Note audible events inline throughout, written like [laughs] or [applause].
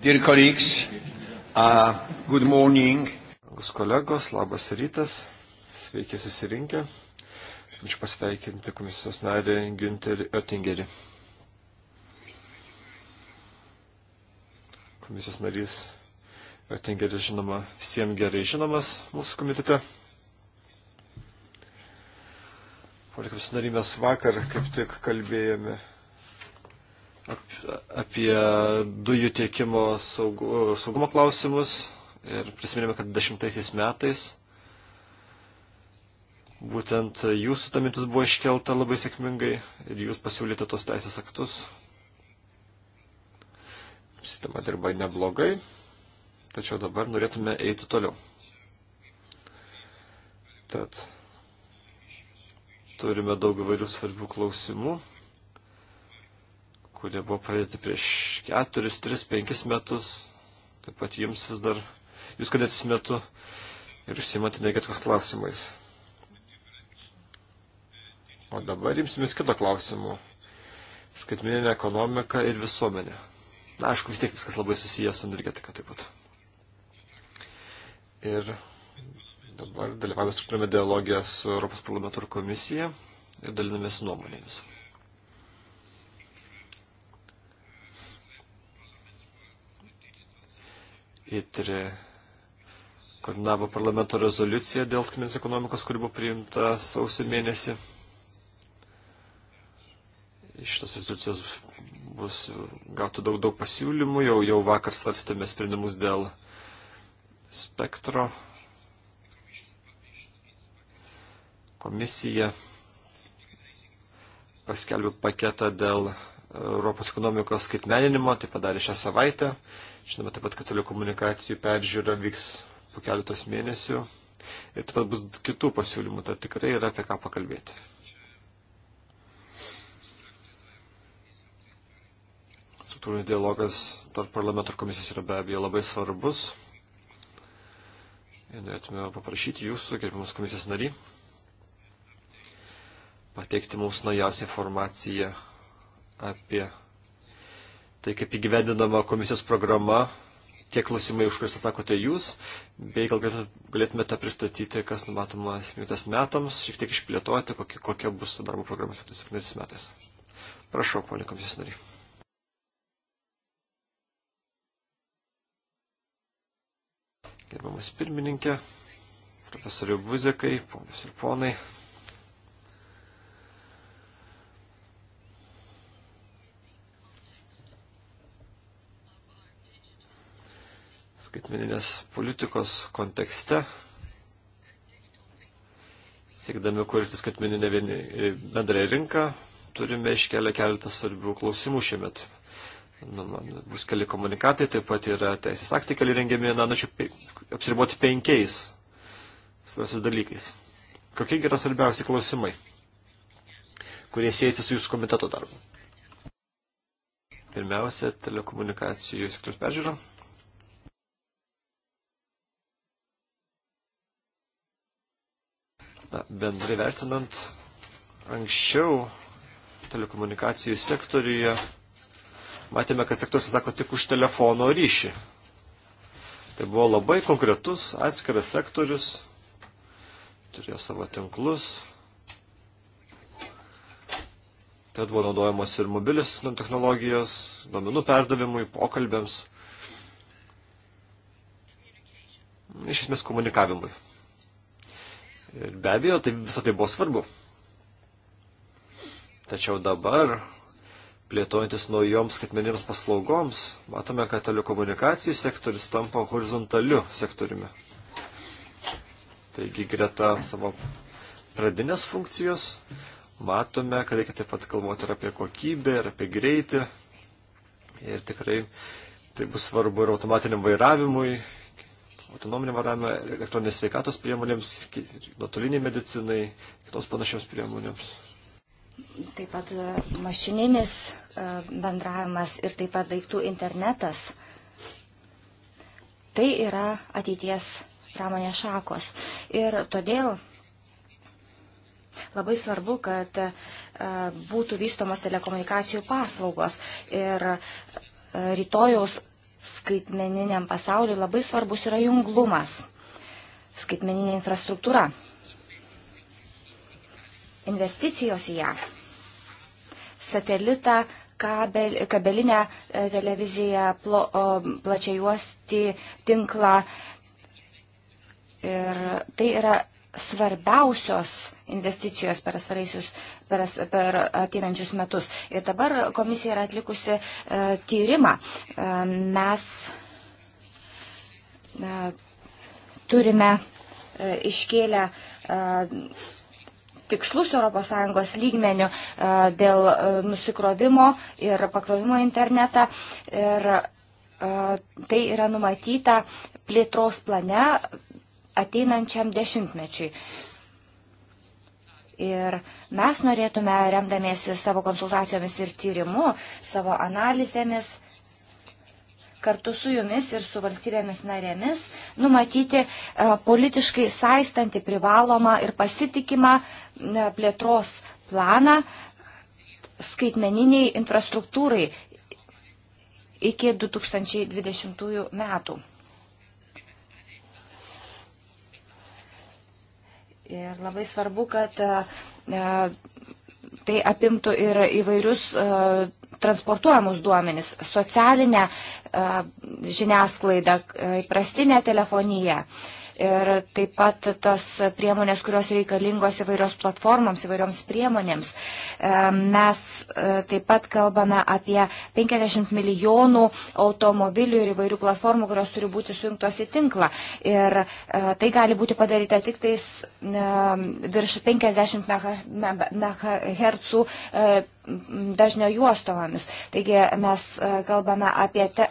Dear colleagues, uh, good morning. Rangus kolegos, labas rytas, sveiki susirinkę. Ačiū pasveikinti komisijos narį Günterį Oettingerį. Komisijos narys Oettingeris, žinoma, visiems gerai žinomas mūsų komitete. Polikos narymės vakar kaip tik kalbėjome apie dujų tiekimo saugu, saugumo klausimus ir prisiminėme, kad dešimtaisiais metais būtent jūsų ta mintis buvo iškelta labai sėkmingai ir jūs pasiūlėte tos teisės aktus. Sistema dirba neblogai, tačiau dabar norėtume eiti toliau. Tad turime daug įvairių svarbių klausimų kurie buvo pradėti prieš 4, 3, 5 metus. Taip pat jums vis dar, jūs kadėtis metu ir užsimate energetikos klausimais. O dabar imsimės kito klausimo. Skaitmeninė ekonomika ir visuomenė. Na, aišku, vis tiek viskas labai susijęs su energetika taip pat. Ir dabar dalyvavome struktūrinėme dialogę su Europos parlamentu ir komisija ir dalinamės nuomonėmis. ITRI koordinavo parlamento rezoliuciją dėl skaitmeninės ekonomikos, kuri buvo priimta sausio mėnesį. Iš šitos rezoliucijos bus gauta daug, daug pasiūlymų, jau, jau vakar svarstėme sprendimus dėl spektro. Komisija paskelbė paketą dėl Europos ekonomikos skaitmeninimo, tai padarė šią savaitę. Žinome taip pat, kad telekomunikacijų peržiūra vyks po keletos mėnesių. Ir taip pat bus kitų pasiūlymų, tad tikrai yra apie ką pakalbėti. Struktūrinis dialogas tarp parlamento ir komisijos yra be abejo labai svarbus. Ir norėtume paprašyti jūsų, gerbimus komisijos nary, pateikti mums naujausią informaciją apie tai kaip įgyvendinama komisijos programa, tie klausimai, už kuriuos atsakote jūs, bei gal galėtumėte pristatyti, kas numatoma esminutės metams, šiek tiek išplėtoti, kokia, kokia bus darbo programa 17 metais. Prašau, ponė komisijos nariai. Gerbamas pirmininkė, profesorių Buzekai, ponios ir ponai. skaitmeninės politikos kontekste, siekdami kurti skaitmeninę e, bendrąją rinką, turime iškelę keletą svarbių klausimų šiemet. Nu, man, bus keli komunikatai, taip pat yra teisės aktai keli rengiami, na, norėčiau pe, apsiriboti penkiais svarbiausiais dalykais. Kokie yra svarbiausi klausimai, kurie siejasi su jūsų komiteto darbu? Pirmiausia, telekomunikacijų sektoriaus peržiūra. Na, bendrai vertinant, anksčiau telekomunikacijų sektoriuje matėme, kad sektorius atsako tik už telefono ryšį. Tai buvo labai konkretus atskiras sektorius, turėjo savo tinklus. Tai buvo naudojamos ir mobilis nu, technologijos, domenų perdavimui, pokalbėms, iš esmės komunikavimui. Ir be abejo, tai visą tai buvo svarbu. Tačiau dabar, plėtojantis naujoms skaitmenėms paslaugoms, matome, kad telekomunikacijų sektorius tampa horizontaliu sektoriumi. Taigi greta savo pradinės funkcijos matome, kad reikia taip pat kalbėti ir apie kokybę, ir apie greitį. Ir tikrai tai bus svarbu ir automatiniam vairavimui, autonominio varavimo, elektroninės sveikatos priemonėms, nuotoliniai medicinai, kitos panašiams priemonėms. Taip pat e, mašininis e, bendravimas ir taip pat daiktų internetas. Tai yra ateities pramonės šakos. Ir todėl labai svarbu, kad e, būtų vystomos telekomunikacijų paslaugos. Ir rytojaus skaitmeniniam pasauliu labai svarbus yra junglumas, skaitmeninė infrastruktūra, investicijos į ją, satelitą, kabel, kabelinę e, televiziją, plo, plačiai juosti tinklą. Ir tai yra svarbiausios investicijos per svaraisius per, per ateinančius metus. Ir dabar komisija yra atlikusi e, tyrimą. E, mes e, turime e, iškėlę e, tikslus ES lygmenių e, dėl e, nusikrovimo ir pakrovimo internetą. Ir, e, Tai yra numatyta plėtros plane ateinančiam dešimtmečiui. Ir mes norėtume, remdamiesi savo konsultacijomis ir tyrimu, savo analizėmis, kartu su jumis ir su valstybėmis narėmis numatyti e, politiškai saistanti privalomą ir pasitikimą e, plėtros planą skaitmeniniai infrastruktūrai iki 2020 metų. Ir labai svarbu, kad e, e, tai apimtų ir įvairius e, transportuojamus duomenis, socialinę žiniasklaidą, įprastinę telefoniją ir taip pat tos priemonės, kurios reikalingos įvairios platformoms, įvairioms priemonėms. E, mes e, taip pat kalbame apie 50 milijonų automobilių ir įvairių platformų, kurios turi būti sujungtos į tinklą. Ir e, tai gali būti padaryta tik tais virš 50 MHz dažnio juostomomis. Taigi mes kalbame apie te,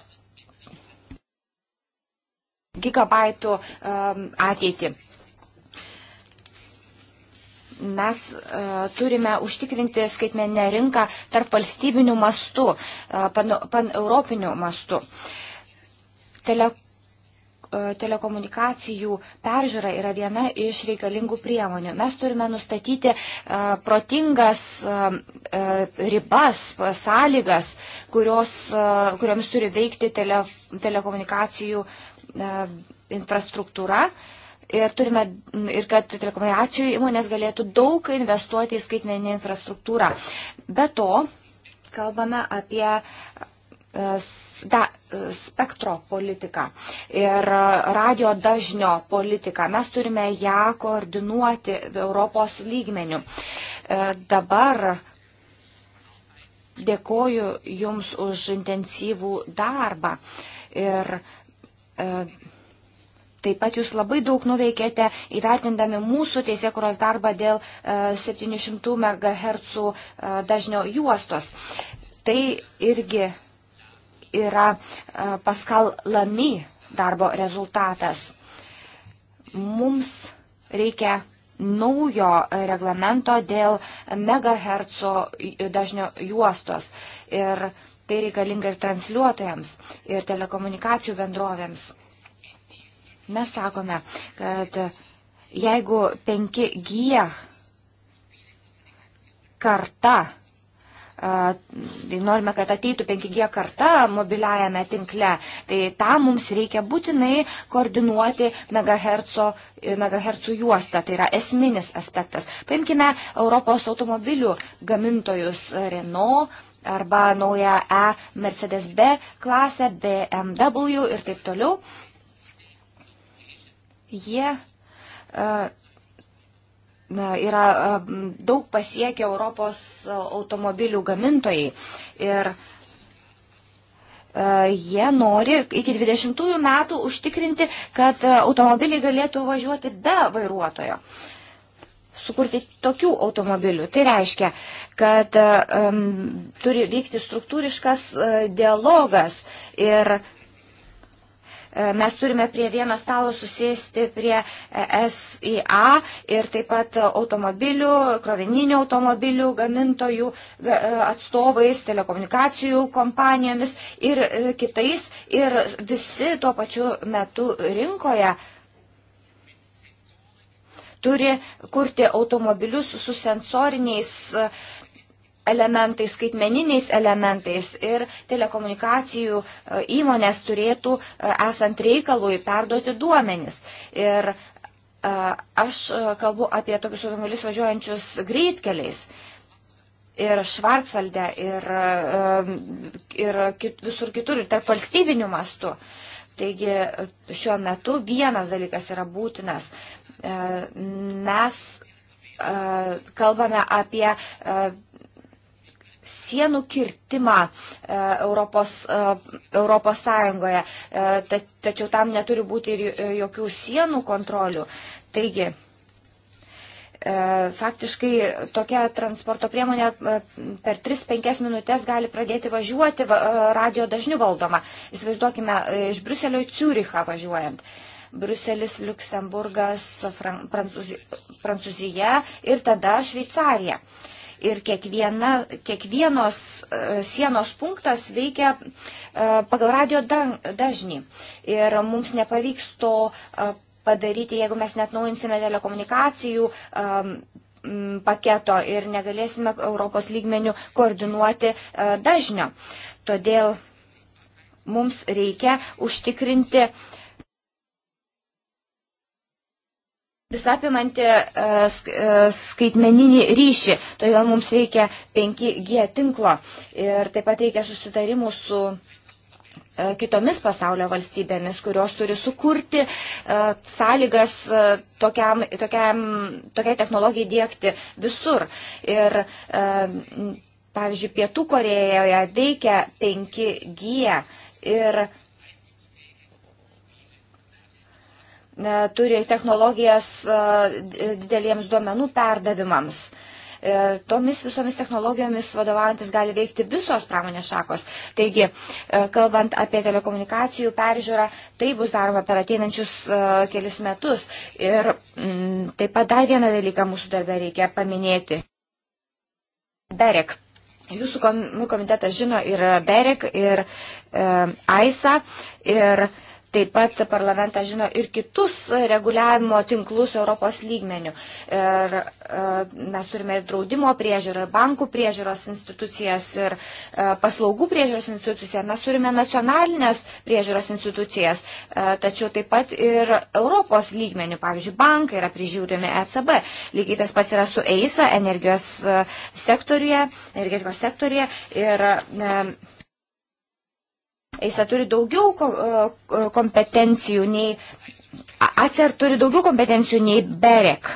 gigabaitų um, ateitį mes uh, turime užtikrinti skaitmeninę rinką tarp valstybinių mastų, uh, paneuropinių pan mastų. Tele, uh, telekomunikacijų peržiūra yra viena iš reikalingų priemonių. Mes turime nustatyti uh, protingas um, uh, ribas, sąlygas, kurios, uh, kurioms turi veikti tele, telekomunikacijų E, infrastruktūra ir, turime, ir kad telekomunikacijų įmonės galėtų daug investuoti į skaitmeninę infrastruktūrą. Be to, kalbame apie e, da, e, spektro politiką ir radio dažnio politiką. Mes turime ją koordinuoti Europos lygmenių. Dabar dėkoju Jums už intensyvų darbą. Ir uh, E, taip pat jūs labai daug nuveikėte įvertindami mūsų teisėkuros darbą dėl 700 e, MHz e, dažnio juostos. Tai irgi yra Paskal Lamy darbo rezultatas. Mums reikia naujo reglamento dėl megaherco dažnio juostos. Ir Tai reikalinga ir transliuotojams, ir telekomunikacijų bendrovėms. Mes sakome, kad jeigu 5G karta tai norime, kad ateitų 5G karta mobiliajame tinkle, tai tam mums reikia būtinai koordinuoti MHz, MHz juostą, tai yra esminis aspektas. Paimkime Europos automobilių gamintojus Renault, arba naują E Mercedes B klasę, BMW ir taip toliau. Jie e, na, yra e, daug pasiekę Europos automobilių gamintojai ir e, jie nori iki 20 metų užtikrinti, kad automobiliai galėtų važiuoti be vairuotojo. Uh, sukurti tokių automobilių. Tai reiškia, kad um, turi vykti struktūriškas uh, dialogas ir e, mes turime prie vieno stalo susėsti prie e, SIA ir taip pat automobilių, krovininių automobilių gamintojų atstovais, telekomunikacijų kompanijomis ir kitais. Ir visi tuo pačiu metu rinkoje turi kurti automobilius su sensoriniais e, elementais, skaitmeniniais elementais ir telekomunikacijų e, įmonės turėtų e, esant reikalui perduoti duomenis. Ir aš kalbu apie tokius automobilius važiuojančius greitkeliais ir Švarcvalde, ir, ir kit, visur kitur, ir tarp valstybinių mastų. Taigi šiuo metu vienas dalykas yra būtinas E, mes e, kalbame apie e, sienų kirtimą Europos, Europos Sąjungoje, tačiau tam neturi būti ir jokių sienų kontrolių. Taigi, faktiškai tokia transporto priemonė per 3-5 minutės gali pradėti važiuoti radio dažnių valdoma. Įsivaizduokime, iš Bruselio į Ciurichą važiuojant. Uh, Bruselis, Luksemburgas, Fran Prancūzi Prancūzija ir tada Šveicarija. Ir kiekviena, kiekvienos e, sienos punktas veikia e, pagal radio dažnį. Ir mums nepavyks to e, padaryti, jeigu mes net naujinsime telekomunikacijų paketo ir negalėsime Europos lygmenių koordinuoti dažnio. Todėl mums reikia užtikrinti uh, visapimanti e, e, skaitmeninį ryšį, todėl mums reikia 5G tinklo ir taip pat reikia susitarimų su e, kitomis pasaulio valstybėmis, kurios turi sukurti uh, sąlygas uh, tokiam, tokiam, tokiai technologijai dėkti visur. Ir, uh, pavyzdžiui, Pietų Korejoje veikia 5G ir E, turi technologijas e, dideliems duomenų perdavimams. Ir e, tomis visomis technologijomis vadovaujantis gali veikti visos pramonės šakos. Taigi, kalbant apie telekomunikacijų peržiūrą, tai bus daroma per ateinančius kelis metus. Ir m, mm, taip pat dar vieną dalyką mūsų darbę reikia paminėti. Berek. Jūsų komitetas žino ir Berek, ir e, AISA, ir e, Taip pat parlamentas žino ir kitus reguliavimo tinklus Europos lygmenių. Ir e, mes turime ir draudimo priežiūrą, ir bankų priežiūros institucijas, ir e, paslaugų priežiūros instituciją. Mes turime nacionalinės priežiūros institucijas, e, tačiau taip pat ir Europos lygmenių. Pavyzdžiui, bankai yra prižiūrimi ECB. Lygiai tas pats yra su EISA, energijos sektoriuje, energetikos sektoriuje. Ir, Jis turi daugiau e, kompetencijų nei. ACER turi daugiau kompetencijų nei BEREK.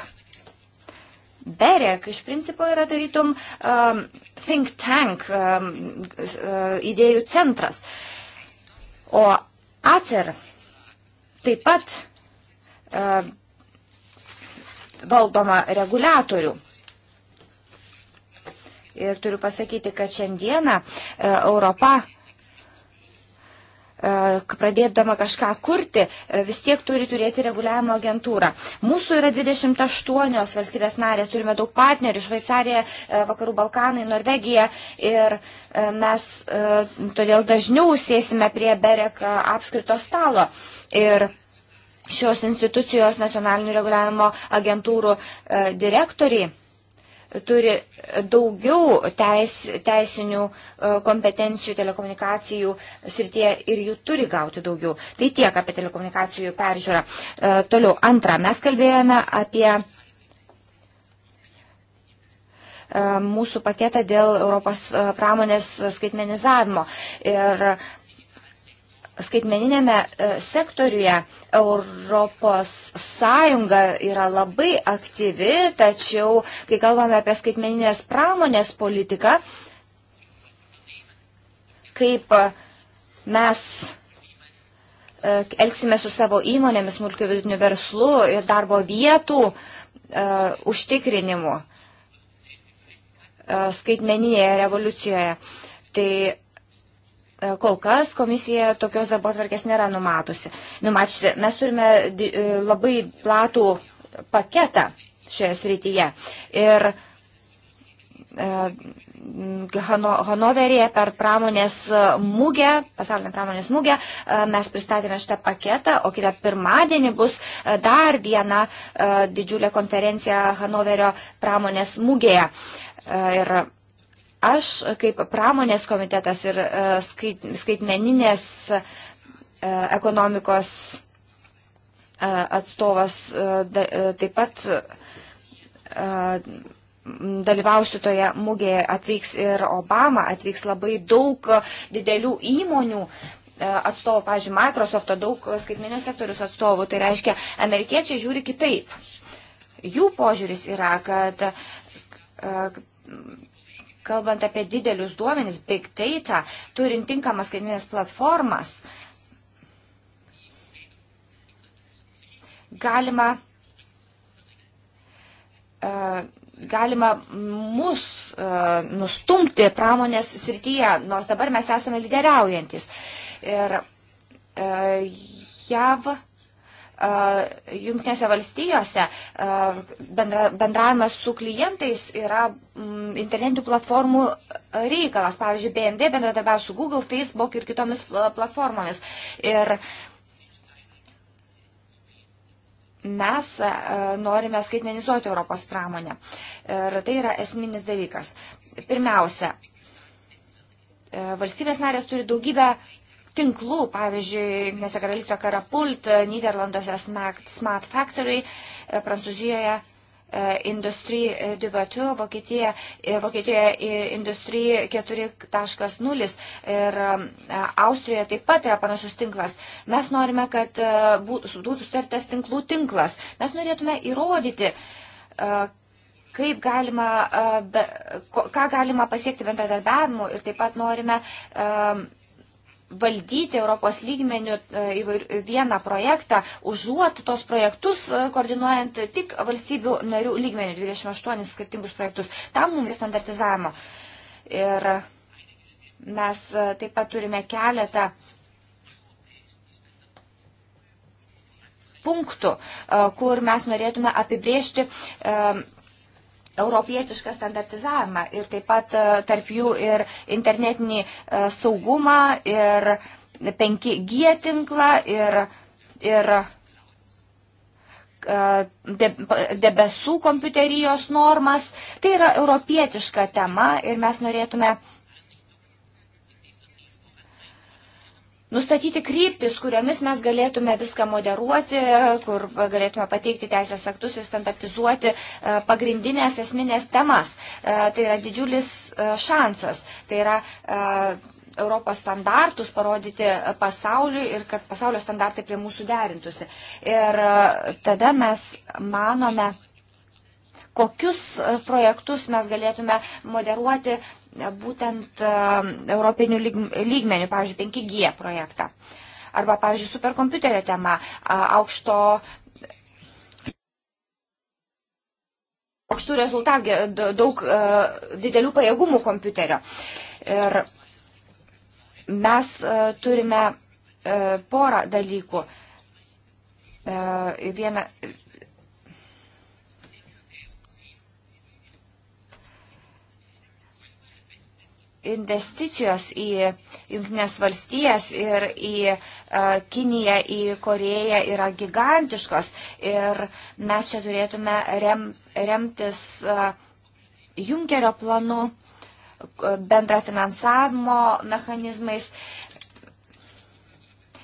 BEREK iš principo yra tarytum um, think tank, um, uh, idėjų centras. O ACER taip pat uh, valdoma reguliatorių. Ir turiu pasakyti, kad šiandieną Europa uh, E, pradėdama kažką kurti, e, vis tiek turi turėti reguliavimo agentūrą. Mūsų yra 28 valstybės narės, turime daug partnerių, Šveicarija, e, Vakarų Balkanai, Norvegija ir mes todėl dažniau sėsime prie Berek apskrito stalo. Ir šios institucijos nacionalinių reguliavimo agentūrų direktoriai turi daugiau teis, teisinių e, kompetencijų telekomunikacijų srityje ir jų turi gauti daugiau. Tai tiek apie telekomunikacijų peržiūrą. E, toliau, antra, mes kalbėjome apie e, mūsų paketą dėl Europos pramonės skaitmenizavimo. Ir skaitmeninėme e, sektoriuje Europos Sąjunga yra labai aktyvi, tačiau kai kalbame apie skaitmeninės pramonės politiką, kaip e, mes e, elgsime su savo įmonėmis, smulkiu vidutiniu verslu ir darbo vietų uh, užtikrinimu uh, skaitmeninėje revoliucijoje. Tai E, kol kas komisija tokios darbo tvarkės nėra numatusi. Numačiusi, mes turime e, labai platų paketą šioje srityje. Ir e, Hanoveryje per pramonės mūgę, pasaulinę pramonės mūgę, mes pristatėme šitą paketą, o kitą pirmadienį bus dar viena didžiulė konferencija Hanoverio pramonės mūgėje. Ir Aš kaip pramonės komitetas ir e, skaitmeninės e, ekonomikos e, atstovas taip pat dalyvausiu toje mugėje, atvyks ir Obama, atvyks labai daug didelių įmonių atstovų, pavyzdžiui, Microsofto, daug skaitminio sektorius atstovų. Tai reiškia, amerikiečiai žiūri kitaip. Jų požiūris yra, kad kalbant apie didelius duomenis, big data, turint tinkamas skaitminės platformas, galima, e, galima mus e, nustumti pramonės srityje, nors dabar mes esame lyderiaujantis. Ir e, JAV Junktinėse valstijose bendra, bendravimas su klientais yra m, mm, internetinių platformų reikalas. Pavyzdžiui, BMW bendradarbiavo su Google, Facebook ir kitomis platformomis. Ir mes norime skaitmenizuoti Europos pramonę. Ir tai yra esminis dalykas. Pirmiausia, valstybės narės turi daugybę tinklų, pavyzdžiui, Gnėse karalystė Karapult, Niderlanduose Smart Factory, e, Prancūzijoje e, Industrie du Voiture, Vokietija, Vokietijoje e, Industrie 4.0 ir Austrijoje taip pat yra panašus tinklas. Mes norime, kad būtų sutartas tinklų tinklas. Mes norėtume įrodyti, kaip galima, ką galima pasiekti bendradarbiavimu ir taip pat norime valdyti Europos lygmenių e, vieną projektą, užuot tos projektus e, koordinuojant tik valstybių narių lygmenių 28 skirtingus projektus. Tam mums standartizavimo. Ir mes e, taip pat turime keletą punktų, kur mes norėtume apibriežti europietišką standartizavimą ir taip pat e, tarp jų ir internetinį e, saugumą ir 5G tinklą ir, ir e, debesų kompiuterijos normas. Tai yra europietiška tema ir mes norėtume nustatyti kryptis, kuriomis mes galėtume viską moderuoti, kur galėtume pateikti teisės aktus ir standartizuoti e, pagrindinės esminės temas. E, tai yra didžiulis e, šansas. Tai yra Europos standartus parodyti pasauliui ir kad pasaulio standartai prie mūsų derintųsi. Ir tada mes manome, kokius projektus mes galėtume moderuoti E, būtent e, europinių lygmenių, pavyzdžiui, 5G projektą. Arba, pavyzdžiui, superkompiuterio tema, aukšto. aukštų rezultatų, daug e, didelių pajėgumų kompiuterio. Ir mes turime porą dalykų. Viena, investicijos į Junktinės valstijas ir į e, Kiniją, į Koreją yra gigantiškos. Ir mes čia turėtume rem, remtis e, Junkerio planu, e, bendrafinansavimo mechanizmais.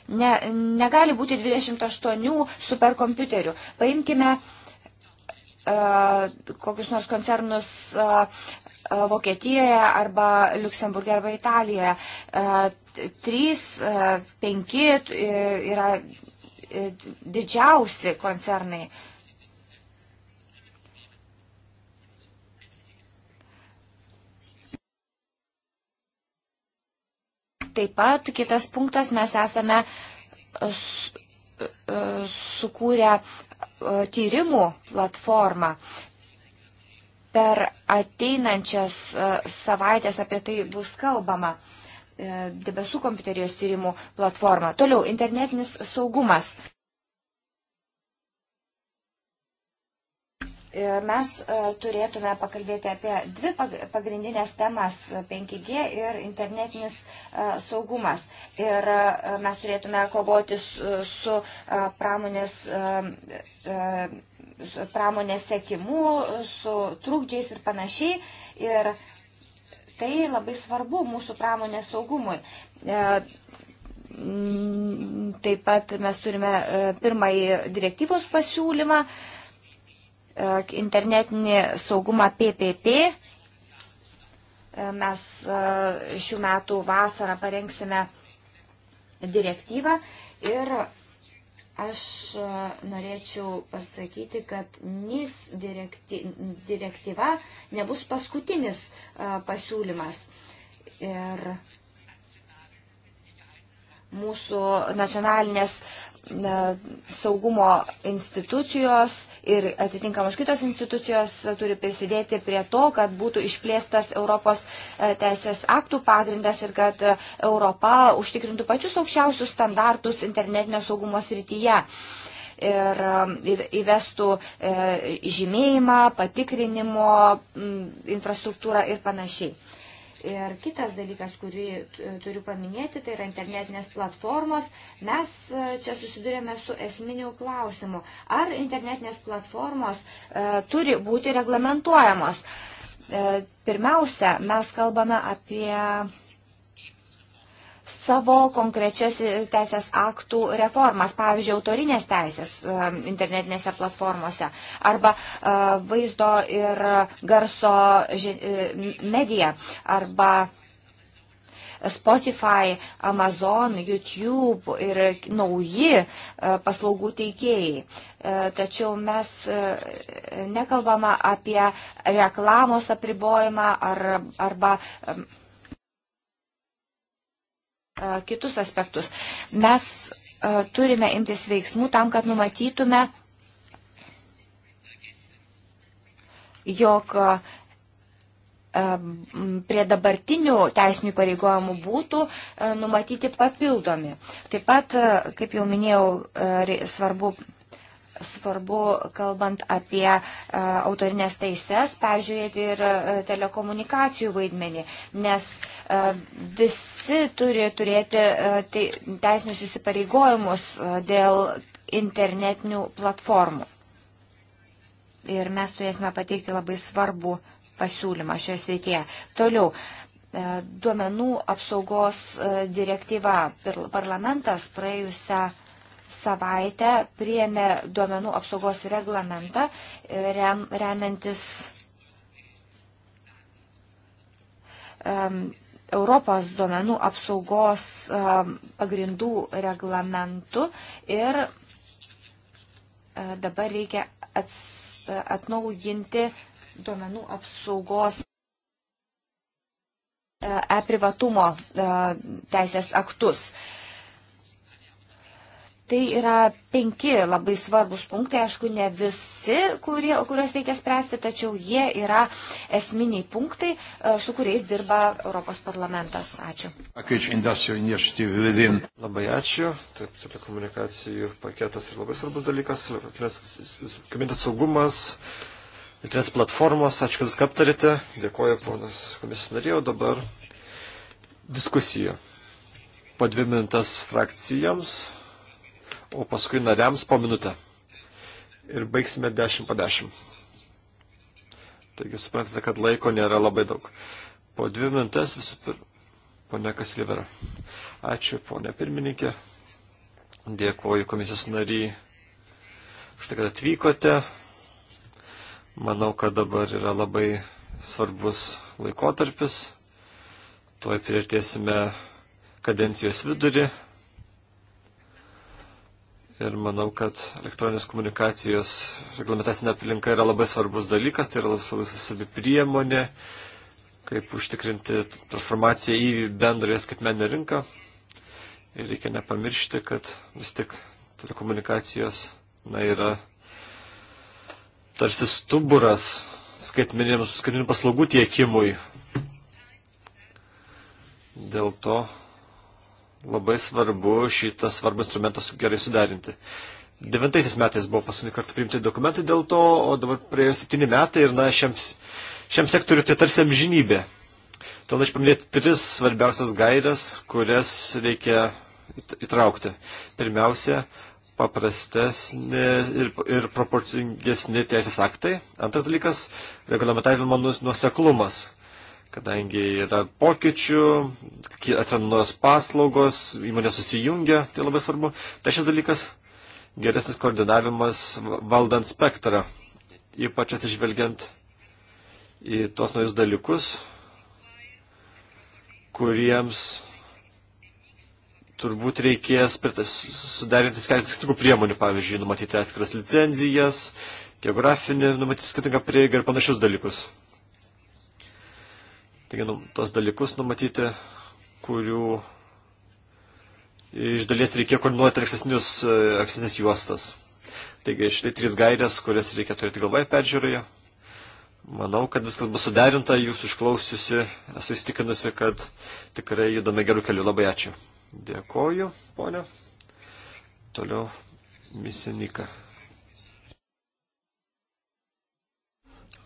Ne, negali būti 28 superkompiuterių. Paimkime kokius nors koncernus E, Vokietijoje arba Luksemburgė arba Italijoje. E, trys, e, penki yra didžiausi koncernai. Taip pat kitas punktas mes esame sukūrę tyrimų platformą per ateinančias e, savaitės apie tai bus kalbama e, debesų kompiuterijos tyrimų platforma. Toliau, internetinis saugumas. E, mes turėtume pakalbėti apie dvi pagrindinės temas - 5G ir internetinis saugumas. Ir mes turėtume kovoti su pramonės pramonės sekimu, su trūkdžiais ir panašiai. Ir tai labai svarbu mūsų pramonės saugumui. E, taip pat mes turime e, pirmąjį direktyvos pasiūlymą, e, internetinį saugumą PPP. Mes šių metų vasarą parengsime direktyvą ir Aš e, norėčiau pasakyti, kad NIS direkty, direktyva nebus paskutinis e, pasiūlymas. Ir mūsų nacionalinės saugumo institucijos ir atitinkamos kitos institucijos turi prisidėti prie to, kad būtų išplėstas Europos e, teisės aktų pagrindas ir kad e, Europa užtikrintų pačius aukščiausius standartus internetinio saugumo srityje. Ir um, įvestų e, žymėjimą, patikrinimo infrastruktūrą ir panašiai. Ir kitas dalykas, kurį e, turiu paminėti, tai yra internetinės platformos. Mes e, čia susidurėme su esminiu klausimu. Ar internetinės platformos e, turi būti reglamentuojamos? E, pirmiausia, mes kalbame apie savo konkrečias teisės aktų reformas, pavyzdžiui, autorinės teisės um, internetinėse platformose arba uh, vaizdo ir garso uh, medija arba Spotify, Amazon, YouTube ir nauji uh, paslaugų teikėjai. Tačiau mes nekalbama apie reklamos apribojimą ar, arba um, kitus aspektus. Mes turime imtis veiksmų tam, kad numatytume, jog prie dabartinių teisinių pareigojimų būtų numatyti papildomi. Taip pat, kaip jau minėjau, svarbu svarbu, kalbant apie e, autorinės teises, peržiūrėti ir e, telekomunikacijų vaidmenį, nes e, visi turi turėti teisinius įsipareigojimus dėl internetinių platformų. Ir mes turėsime pateikti labai svarbų pasiūlymą šioje srityje. Toliau, duomenų apsaugos direktyva. Parlamentas praėjusią savaitę priėmė duomenų apsaugos reglamentą rem, remiantis um, Europos duomenų apsaugos um, pagrindų reglamentu ir uh, dabar reikia ats, uh, atnaujinti duomenų apsaugos e, e-privatumo teisės aktus. E Tai yra penki labai svarbus punktai, aišku, ne visi, kurie, kuriuos reikia spręsti, tačiau jie yra esminiai punktai, e, su kuriais dirba Europos parlamentas. Ačiū. Labai ačiū. Taip, telekomunikacijų paketas yra labai svarbus dalykas. Kabinės saugumas, internetinės platformos, ačiū, kad jūs aptarėte. Dėkuoju, ponas komisijos narėjau. Dabar diskusija. Po dvi minutės frakcijoms o paskui nariams po minutę. Ir baigsime 10 po 10. Taigi suprantate, kad laiko nėra labai daug. Po dvi minutės visų pirma. Pone Kaslivera. Ačiū, ponė pirmininkė. Dėkuoju komisijos nariai už tai, kad atvykote. Manau, kad dabar yra labai svarbus laikotarpis. Tuoj priartėsime kadencijos vidurį Ir manau, kad elektroninės komunikacijos reglamentacinė aplinka yra labai svarbus dalykas, tai yra labai svarbi priemonė, kaip užtikrinti transformaciją į bendrąją skaitmenę rinką. Ir reikia nepamiršti, kad vis tik telekomunikacijos na, yra tarsi stuburas skaitmeninių paslaugų tiekimui. Dėl to labai svarbu šitą svarbą instrumentą gerai suderinti. Devintaisiais metais buvo paskutinį kartą priimti dokumentai dėl to, o dabar praėjo septyni metai ir na, šiam, šiam sektoriu tai tarsi amžinybė. Todėl aš paminėti tris svarbiausias gairias, kurias reikia įtraukti. Pirmiausia, paprastesni ir, ir proporcingesni teisės aktai. Antras dalykas - reglamentavimo nuseklumas kadangi yra pokyčių, atsiranda naujos paslaugos, įmonės susijungia, tai labai svarbu. Tai šis dalykas - geresnis koordinavimas valdant spektrą, ypač atsižvelgiant į tuos naujus dalykus, kuriems turbūt reikės suderinti skirtingų priemonių, pavyzdžiui, numatyti atskiras licenzijas, geografinį, numatyti skirtingą prieigą ir panašius dalykus. Taigi, nu, tos dalykus numatyti, kurių iš dalies reikėjo koordinuoti ankstesnius, e, ankstesnės juostas. Taigi, štai trys gairės, kurias reikia turėti galvoje peržiūroje. Manau, kad viskas bus suderinta, jūs išklausiusi, esu įstikinusi, kad tikrai judame gerų kelių. Labai ačiū. Dėkoju, ponė. Toliau misenika.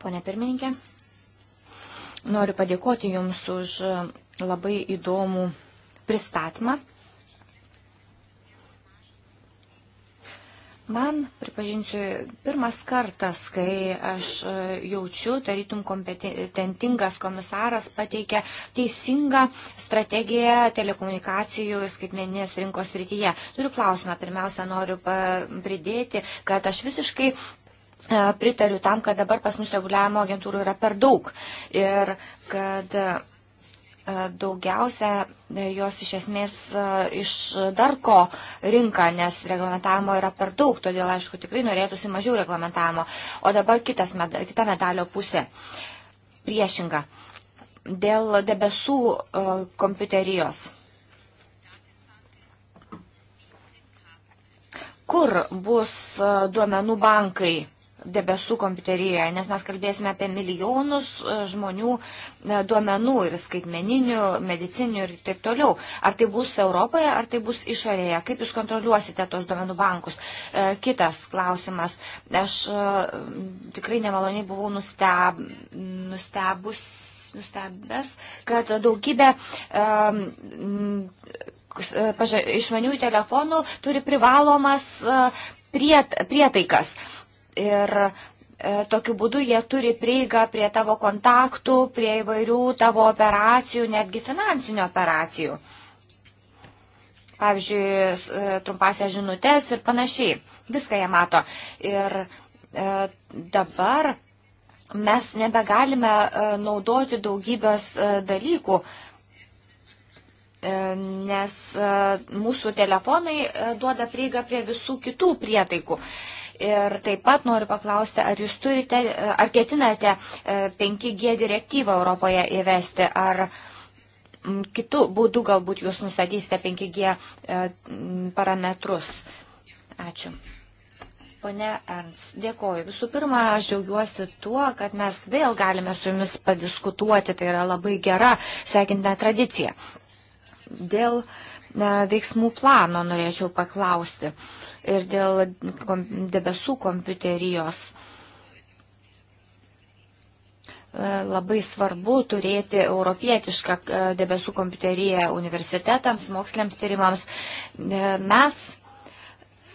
Pone pirmininkė, Noriu padėkoti Jums už e, labai įdomų pristatymą. Man, pripažinsiu, pirmas kartas, kai aš e, jaučiu, tarytum kompetentingas komisaras pateikia teisingą strategiją telekomunikacijų ir skaitmeninės rinkos rytyje. Turiu klausimą, pirmiausia, noriu pridėti, kad aš visiškai E, pritariu tam, kad dabar pas mus reguliavimo agentūrų yra per daug ir kad e, daugiausia e, jos iš esmės išdarko rinką, nes reglamentavimo yra per daug, todėl, aišku, tikrai norėtųsi mažiau reglamentavimo. O dabar kitas, meda, kita medalio pusė - priešinga. Dėl debesų kompiuterijos. Kur bus duomenų bankai? debesų kompiuterijoje, nes mes kalbėsime apie milijonus e, žmonių e, duomenų ir skaitmeninių, medicinių ir taip toliau. Ar tai bus Europoje, ar tai bus išorėje? Kaip jūs kontroliuosite tos duomenų bankus? E, kitas klausimas. Aš tikrai nemaloniai buvau nusteb, nustebus, nustebęs, kad daugybė. Um, Išmaniųjų telefonų turi privalomas priet, prietaikas. Ir e, tokiu būdu jie turi prieigą prie tavo kontaktų, prie įvairių tavo operacijų, netgi finansinių operacijų. Pavyzdžiui, e, trumpasias žinutės ir panašiai. Viską jie mato. Ir e, dabar mes nebegalime naudoti daugybės dalykų nes mūsų telefonai duoda prieigą prie visų kitų prietaikų. Ir taip pat noriu paklausti, ar jūs turite, ar ketinate 5G e, direktyvą Europoje įvesti, ar kitų būdų galbūt jūs nustatysite 5G e, parametrus. Ačiū. Pone Ernst, dėkoju. Visų pirma, aš džiaugiuosi tuo, kad mes vėl galime su jumis padiskutuoti, tai yra labai gera sveikintina tradicija. Dėl e, veiksmų plano norėčiau paklausti. Uh, ir dėl debesų kompiuterijos. E, labai svarbu turėti europietišką e, debesų kompiuteriją universitetams, moksliniams tyrimams. E, mes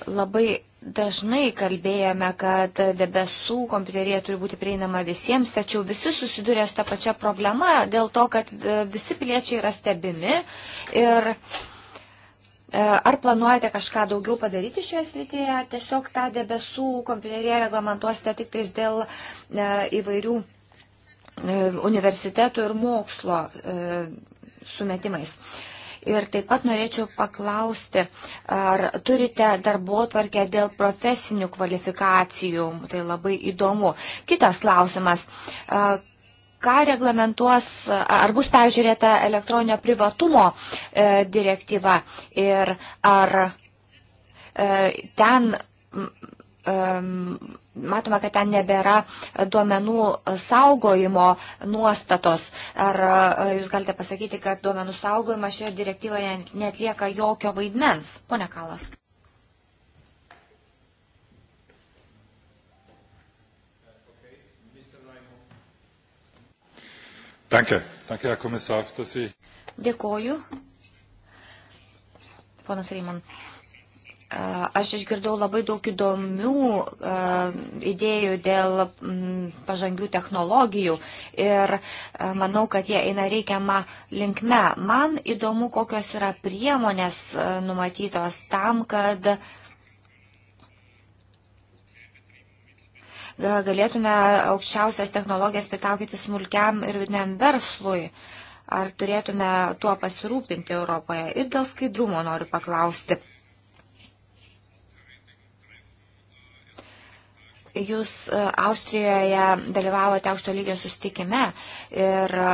labai dažnai kalbėjome, kad debesų kompiuterija turi būti prieinama visiems, tačiau visi susiduria su tą pačią problemą dėl to, kad visi piliečiai yra stebimi ir E, ar planuojate kažką daugiau padaryti šioje srityje, tiesiog tą debesų kompiuterėje reglamentuosite tik tais dėl e, įvairių e, universitetų ir mokslo sumetimais. Ir taip pat norėčiau paklausti, ar turite darbo tvarkę dėl profesinių kvalifikacijų, tai labai įdomu. Kitas klausimas, ką reglamentuos, ar bus peržiūrėta elektroninio privatumo e, direktyva ir ar e, ten e, matome, kad ten nebėra duomenų saugojimo nuostatos. Ar jūs galite pasakyti, kad duomenų saugojimas šioje direktyvoje netlieka jokio vaidmens? Pone Kalas. Danke. Danke, Herr Kommissar, dass Sie. Dėkoju. Ponas Reiman. Aš išgirdau labai daug įdomių idėjų dėl pažangių technologijų ir manau, kad jie eina reikiamą linkme. Man įdomu, kokios yra priemonės numatytos tam, kad E, galėtume aukščiausias technologijas pritaukyti smulkiam ir vidiniam verslui. Ar turėtume tuo pasirūpinti Europoje? Ir dėl skaidrumo noriu paklausti. Jūs e, Austrijoje dalyvavote aukšto lygio sustikime ir e,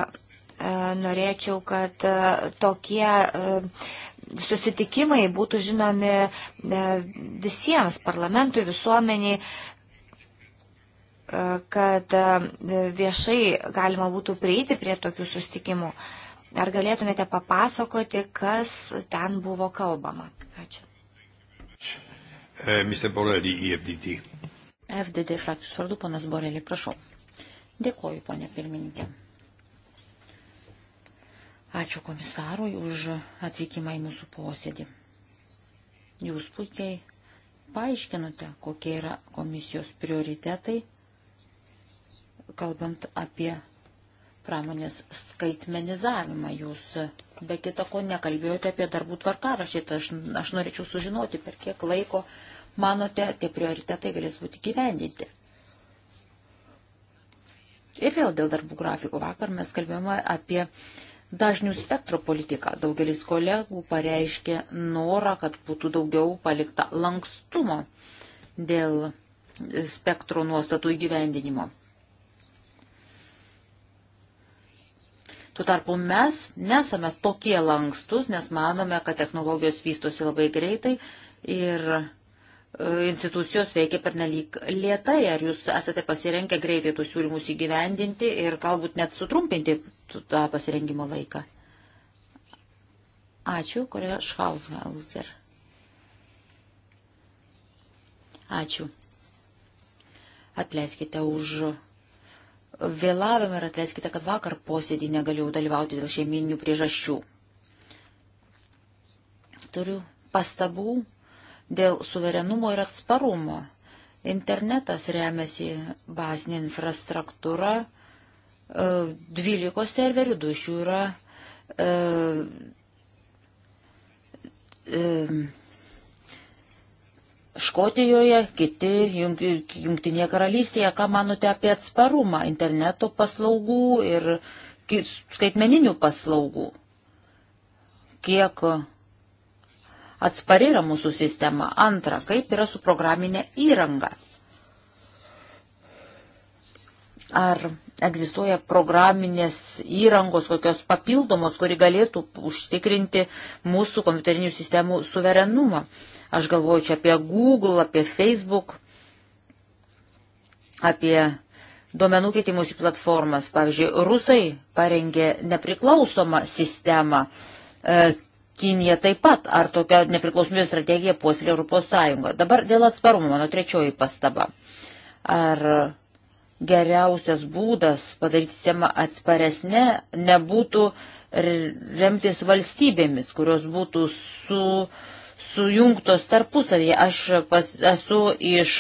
norėčiau, kad tokie susitikimai būtų žinomi visiems parlamentui, visuomeniai, kad e, viešai galima būtų prieiti prie tokių sustikimų. Ar galėtumėte papasakoti, kas ten buvo kalbama? Ačiū. E, Mr. Borelį, EFDD. FDD frakcijos vardu, ponas Borelį, prašau. Dėkoju, ponė pirmininkė. Ačiū komisarui už atvykimą į mūsų posėdį. Jūs puikiai paaiškinote, kokie yra komisijos prioritetai kalbant apie pramonės skaitmenizavimą. Jūs be kita ko nekalbėjote apie darbų tvarkaraštį. Tai aš, aš norėčiau sužinoti, per kiek laiko manote, tie prioritetai galės būti gyvendinti. Ir vėl dėl darbų grafikų. Vakar mes kalbėjome apie dažnių spektro politiką. Daugelis kolegų pareiškė norą, kad būtų daugiau palikta lankstumo dėl spektro nuostatų įgyvendinimo. Tuo tarpu mes nesame tokie lankstus, nes manome, kad technologijos vystosi labai greitai ir e, institucijos veikia pernelyg lietai. Ar jūs esate pasirenkę greitai tų siūlymus įgyvendinti ir galbūt net sutrumpinti tą pasirengimo laiką? Ačiū, kolega Schaushauser. Ačiū. Atleiskite už vėlavimą ir atleiskite, kad vakar posėdį negalėjau dalyvauti dėl šeimininių priežasčių. Turiu pastabų dėl suverenumo ir atsparumo. Internetas remiasi bazinė infrastruktūra, 12 e, serverių, du iš jų yra e, e, Škotijoje, kiti Jungtinėje karalystėje. Ką manote apie atsparumą interneto paslaugų ir skaitmeninių paslaugų? Kiek atspari yra mūsų sistema? Antra, kaip yra su programinė įranga? Ar egzistuoja programinės įrangos, kokios papildomos, kuri galėtų užtikrinti mūsų kompiuterinių sistemų suverenumą? Uh, Aš galvoju čia apie Google, apie Facebook, apie duomenų keitimus į platformas. Pavyzdžiui, rusai parengė nepriklausomą sistemą. E, Kinija taip pat, ar tokia nepriklausomybės strategija puoselė Europos Sąjunga. Dabar dėl atsparumo, mano trečioji pastaba. Ar geriausias būdas padaryti sistemą atsparesnė nebūtų remtis valstybėmis, kurios būtų su uh, sujungtos tarpusavėje. Aš pas, esu iš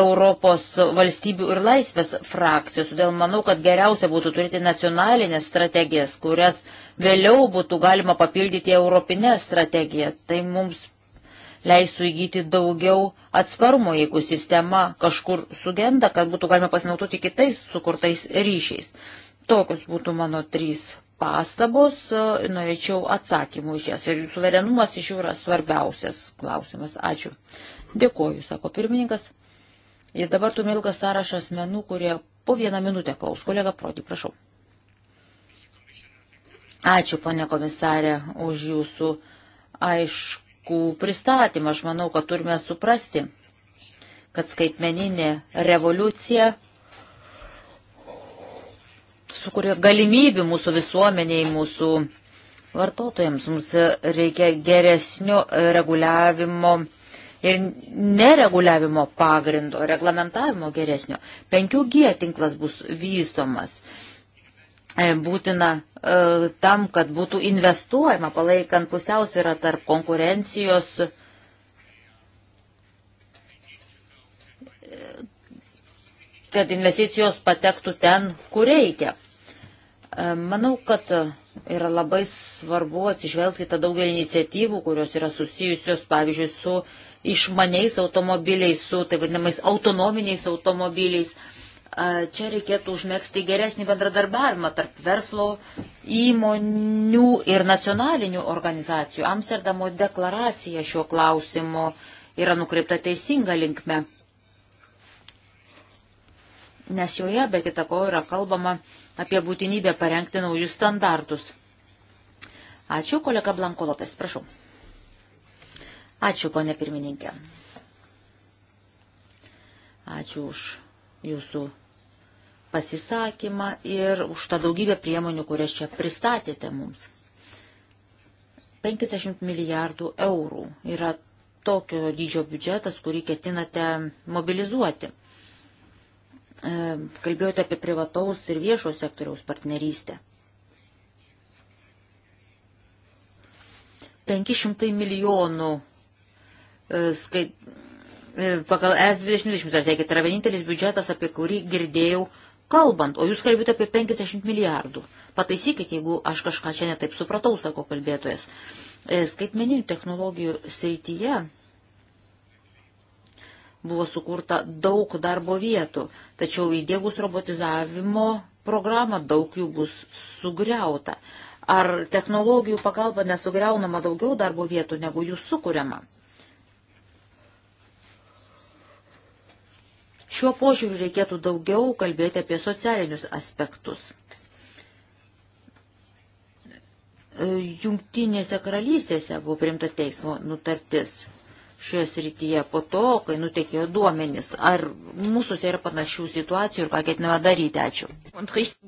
Europos valstybių ir laisvės frakcijos, todėl manau, kad geriausia būtų turėti nacionalinės strategijas, kurias vėliau būtų galima papildyti europinę strategiją. Tai mums leistų įgyti daugiau atsparumo, jeigu sistema kažkur sugenda, kad būtų galima pasinaudoti kitais sukurtais ryšiais. Tokius būtų mano trys pastabos, e, norėčiau atsakymų iš jas. Ir suverenumas iš jų yra svarbiausias klausimas. Ačiū. Dėkoju, sako pirmininkas. Ir dabar tu ilgas sąrašas menų, kurie po vieną minutę klaus. Kolega Prodi, prašau. Ačiū, ponė komisarė, už jūsų aišku pristatymą. Aš manau, kad turime suprasti, kad skaitmeninė revoliucija sukuria galimybių mūsų visuomeniai, mūsų vartotojams. Mums reikia geresnio reguliavimo ir nereguliavimo pagrindo, reglamentavimo geresnio. 5G tinklas bus vystomas. E, būtina e, tam, kad būtų investuojama, palaikant pusiausvyrą tarp konkurencijos kad investicijos patektų ten, kur reikia. E, manau, kad yra labai svarbu atsižvelgti tą daugelį iniciatyvų, kurios yra susijusios, pavyzdžiui, su išmaniais automobiliais, su tai vadinamais autonominiais automobiliais. E, čia reikėtų užmėgsti geresnį bendradarbiavimą tarp verslo įmonių ir nacionalinių organizacijų. Amsterdamo deklaracija šiuo klausimu yra nukreipta teisinga linkme nes joje be kita ko yra kalbama apie būtinybę parengti naujus standartus. Ačiū, kolega Blanko Lopes, prašau. Ačiū, ponė pirmininkė. Ačiū už jūsų pasisakymą ir už tą daugybę priemonių, kurias čia pristatėte mums. 50 milijardų eurų yra tokio dydžio biudžetas, kurį ketinate mobilizuoti. E, kalbėjote apie privataus ir viešo sektoriaus partnerystę. 500 milijonų e, skait, e, pagal S2020 strategiją, tai yra vienintelis biudžetas, apie kurį girdėjau kalbant, o jūs kalbėjote apie 50 milijardų. Pataisykit, jeigu aš kažką čia netaip supratau, sako kalbėtojas. Skaitmeninių technologijų srityje buvo sukurta daug darbo vietų, tačiau įdėgus robotizavimo programą daug jų bus sugriauta. Ar technologijų pagalba nesugriaunama daugiau darbo vietų, negu jų sukūriama? Šiuo požiūriu reikėtų daugiau kalbėti apie socialinius aspektus. Jungtinėse karalystėse buvo priimta teismo nutartis šioje srityje po to, kai nutekėjo duomenys. Ar mūsų yra panašių situacijų ir ką ketiname daryti? Ačiū.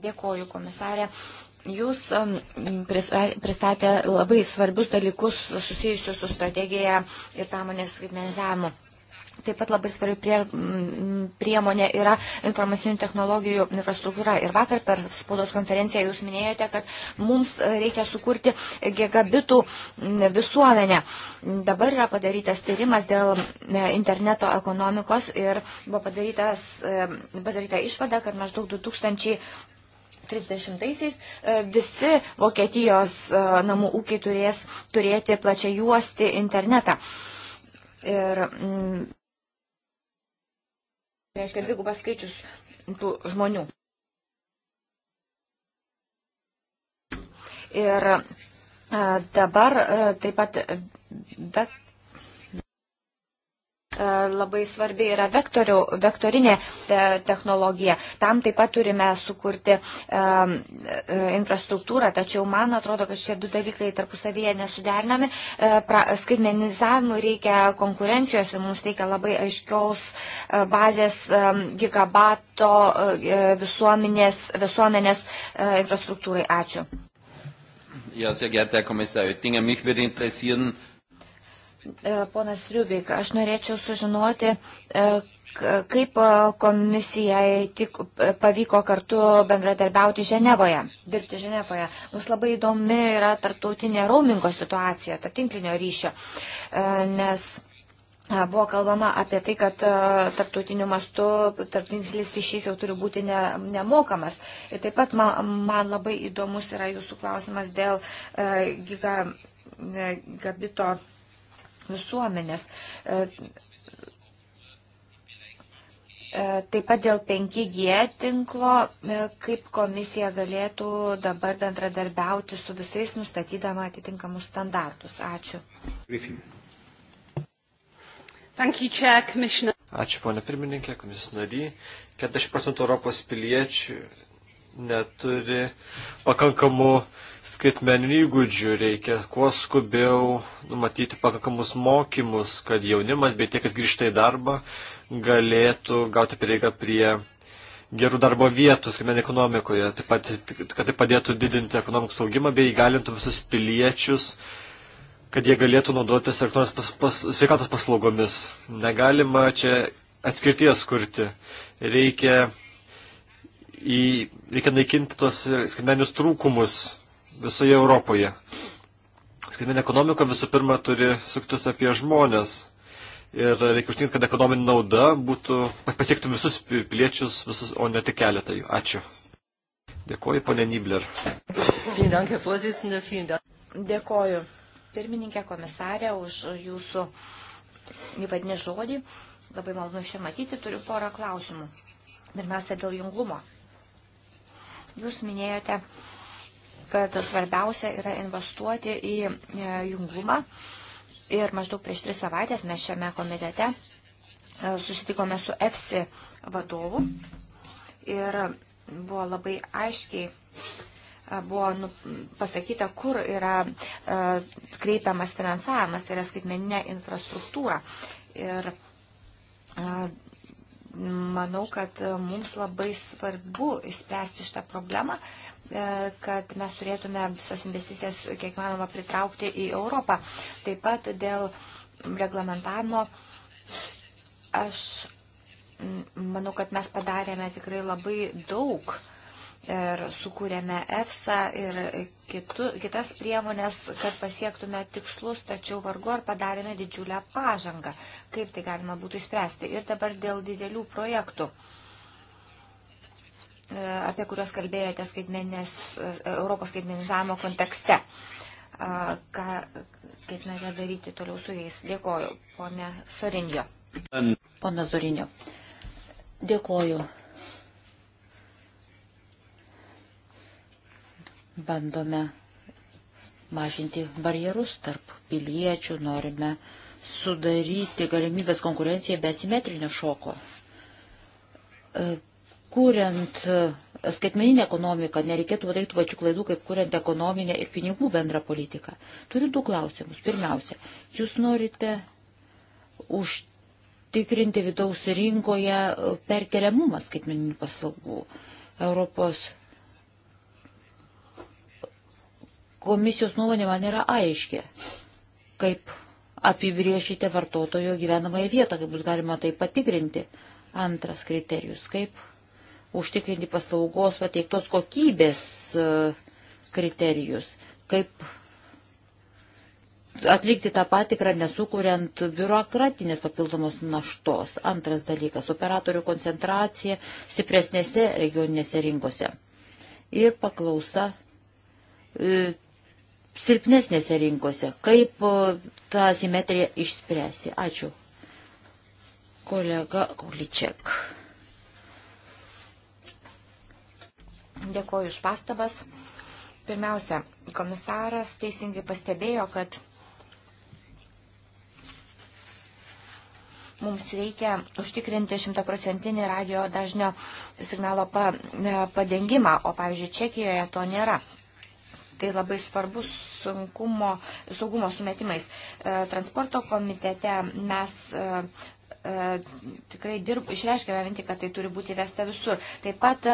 Dėkoju, komisarė. Jūs um, pristatė labai svarbius dalykus susijusius su strategija ir pramonės skaitmenizavimu. Taip pat labai svarbi prie, priemonė yra informacinių technologijų infrastruktūra. Ir vakar per spaudos konferenciją jūs minėjote, kad mums reikia sukurti gigabitų visuomenę. Dabar yra padarytas tyrimas dėl e, interneto ekonomikos ir buvo e, padaryta išvada, kad maždaug 2000 30-aisiais e, visi Vokietijos namų ūkiai turės turėti plačią juosti internetą. Ir reiškia dvigubas skaičius tų žmonių. Ir e, dabar e, taip pat bet E, labai svarbi yra vektorių, vektorinė technologija. Tam taip pat turime sukurti e, e, infrastruktūrą, tačiau man atrodo, kad šie du dalykai tarpusavyje nesudernami. Skaitmenizavimui reikia konkurencijos ir mums reikia labai aiškiaus bazės gigabato visuomenės, visuomenės infrastruktūrai. Ačiū. Ja, sehr geehrter Herr Kommissar Oettinger, mich würde interessieren, E, ponas Riubik, aš norėčiau sužinoti, e, kaip e, komisijai tik pavyko kartu bendradarbiauti Ženevoje, dirbti Ženevoje. Mums labai įdomi yra tarptautinė raumingo situacija, tarptinklinio ryšio, nes buvo kalbama apie tai, kad tarptautiniu mastu tarptinklis ryšys jau turi būti ne, nemokamas. Ir taip pat man, man labai įdomus yra jūsų klausimas dėl gigabito. Giga, visuomenės. E, e, taip pat dėl 5G tinklo, e, kaip komisija galėtų dabar bendradarbiauti su visais, nustatydama atitinkamus standartus. Ačiū. Griffin. Ačiū, ponė pirmininkė, komisijos nary. 40 procentų Europos piliečių neturi pakankamų uh, skaitmeninių įgūdžių, reikia kuo skubiau numatyti pakankamus mokymus, kad jaunimas bei tie, kas grįžta į darbą, galėtų gauti prieigą prie gerų darbo vietų skaitmeninėje ekonomikoje, taip pat, kad tai padėtų didinti ekonomikos augimą bei įgalintų visus piliečius kad jie galėtų naudotis elektroninės pas, pas, sveikatos paslaugomis. Negalima čia atskirties kurti. Reikia, į, reikia naikinti tos skaitmenius trūkumus visoje Europoje. Skaitmeninė ekonomika visų pirma turi suktis apie žmonės. Ir reikia užtikrinti, kad ekonominė nauda būtų, pasiektų visus piliečius, visus, o ne tik keletą jų. Ačiū. Dėkuoju, ponė Nibler. Dėkuoju, pirmininkė komisarė, už jūsų įvadinį žodį. Labai malonu šią matyti, turiu porą klausimų. Pirmiausia, dėl junglumo. Jūs minėjote kad svarbiausia yra investuoti į e, junglumą. Ir maždaug prieš tris savaitės mes šiame komitete e, susitikome su EFSI vadovu ir buvo labai aiškiai e, buvo nu, pasakyta, kur yra uh, kreipiamas finansavimas, tai yra skaitmeninė infrastruktūra. Ir uh, manau, kad mums labai svarbu išspręsti šitą problemą, E, kad mes turėtume visas investicijas kiek manoma pritraukti į Europą. Taip pat dėl reglamentavimo aš manau, kad mes padarėme tikrai labai daug ir sukūrėme EFSA ir kitu, kitas priemonės, kad pasiektume tikslus, tačiau vargu ar padarėme didžiulę pažangą, kaip tai galima būtų įspręsti. Ir dabar dėl didelių projektų. Uh, apie kuriuos kalbėjote skaitmenės, e, Europos skaitmenizavimo kontekste. Ką ketinate daryti toliau su jais? Dėkoju, ponė Sorinio. Pana Zorinio, dėkoju. Bandome mažinti barjerus tarp piliečių, norime sudaryti galimybės konkurenciją be simetrinio šoko e, kuriant e, skaitmeninę ekonomiką nereikėtų padaryti pačių klaidų, kaip kuriant ekonominę ir pinigų bendrą politiką. Turiu du klausimus. Pirmiausia, jūs norite užtikrinti vidaus rinkoje e, perkeliamumą skaitmeninių paslaugų. Europos komisijos nuomonė man yra aiški, kaip apibriešite vartotojo gyvenamąją vietą, kaip bus galima tai patikrinti. Antras kriterijus, kaip užtikrinti paslaugos pateiktos kokybės e, kriterijus, kaip atlikti tą patikrą nesukuriant biurokratinės papildomos naštos. Antras dalykas - operatorių koncentracija stipresnėse regioninėse rinkose ir paklausa e, silpnesnėse rinkose. Kaip e, tą simetriją išspręsti? Ačiū. Kolega Kuličiak. Dėkuoju iš pastabas. Pirmiausia, komisaras teisingai pastebėjo, kad mums reikia užtikrinti šimtaprocentinį radio dažnio signalo pa, e, padengimą, o pavyzdžiui, Čekijoje to nėra. Tai labai svarbus sunkumo, saugumo sumetimais. E, transporto komitete mes e, tikrai dirb, išreiškėme mintį, kad tai turi būti vesta visur. Taip pat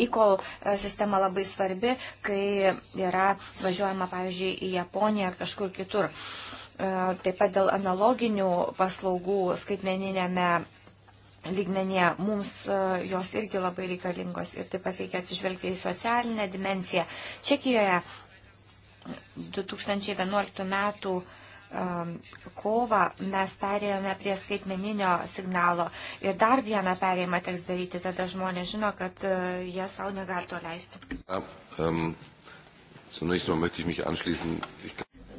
e-call e, sistema labai svarbi, kai yra važiuojama, pavyzdžiui, į Japoniją ar kažkur kitur. E, taip pat dėl analoginių paslaugų skaitmeninėme lygmenyje mums e, jos irgi labai reikalingos ir taip pat reikia atsižvelgti į socialinę dimensiją. Čekijoje 2011 metų Um, kovą mes perėjome prie skaitmeninio signalo ir dar vieną perėjimą teks daryti, tada žmonės žino, kad uh, jie savo negali to leisti. Ja, um,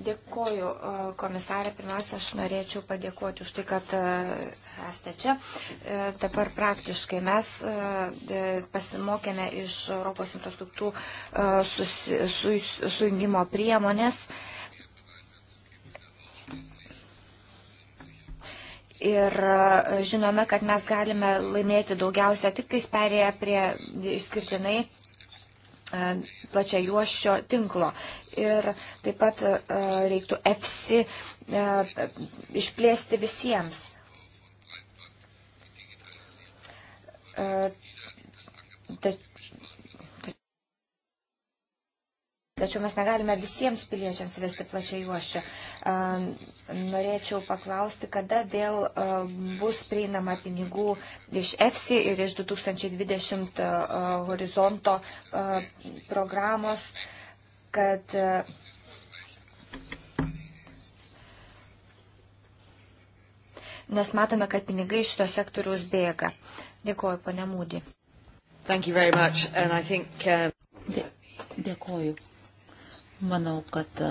Dėkoju, uh, komisarė. Pirmiausia, aš norėčiau padėkoti už tai, kad uh, esate čia. Dabar praktiškai mes e, pasimokėme iš Europos infrastruktūrų sujungimo priemonės. Su, su Ir e, žinome, kad mes galime laimėti daugiausia tik tais perėję prie išskirtinai e, plačia juoščio tinklo. Ir taip pat e, reiktų EFSI išplėsti visiems. Tad Tačiau mes negalime visiems piliečiams vesti plačiai juoščio. Norėčiau paklausti, kada vėl bus prieinama pinigų iš EFSI ir iš 2020 horizonto programos, kad nes matome, kad pinigai iš šito sektoriaus bėga. Dėkuoju, pane Mūdį. Think, um... Dė, dėkuoju. Manau, kad e,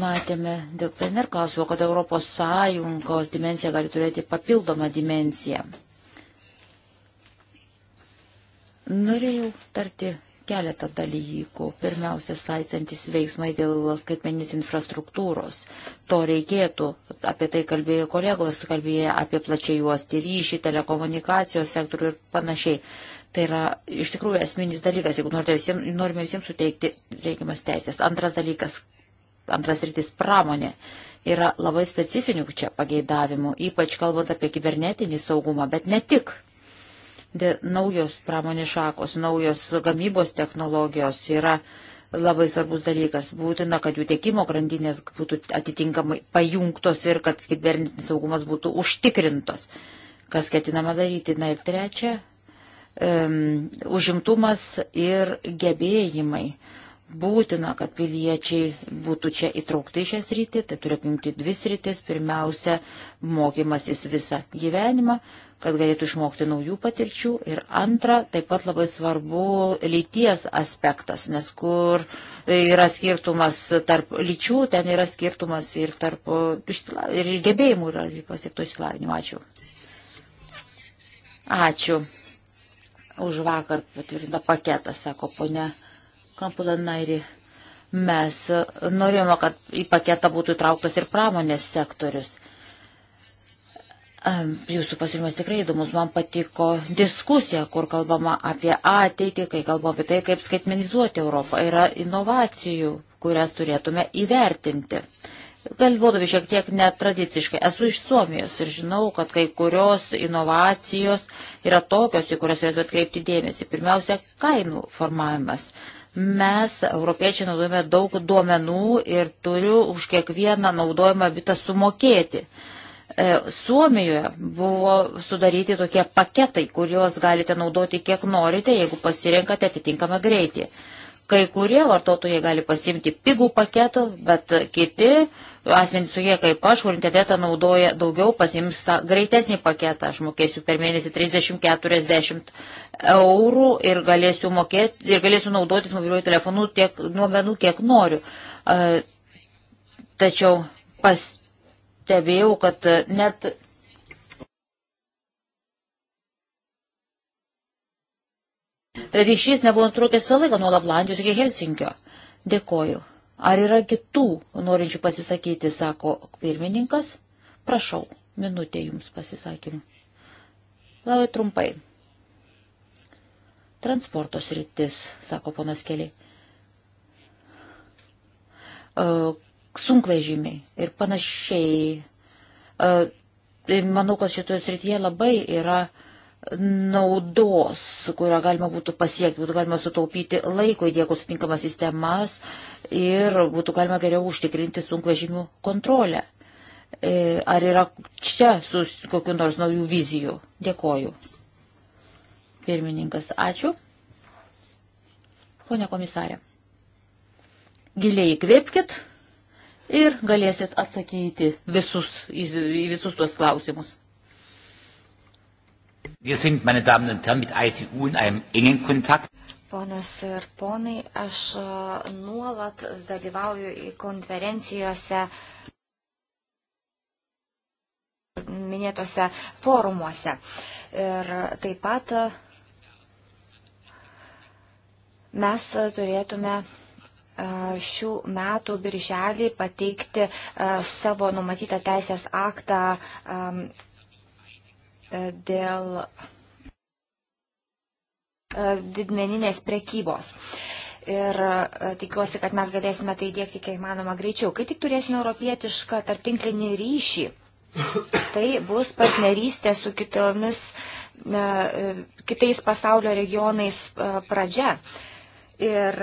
matėme dėl PNR klausimo, kad Europos Sąjungos dimensija gali turėti papildomą dimensiją. Norėjau tarti keletą dalykų. Pirmiausia, saitantis veiksmai dėl skaitmeninės infrastruktūros. To reikėtų, apie tai kalbėjo kolegos, kalbėjo apie plačiai juosti ryšį, telekomunikacijos sektorių ir panašiai. Tai yra iš tikrųjų esminis dalykas, jeigu norite visiems, norime visiems suteikti reikiamas teisės. Antras dalykas, antras rytis pramonė. Yra labai specifinių čia pageidavimų, ypač kalbant apie kibernetinį saugumą, bet ne tik. De, naujos pramonės šakos, naujos gamybos technologijos yra labai svarbus dalykas. Būtina, kad jų tiekimo grandinės būtų atitinkamai pajungtos ir kad kibernetinis saugumas būtų užtikrintos. Kas ketinama daryti? Na ir trečia, um, užimtumas ir gebėjimai. Būtina, kad piliečiai būtų čia įtraukti į šią sritį, tai turi apimti dvi sritis. Pirmiausia, mokymasis visą gyvenimą, kad galėtų išmokti naujų patirčių. Ir antra, taip pat labai svarbu lyties aspektas, nes kur yra skirtumas tarp lyčių, ten yra skirtumas ir tarp ir gebėjimų yra pasiektų išsilavinimų. Ačiū. Ačiū už vakar patvirtintą paketą, sako ponia Kampulanari. Mes norėjome, kad į paketą būtų įtrauktas ir pramonės sektorius. Jūsų pasiūlymas tikrai įdomus, man patiko diskusija, kur kalbama apie ateitį, kai kalbama apie tai, kaip skaitmenizuoti Europą. Yra inovacijų, kurias turėtume įvertinti. Uh, Galvodami šiek tiek netradiciškai, esu iš Suomijos ir žinau, kad kai kurios inovacijos yra tokios, į kurias reikėtų atkreipti dėmesį. Pirmiausia, kainų formavimas. Mes, europiečiai, naudojame daug duomenų ir turiu už kiekvieną naudojimą bitą sumokėti. E, Suomijoje buvo sudaryti tokie paketai, kuriuos galite naudoti kiek norite, jeigu pasirinkate atitinkamą greitį. Kai kurie vartotojai gali pasimti pigų paketų, bet kiti asmenys tokie kaip aš, kur internetą naudoja daugiau, pasiims tą greitesnį paketą. Aš mokėsiu per mėnesį 30-40 eurų ir galėsiu, mokėti, ir galėsiu naudotis mobiliuoju telefonu tiek nuomenų, kiek noriu. Tačiau pastebėjau, kad net. Ryšys nebuvo nutrūkęs visą laiką nuo Laplandijos iki Helsinkio. Dėkoju. Ar yra kitų norinčių pasisakyti, sako pirmininkas. Prašau, minutė jums pasisakymų. Labai trumpai. Transporto sritis, sako ponas Keli. E, sunkvežimiai ir panašiai. E, manau, kad šitoje srityje labai yra uh, naudos, kurią galima būtų pasiekti, būtų galima sutaupyti laiko įdėkus atinkamas sistemas ir būtų galima geriau užtikrinti sunkvežimių kontrolę. E, ar yra čia su kokiu nors naujų vizijų? Dėkoju. Pirmininkas, ačiū. Pone komisarė, giliai įkvėpkit ir galėsit atsakyti visus, į, į visus tuos klausimus. Wir sind, meine Damen und Herren, mit ITU in einem engen Kontakt. Ponios ir ponai, aš e, nuolat dalyvauju į konferencijose, minėtose forumuose. Ir taip pat e, mes turėtume e, šių metų birželį pateikti savo numatytą teisės aktą E, dėl e, didmeninės prekybos. Ir e, tikiuosi, kad mes galėsime tai dėkti kiek manoma greičiau. Kai tik turėsime europietišką tarptinklinį ryšį, tai bus partnerystė su kitomis, kitais pasaulio regionais pradžia. Ir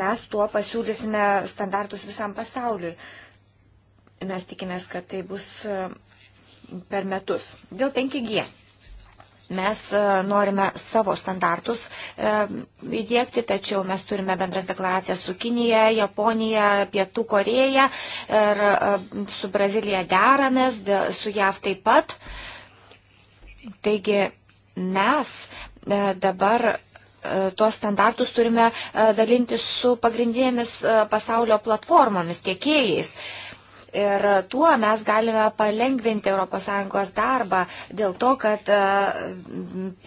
mes tuo pasiūlysime standartus visam pasauliui. Mes tikimės, kad tai bus per metus. Dėl 5G. Mes e, norime savo standartus e, įdėkti, tačiau mes turime bendras deklaracijas su Kinija, Japonija, Pietų Koreja ir e, su Brazilija deramės, su JAV taip pat. Taigi mes dabar tuos standartus turime dalinti su pagrindinėmis pasaulio platformomis, tiekėjais. Ir tuo mes galime palengvinti ES darbą dėl to, kad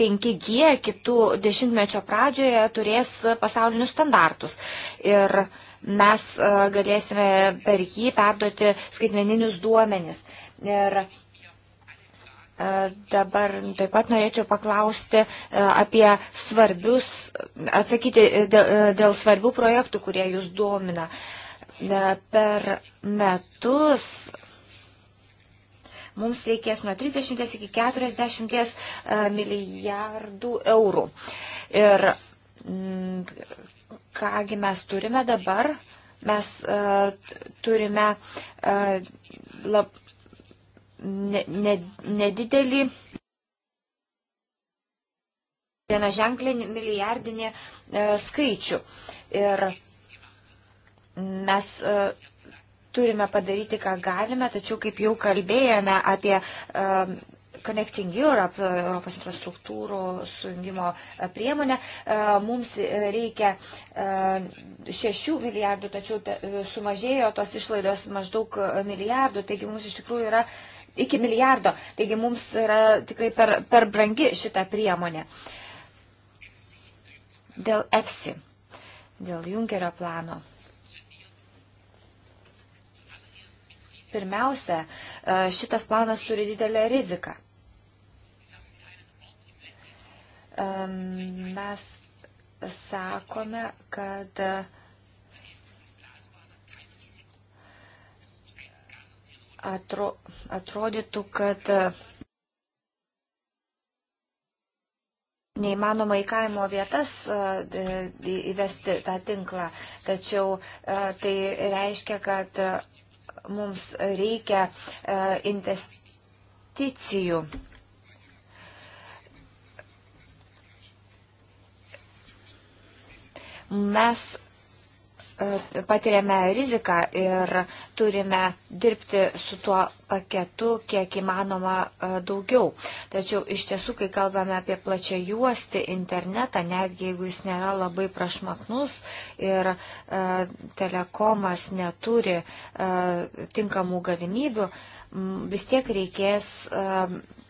5G e, kitų dešimtmečio pradžioje turės pasaulinius standartus. Ir mes e, galėsime per jį perduoti skaitmeninius duomenis. Ir e, Dabar taip pat norėčiau paklausti apie svarbius, atsakyti dėl, dėl svarbių projektų, kurie jūs domina. Uh, per metus mums reikės nuo 30 iki 40 e, milijardų eurų. Ir mm, kągi mes turime dabar? Mes uh, turime uh, lab, ne, ne, nedidelį vieną ženklį milijardinį uh, skaičių. Ir uh, Mes e, turime padaryti, ką galime, tačiau kaip jau kalbėjome apie e, Connecting Europe, e, Europos infrastruktūrų sujungimo priemonę. Mums reikia 6 milijardų, tačiau sumažėjo tos išlaidos maždaug milijardų, taigi mums iš tikrųjų yra iki milijardo, taigi mums yra tikrai per, per brangi šita priemonė. Dėl EFSI, dėl Junkerio plano. Pirmiausia, e, šitas planas turi didelę riziką. E, mes sakome, kad e, atro, atrodytų, kad neįmanoma į kaimo vietas įvesti tą tinklą, tačiau tai reiškia, kad mums reikia e, investicijų. Mes E, patiriame riziką ir turime dirbti su tuo paketu kiek įmanoma e, daugiau. Tačiau iš tiesų, kai kalbame apie plačią juostį internetą, netgi jeigu jis nėra labai prašmatnus ir e, telekomas neturi e, tinkamų galimybių, m, vis tiek reikės e,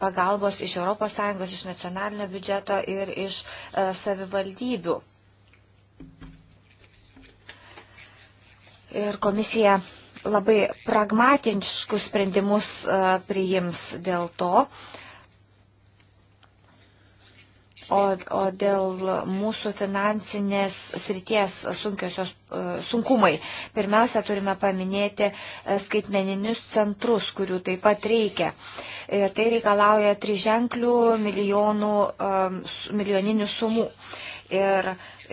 pagalbos iš ES, iš nacionalinio biudžeto ir iš e, savivaldybių. ir komisija labai pragmatiniškus sprendimus e, priims dėl to. O, o dėl mūsų finansinės srities sunkiosios e, sunkumai. Pirmiausia, turime paminėti e, skaitmeninius centrus, kurių taip pat reikia. Ir tai reikalauja triženklių milijonų, milijoninių sumų. Ir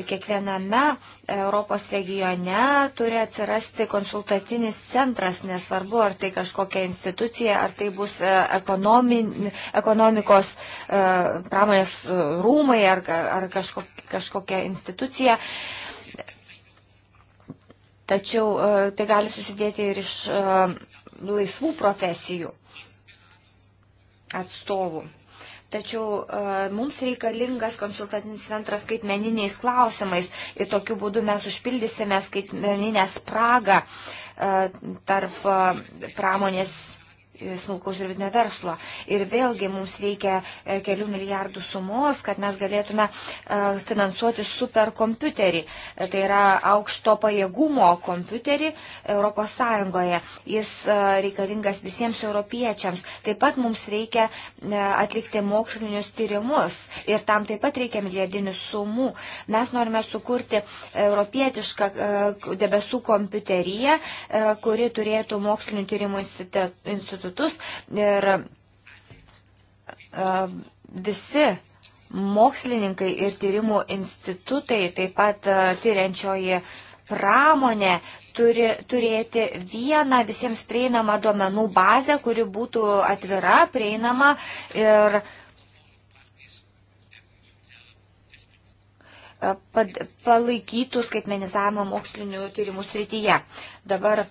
kiekviename Europos regione turi atsirasti konsultatinis centras, nesvarbu, ar tai kažkokia institucija, ar tai bus e, ekonomi, ekonomikos e, pramonės e, rūmai, ar, ar kažkokia, kažkokia institucija. Tačiau tai gali susidėti ir iš laisvų profesijų atstovų tačiau e, mums reikalingas konsultacinis centras skaitmeniniais klausimais ir tokiu būdu mes užpildysime skaitmeninę spragą e, tarp e, pramonės E, smulkaus ir vidinio verslo. Ir vėlgi mums reikia e, kelių milijardų sumos, kad mes galėtume e, finansuoti superkompiuterį. Tai yra aukšto pajėgumo kompiuterį ES. Jis reikalingas visiems europiečiams. Taip pat mums reikia atlikti mokslinius tyrimus ir tam taip pat reikia milijardinių sumų. Mes norime sukurti europietišką debesų kompiuteriją, kuri turėtų mokslinių tyrimų institutą institutus ir visi mokslininkai ir tyrimų institutai, taip pat tyriančioji pramonė turi turėti vieną visiems prieinamą duomenų bazę, kuri būtų atvira, prieinama ir palaikytų skaitmenizavimą mokslinių tyrimų srityje. Dabar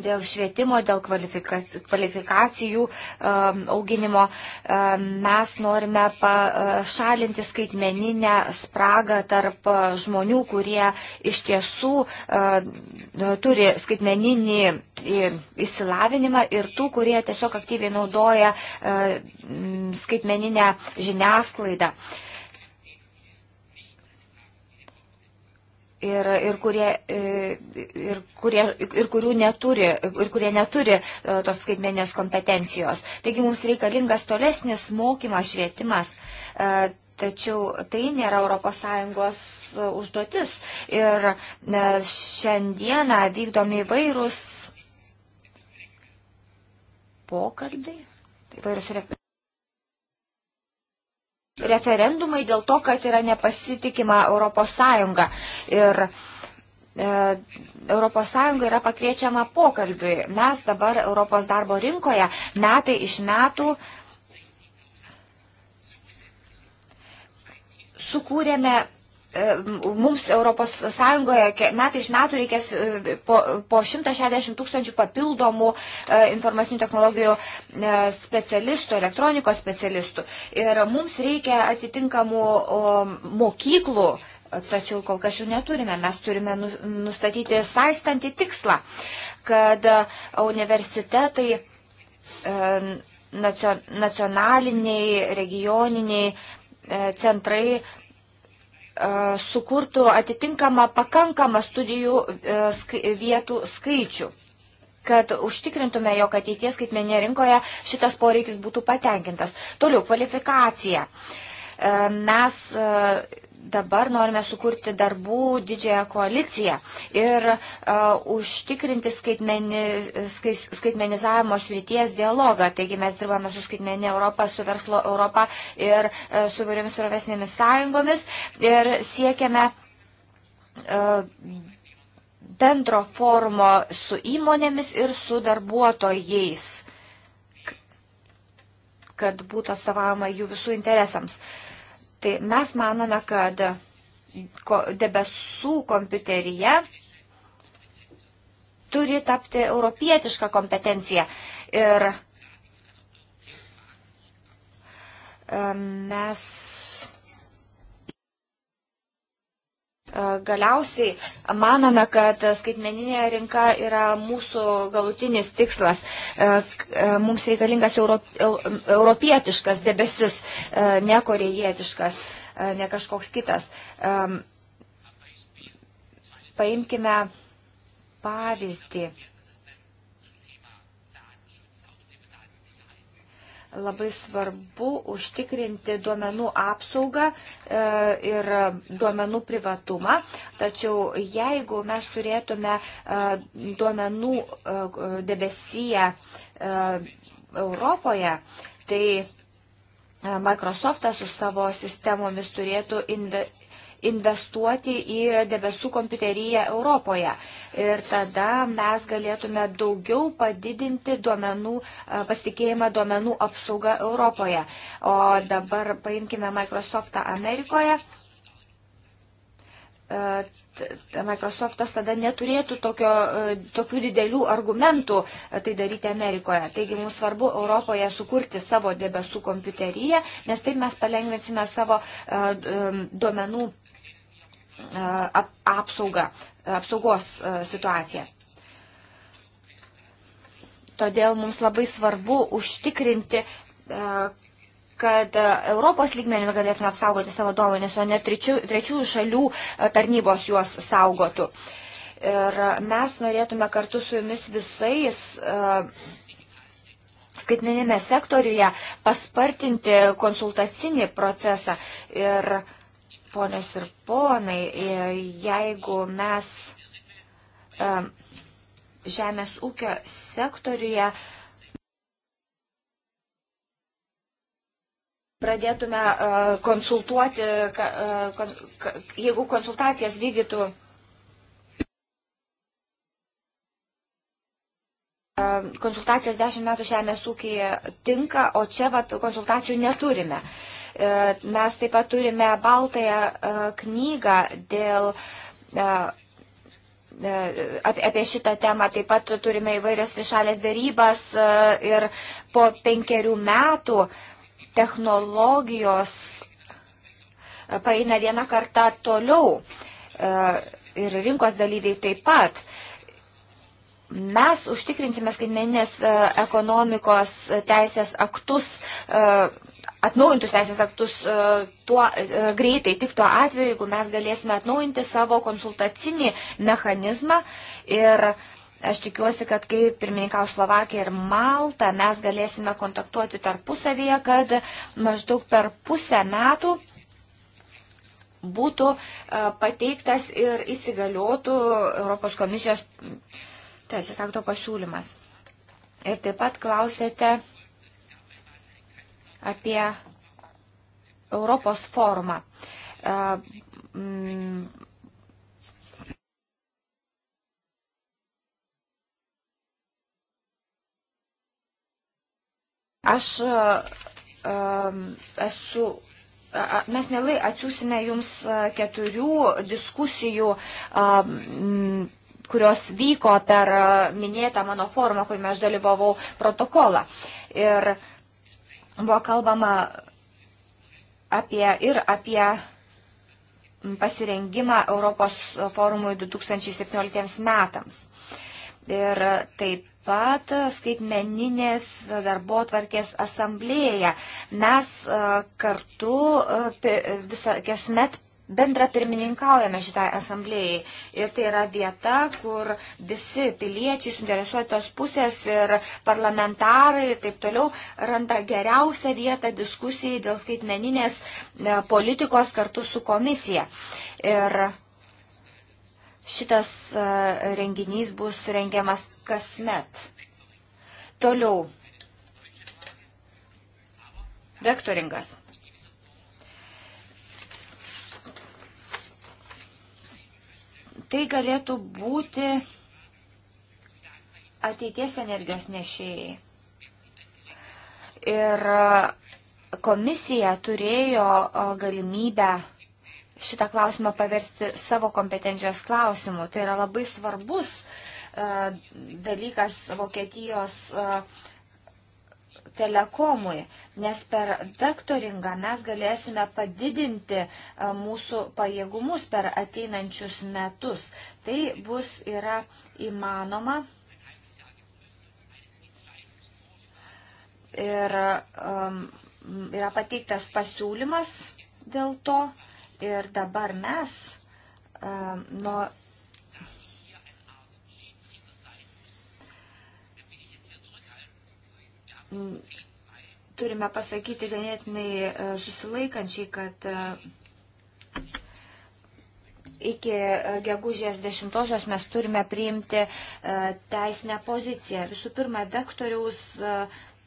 dėl švietimo, dėl kvalifikacijų um, auginimo um, mes norime pašalinti skaitmeninę spragą tarp žmonių, kurie iš tiesų um, turi skaitmeninį įsilavinimą ir tų, kurie tiesiog aktyviai naudoja uh, skaitmeninę žiniasklaidą. ir, ir, kurie, e, ir, kurie, ir, kurių neturi, ir kurie neturi e, tos skaitmenės kompetencijos. Taigi mums reikalingas tolesnis mokymas, švietimas. E, tačiau tai nėra ES užduotis. Ir šiandieną vykdomi įvairūs pokalbiai, įvairūs refleksijos referendumai dėl to, kad yra nepasitikima Europos Sąjunga. Ir e, Europos Sąjunga yra pakviečiama pokalbiui. Mes dabar Europos darbo rinkoje metai iš metų sukūrėme E, mums ES metai iš metų reikės e, po, po 160 tūkstančių papildomų e, informacinių technologijų specialistų, elektronikos specialistų. Ir mums reikia atitinkamų mokyklų. Tačiau kol kas jų neturime. Mes turime nu, nustatyti saistantį tikslą, kad universitetai nacionaliniai, regioniniai centrai sukurtų atitinkamą pakankamą studijų vietų skaičių kad užtikrintume, jog ateities skaitmenė rinkoje šitas poreikis būtų patenkintas. Toliau, kvalifikacija. Mes dabar norime sukurti darbų didžiąją koaliciją ir uh, užtikrinti skaitmeni, skais, skaitmenizavimo srities dialogą. Taigi mes dirbame su skaitmenė Europa, su verslo Europa ir uh, su vairiomis profesinėmis sąjungomis ir siekiame. Uh, bendro formo su įmonėmis ir su darbuotojais, kad būtų atstovavama jų visų interesams. Uh, Tai mes manome, kad debesų kompiuterija turi tapti europietišką kompetenciją. Ir mes E, galiausiai manome, kad skaitmeninė rinka yra mūsų galutinis tikslas. E, e, mums reikalingas europietiškas debesis, ne korejietiškas, ne kažkoks kitas. Paimkime pavyzdį Labai svarbu užtikrinti duomenų apsaugą e, ir duomenų privatumą. Tačiau jeigu mes turėtume e, duomenų e, debesyje Europoje, tai Microsoftas su savo sistemomis turėtų investuoti į debesų kompiuteriją Europoje. Ir tada mes galėtume daugiau padidinti duomenų, e, pasitikėjimą duomenų apsaugą Europoje. O dabar paimkime Microsoftą Amerikoje. E, Microsoftas tada neturėtų tokio, e, tokių didelių argumentų tai daryti Amerikoje. Taigi mums svarbu Europoje sukurti savo debesų kompiuteriją, nes taip mes palengvinsime savo duomenų apsaugą, apsaugos situaciją. Todėl mums labai svarbu užtikrinti, kad Europos lygmenį galėtume apsaugoti savo duomenis, o ne trečių, trečiųjų šalių tarnybos juos saugotų. Ir mes norėtume kartu su jumis visais skaitmeninėme sektoriuje paspartinti konsultacinį procesą ir ponios ir ponai, e, jeigu mes e, žemės ūkio sektoriuje pradėtume e, konsultuoti, jeigu konsultacijas vykdytų konsultacijos 10 metų žemės ūkija tinka, o čia vat, konsultacijų neturime. Uh, E, mes taip pat turime baltąją e, knygą dėl e, apie šitą temą. Taip pat turime įvairias trišalės darybas ir po penkerių metų technologijos paeina vieną kartą toliau ir rinkos dalyviai taip pat. Mes užtikrinsime skaitmeninės ekonomikos teisės aktus atnaujintus teisės aktus e, tuo e, greitai, tik tuo atveju, jeigu mes galėsime atnaujinti savo konsultacinį mechanizmą ir Aš tikiuosi, kad kai pirmininkau Slovakija ir Malta, mes galėsime kontaktuoti tarpusavėje, kad maždaug per pusę metų būtų e, pateiktas ir įsigaliotų Europos komisijos teisės akto pasiūlymas. Ir taip pat klausėte apie Europos forumą. E, mm, aš e, e, esu mes mielai atsiūsime jums keturių diskusijų, mm, kurios vyko per minėtą mano formą, kuriame aš dalyvavau protokolą. Ir Buvo kalbama apie, ir apie pasirengimą Europos forumui 2017 metams. Ir taip pat skaitmeninės darbo tvarkės asamblėje. Mes e, kartu e, visą kasmet bendra pirmininkaujame šitai asamblėjai. Ir tai yra vieta, kur visi piliečiai, suinteresuotos pusės ir parlamentarai ir taip toliau randa geriausią vietą diskusijai dėl skaitmeninės e, politikos kartu su komisija. Ir šitas e, renginys bus rengiamas kasmet. Toliau. Vektoringas. Tai galėtų būti ateities energijos nešėjai. Ir komisija turėjo galimybę šitą klausimą paversti savo kompetencijos klausimu. Tai yra labai svarbus dalykas Vokietijos uh, telekomui, nes per vektoringą mes galėsime padidinti e, mūsų pajėgumus per ateinančius metus. Tai bus yra įmanoma. Ir um, yra pateiktas pasiūlymas dėl to. Ir dabar mes um, nuo turime pasakyti ganėtinai e, susilaikančiai, kad e, iki e, gegužės 10 mes turime priimti teisinę poziciją. Visų pirma, vektoriaus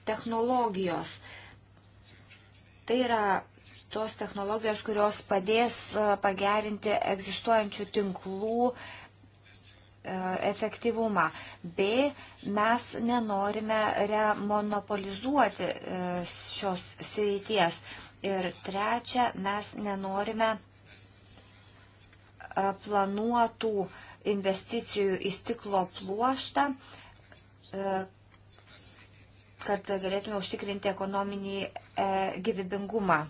technologijos. Tai yra tos technologijos, kurios padės pagerinti egzistuojančių tinklų uh, efektyvumą. B, mes nenorime remonopolizuoti e, šios srities. Ir trečia, mes nenorime e, planuotų investicijų į stiklo pluoštą, e, kad galėtume užtikrinti ekonominį gyvybingumą.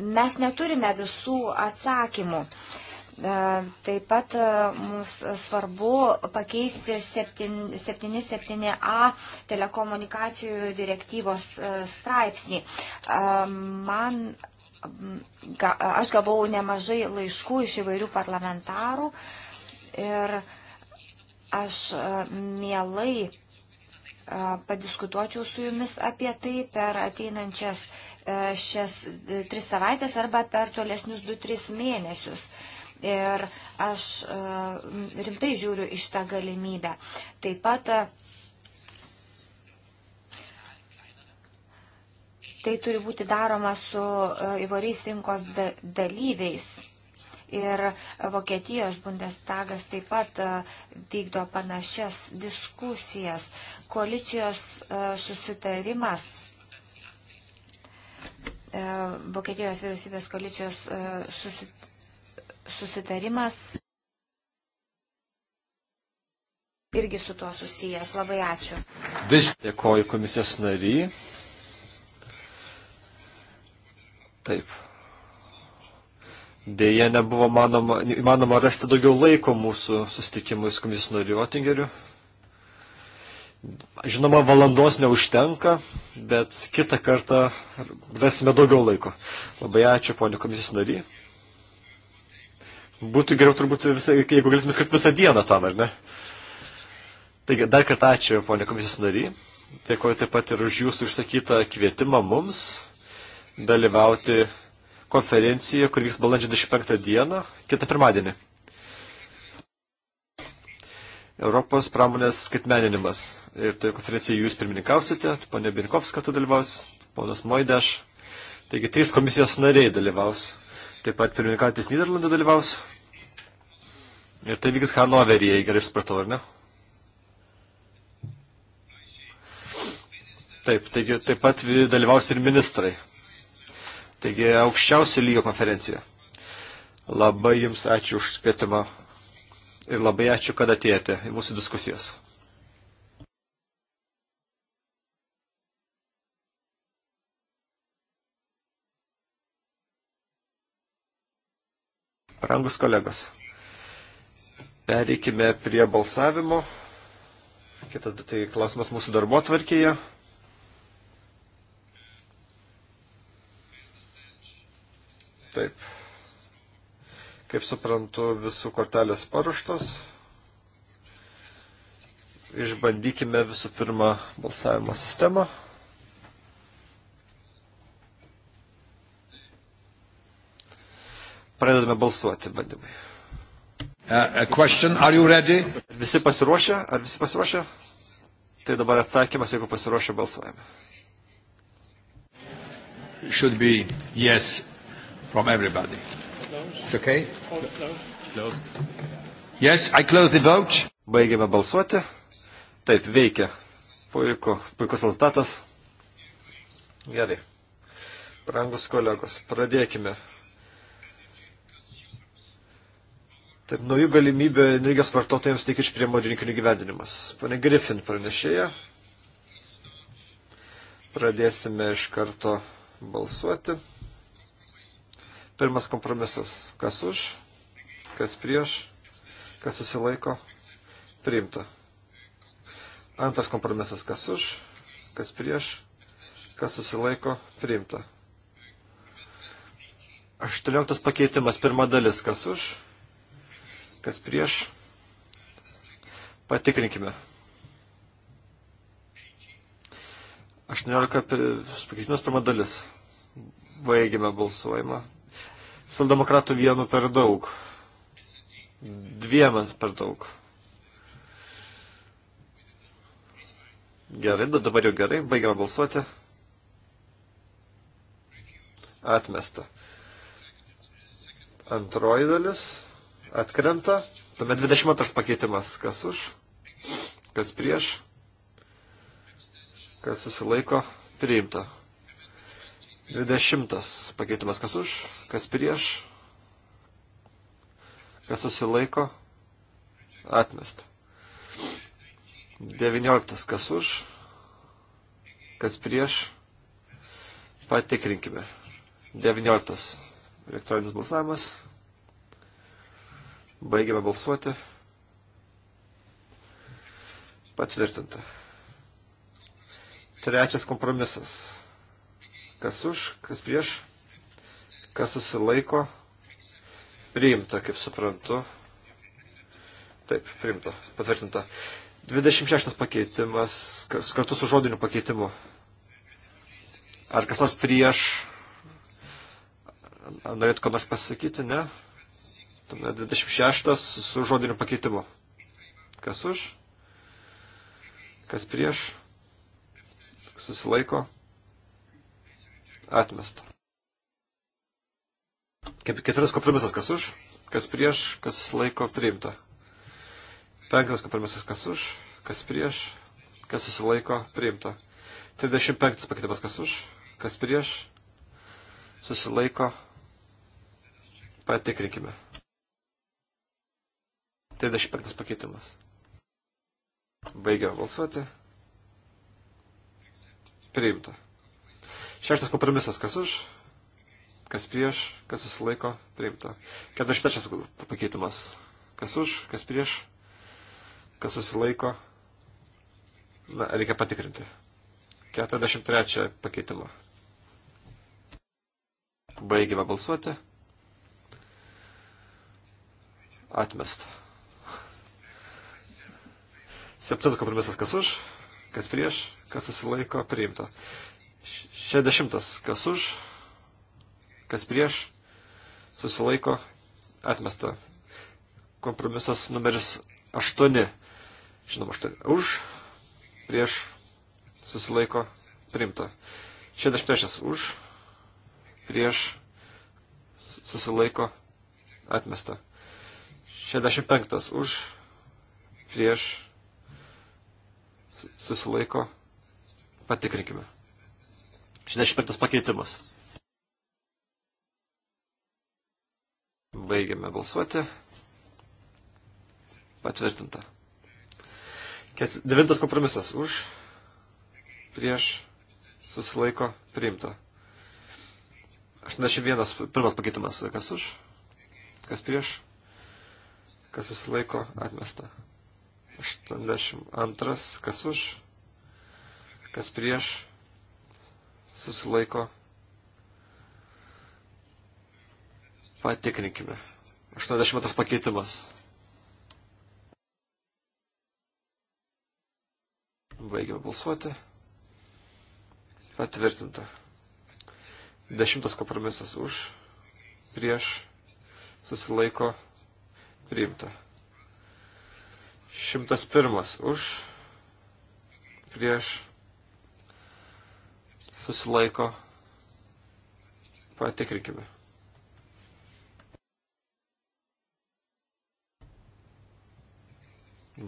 Mes neturime visų atsakymų. E, taip pat e, mums svarbu pakeisti 77a telekomunikacijų direktyvos e, straipsnį. Man ga, aš gavau nemažai laiškų iš įvairių parlamentarų ir aš mielai padiskutuočiau su jumis apie tai per ateinančias E, šias tris savaitės arba per tolesnius 2-3 mėnesius. Ir aš e, rimtai žiūriu iš tą galimybę. Taip pat e, tai turi būti daroma su įvairiais rinkos dalyviais. Ir Vokietijos Bundestagas taip pat vykdo panašias diskusijas. Koalicijos susitarimas E, Vokietijos vyriausybės koalicijos e, susitarimas irgi su tuo susijęs. Labai ačiū. Vis dėkoju komisijos nary. Taip. Deja, nebuvo manoma, įmanoma rasti daugiau laiko mūsų susitikimui su komisijos nariu Otingeriu. Žinoma, valandos neužtenka, bet kitą kartą rasime daugiau laiko. Labai ačiū, ponio komisijos nary. Būtų geriau turbūt, visą, jeigu galėtume skirti visą dieną tam, ar ne? Taigi, dar kartą ačiū, ponio komisijos nary. Dėkuoju taip pat ir už jūsų išsakytą kvietimą mums dalyvauti konferencijoje, kur vyks balandžio 25 dieną, kitą pirmadienį. Europos pramonės skaitmeninimas. Ir toje tai, konferencijoje jūs pirmininkausite, ponė Birkovs kartu dalyvaus, ponas Moidaš. Taigi trys komisijos nariai dalyvaus. Taip pat pirmininkantis Niderlandų dalyvaus. Ir tai vyks Hanoveryje, jei gerai supratau, ar ne? Taip, taigi taip pat dalyvaus ir ministrai. Taigi aukščiausio lygio konferencija. Labai jums ačiū už kvietimą ir labai ačiū, kad atėjote į mūsų diskusijas. Rangus kolegos. Pereikime prie balsavimo. Kitas tai klausimas mūsų darbo atvarkėje. Taip. Kaip suprantu, visų kortelės paruštos. Išbandykime visų pirma balsavimo sistemą. Pradedame balsuoti bandymai. Uh, question, are you ready? Visi pasiruošę? Ar visi pasiruošę? Tai dabar atsakymas, jeigu pasiruošę, balsuojame. Should be yes from everybody. It's okay. Closed. Yes, I close the vote. Baigėme balsuoti. Taip, veikia. Puiku, puikus rezultatas. Gerai. Brangus kolegos, pradėkime. Taip, naujų galimybė energijos vartotojams tik iš priemonių rinkinių gyvendinimas. Pane Griffin pranešėja. Pradėsime iš karto balsuoti. Pirmas kompromisas. Kas už, kas prieš, kas susilaiko, priimta. Antras kompromisas. Kas už, kas prieš, kas susilaiko, priimta. Aštuonioliktas pakeitimas. Pirma dalis. Kas už, kas prieš. Patikrinkime. 18 pakeitimas pirma dalis. Baigime balsuojimą. Saldemokratų vienu per daug. Dviem per daug. Gerai, dabar jau gerai, baigiame balsuoti. Atmesta. Antroji dalis atkrenta. Tuomet 22 pakeitimas. Kas už? Kas prieš? Kas susilaiko? Priimta. 20 pakeitimas kas už, kas prieš, kas susilaiko, atmesta. 19 kas už, kas prieš, patikrinkime. 19 elektroninis balsavimas. Baigiame balsuoti. Patvirtinta. Trečias kompromisas Kas už, kas prieš, kas susilaiko, priimta, kaip suprantu. Taip, priimta, patvirtinta. 26 pakeitimas, kartu su žodiniu pakeitimu. Ar kas nors prieš Ar norėtų ką nors pasakyti, ne? Tuomet 26 su žodiniu pakeitimu. Kas už? Kas prieš? Susilaiko? atmesta. Kaip ketvirtas kompromisas, kas už, kas prieš, kas laiko priimta. Penktas kompromisas, kas už, kas prieš, kas susilaiko priimta. 35 pakeitimas, kas už, kas prieš, susilaiko, patikrinkime. 35 pakeitimas. Baigiam balsuoti. Priimta. Šeštas kompromisas, kas už, kas prieš, kas susilaiko, priimta. 43 pakeitimas, kas už, kas prieš, kas susilaiko, na, reikia patikrinti. 43 pakeitimą. Baigime balsuoti. Atmesta. Septintas kompromisas, kas už, kas prieš, kas susilaiko, priimta. 60. Kas už, kas prieš, susilaiko, atmesta. Kompromisas numeris 8. Žinoma, 8. Už, prieš, susilaiko, primta. 63. Už, prieš, susilaiko, atmesta. 65. Už, prieš, susilaiko, patikrinkime. 65 pakeitimas. Baigiame balsuoti. Patvirtinta. Ket... Devintas kompromisas. Už, prieš, susilaiko, priimta. 81 pirmas pakeitimas. Kas už, kas prieš, kas susilaiko, atmesta. 82 kas už, kas prieš, susilaiko. Patikrinkime. 80 pakeitimas. Baigime balsuoti. Patvirtinta. Dešimtas kompromisas už, prieš, susilaiko, priimta. Šimtas pirmas už, prieš, susilaiko. Patikrinkime.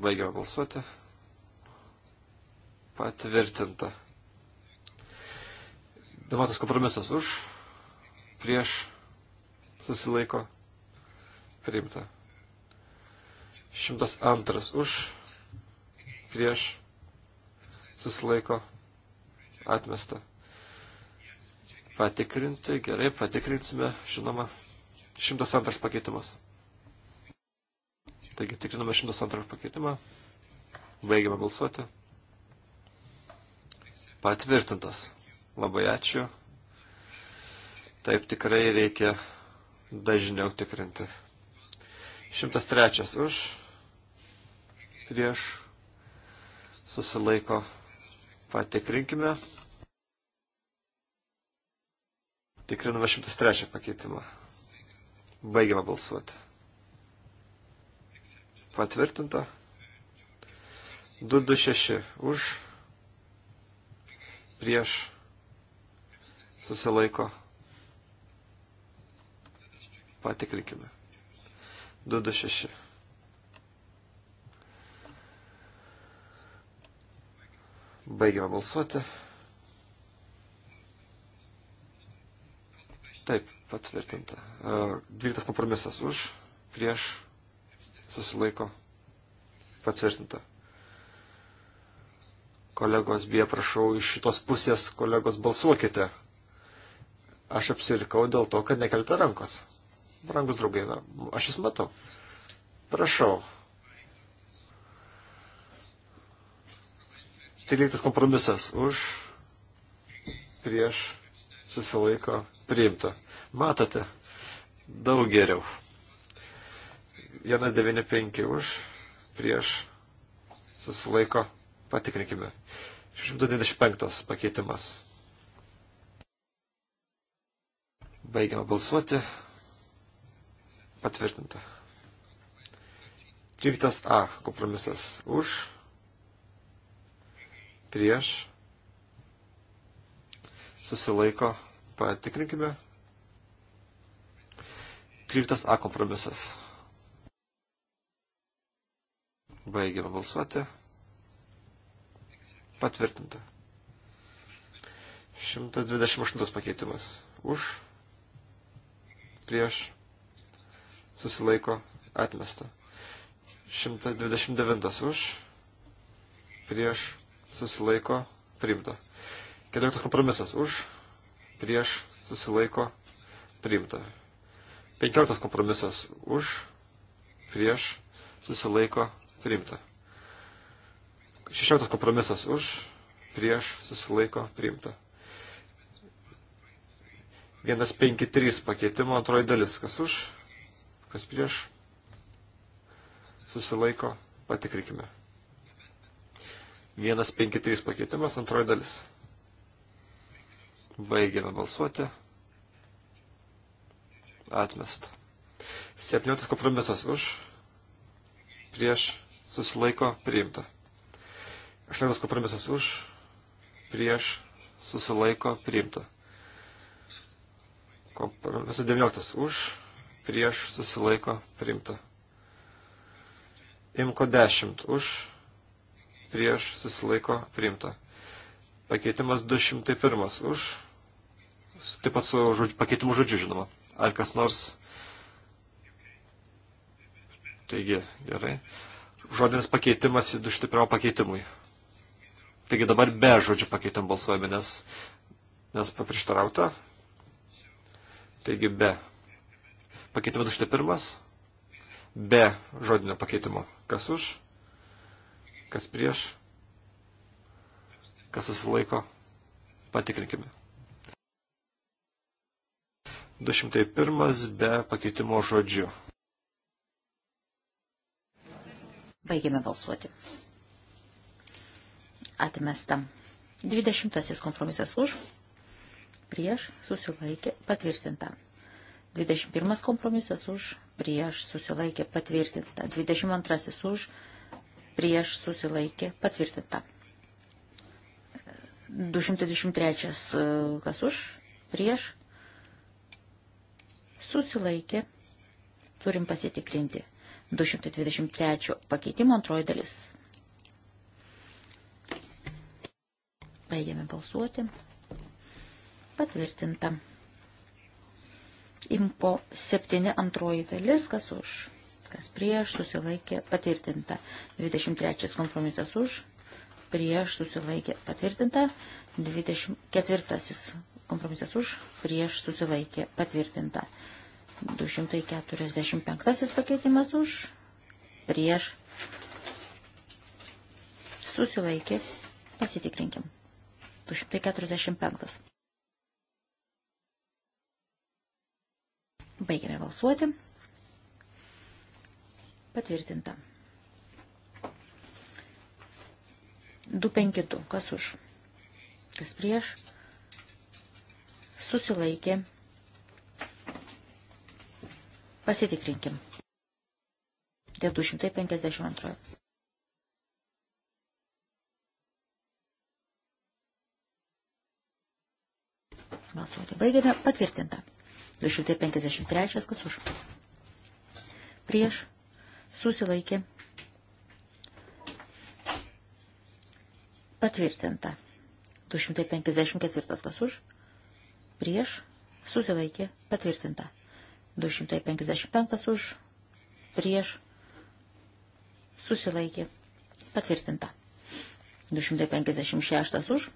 Baigiau balsuoti. Patvirtinta. Dematas kompromisas už, prieš, susilaiko, priimta. 102 už, prieš, susilaiko, atmesta patikrinti, gerai, patikrinsime, žinoma, 102 pakeitimas. Taigi tikriname 102 pakeitimą, baigiame balsuoti. Patvirtintas. Labai ačiū. Taip tikrai reikia dažniau tikrinti. 103 už, prieš, susilaiko, patikrinkime. Tikriname 103 pakeitimą. Baigiame balsuoti. Patvirtinta. 226 už. Prieš. Susilaiko. Patikrinkime. 226. Baigiame balsuoti. Taip, patvirtinta. 12 e, kompromisas už, prieš, susilaiko, patvirtinta. Kolegos, bie, prašau, iš šitos pusės kolegos balsuokite. Aš apsirikau dėl to, kad nekelta rankos. Brangus draugai, na, aš jūs matau. Prašau. 13 kompromisas už, prieš, susilaiko priimta. Matote, daug geriau. 195 už, prieš, susilaiko, patikrinkime. 625 pakeitimas. Baigiame balsuoti. Patvirtinta. 13a kompromisas už, prieš, susilaiko, patikrinkime. 13a kompromisas. Baigiame balsuoti. Patvirtinta. 128 pakeitimas. Už, prieš, susilaiko, atmesta. 129 už, prieš, susilaiko, primta. 14 kompromisas už, prieš, susilaiko, priimta. 15 kompromisas už, prieš, susilaiko, priimta. 16 kompromisas už, prieš, susilaiko, priimta. 153 pakeitimo antroji dalis. Kas už, kas prieš, susilaiko, patikrinkime. 153 pakeitimas antroji dalis. Baigėme balsuoti. Atmest. 17 kompromisas už. Prieš susilaiko priimta. 18 kompromisas už. Prieš susilaiko priimta. Kompromisas 19 už. Prieš susilaiko priimta. Imko 10 už. Prieš susilaiko priimta. Pakeitimas 201 už. Taip pat su žodžiu, pakeitimu žodžiu, žinoma. Ar kas nors. Taigi, gerai. Žodinis pakeitimas į 201 pakeitimui. Taigi dabar be žodžių pakeitim balsuojame, nes, nes paprieštarauta. Taigi be. Pakeitimo 201. Be žodinio pakeitimo. Kas už? Kas prieš? kas susilaiko, patikrinkime. 201 be pakeitimo žodžių. Baigėme balsuoti. Atmesta. 20 kompromisas už, prieš, susilaikė, patvirtinta. 21 kompromisas už, prieš, susilaikė, patvirtinta. 22 už, prieš, susilaikė, patvirtinta. 223. E, kas už? Prieš? Susilaikė. Turim pasitikrinti. 223 pakeitimo antroji dalis. Baigėme balsuoti. Patvirtinta. Impo 7 antroji dalis. Kas už? Kas prieš? Susilaikė. Patvirtinta. 23 kompromisas už prieš susilaikė patvirtinta, 24 kompromisas už, prieš susilaikė patvirtinta, 245 pakeitimas už, prieš susilaikė, pasitikrinkim, 245. Baigiame balsuoti. Patvirtinta. 252. Kas už? Kas prieš? Susilaikė. Pasitikrinkim. Dėl 252. Balsuoti. Baigėme. Patvirtinta. 253. Kas už? Prieš. Susilaikė. Patvirtinta. 254 kas už, prieš, susilaikė, patvirtinta. 255 už, prieš, susilaikė, patvirtinta. 256 už,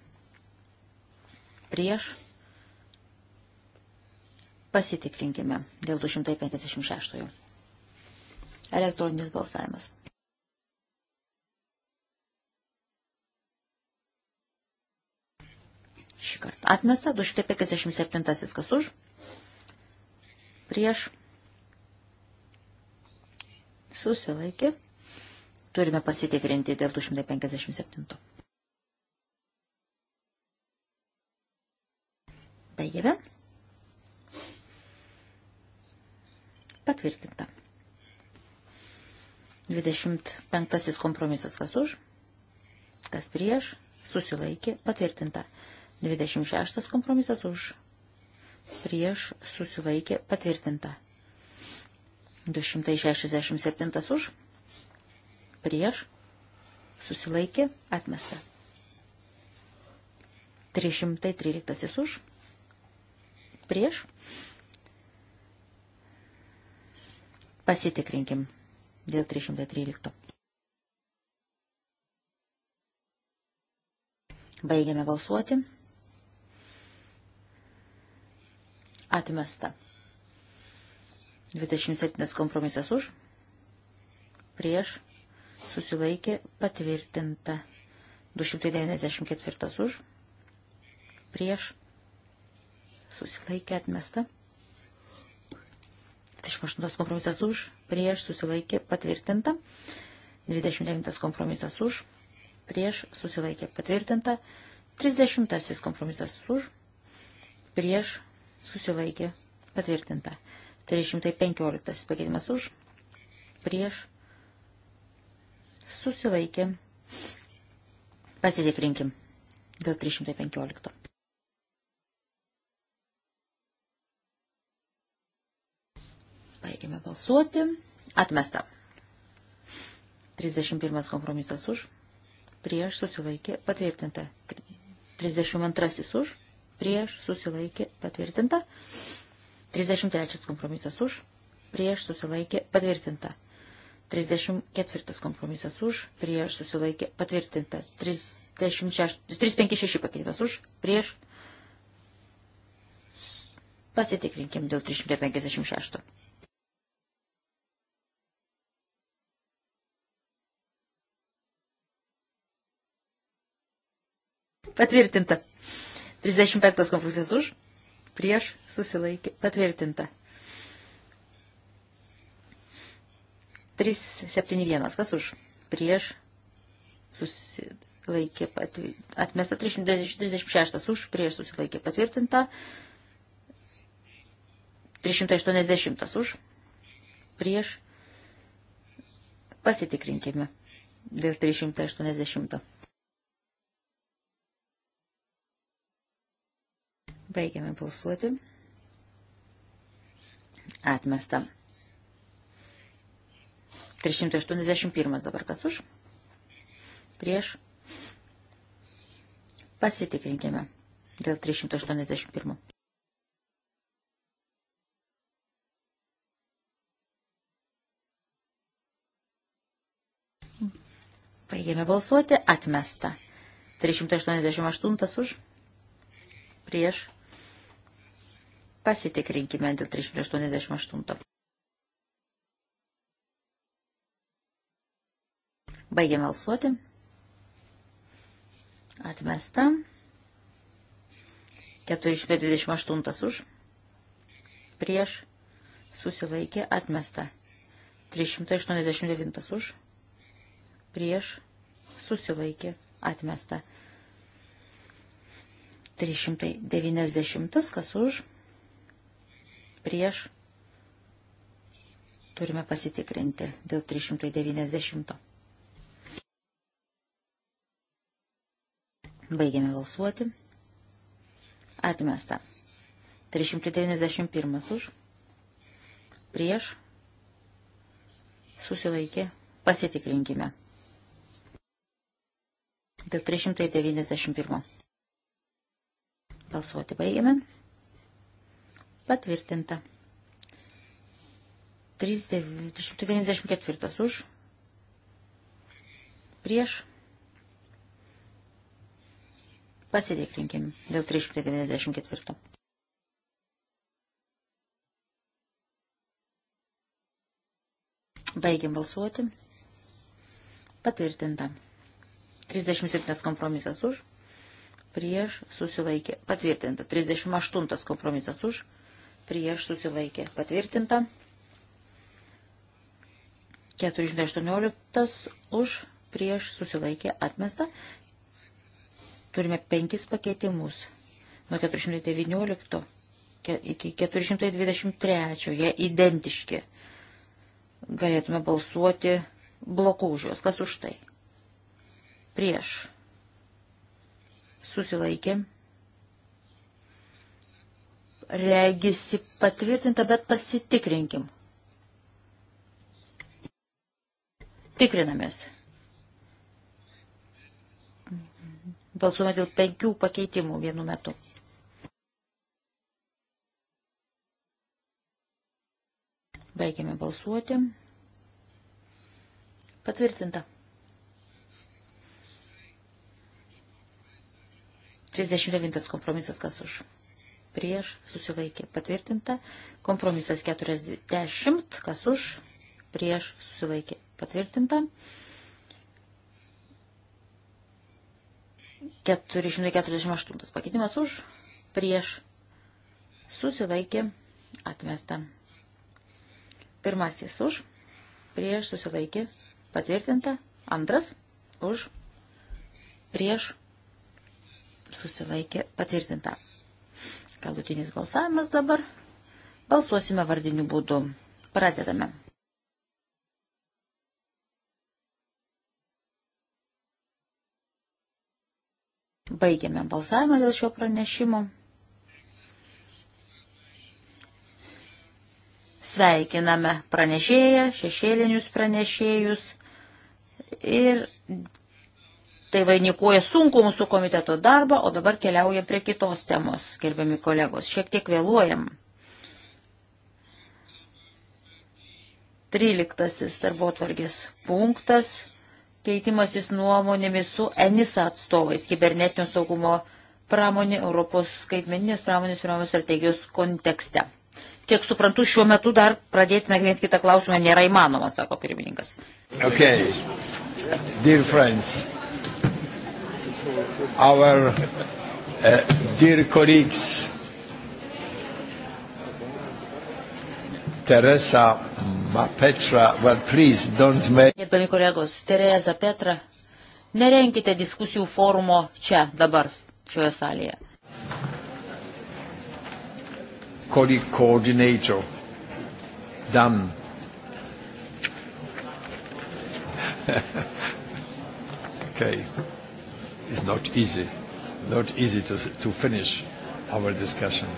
prieš, pasitikrinkime dėl 256. Elektroninis balsavimas. šį kartą. Atmesta 257 kas už. Prieš. Susilaikė. Turime pasitikrinti dėl 257. Baigėme. Patvirtinta. 25 kompromisas kas už, kas prieš, susilaikė, patvirtinta. 26 kompromisas už prieš susilaikė patvirtinta. 267 už prieš susilaikė atmesta. 313 už prieš pasitikrinkim dėl 313. Baigiame balsuoti. Atmesta. 27 kompromisas už. Prieš. Susilaikė. Patvirtinta. 294 už. Prieš. Susilaikė. Atmesta. 28 kompromisas už. Prieš. Susilaikė. Patvirtinta. 29 kompromisas už. Prieš. Susilaikė. Patvirtinta. 30 kompromisas už. Prieš susilaikė patvirtinta. 315 pakeitimas už, prieš, susilaikė. Pasitikrinkim dėl 315. Baigėme balsuoti. Atmesta. 31 kompromisas už, prieš susilaikė patvirtinta. 32 už, prieš susilaikė patvirtinta. 33 kompromisas už, prieš susilaikė patvirtinta. 34 kompromisas už, prieš susilaikė patvirtinta. 36, 356 pakeitimas už, prieš. Pasitikrinkim dėl 356. Patvirtinta. 35 konfliktas už, prieš susilaikė patvirtinta. 371 kas už, prieš susilaikė patvirtinta. Atmesta 336 už, prieš susilaikė patvirtinta. 380 už, prieš pasitikrinkime dėl 380. Baigiame balsuoti. Atmesta. 381 dabar kas už. Prieš. Pasitikrinkime dėl 381. Baigėme balsuoti, atmesta. 388 už, prieš, Pasitikrinkime dėl 388. Baigiam alsuoti. Atmesta. 428 už. Prieš. Susilaikė. Atmesta. 389 už. Prieš. Susilaikė. Atmesta. 390 kas už prieš. Turime pasitikrinti dėl 390. Baigiame balsuoti. Atmesta. 391 už. Prieš. Susilaikė. Pasitikrinkime. Dėl 391. Balsuoti baigiame. Patvirtinta. 394 už. Prieš. Pasitikrinkim dėl 394. Baigiam balsuoti. Patvirtinta. 37 kompromisas už. Prieš susilaikė. Patvirtinta. 38 kompromisas už prieš susilaikė patvirtinta. 418 už prieš susilaikė atmesta. Turime penkis pakeitimus. Nuo 419 iki 423. Jie identiški. Galėtume balsuoti bloku už juos. Kas už tai? Prieš. Susilaikė regisi patvirtinta, bet pasitikrinkim. Tikrinamės. Balsuome dėl penkių pakeitimų vienu metu. Baigiame balsuoti. Patvirtinta. 39 kompromisas kas už prieš susilaikė patvirtinta, kompromisas 40, kas už, prieš susilaikė patvirtinta, 448 pakeitimas už, prieš susilaikė atmesta. Pirmasis už, prieš susilaikė patvirtinta, antras už, prieš susilaikė patvirtinta. Galutinis balsavimas dabar. Balsuosime vardiniu būdu. Pradedame. Baigiame balsavimą dėl šio pranešimo. Sveikiname pranešėją, šešėlinius pranešėjus ir Tai vainikuoja sunku mūsų komiteto darbą, o dabar keliauja prie kitos temos, gerbiami kolegos. Šiek tiek vėluojam. 13. darbo tvargės punktas - keitimasis nuomonėmis su ENISA atstovais kibernetinio saugumo pramonė Europos skaitmeninės pramonės pirmamos strategijos kontekste. Kiek suprantu, šiuo metu dar pradėti nagrinėti kitą klausimą nėra įmanoma, sako pirmininkas. Okay. Dear friends, our uh, dear colleagues, Teresa Petra, well, please don't make. Gerbiami kolegos, Teresa Petra, nerenkite diskusijų forumo čia, dabar, šioje salėje. Colleague coordinator, done. [laughs] okay is not easy, not easy to, to finish our discussion.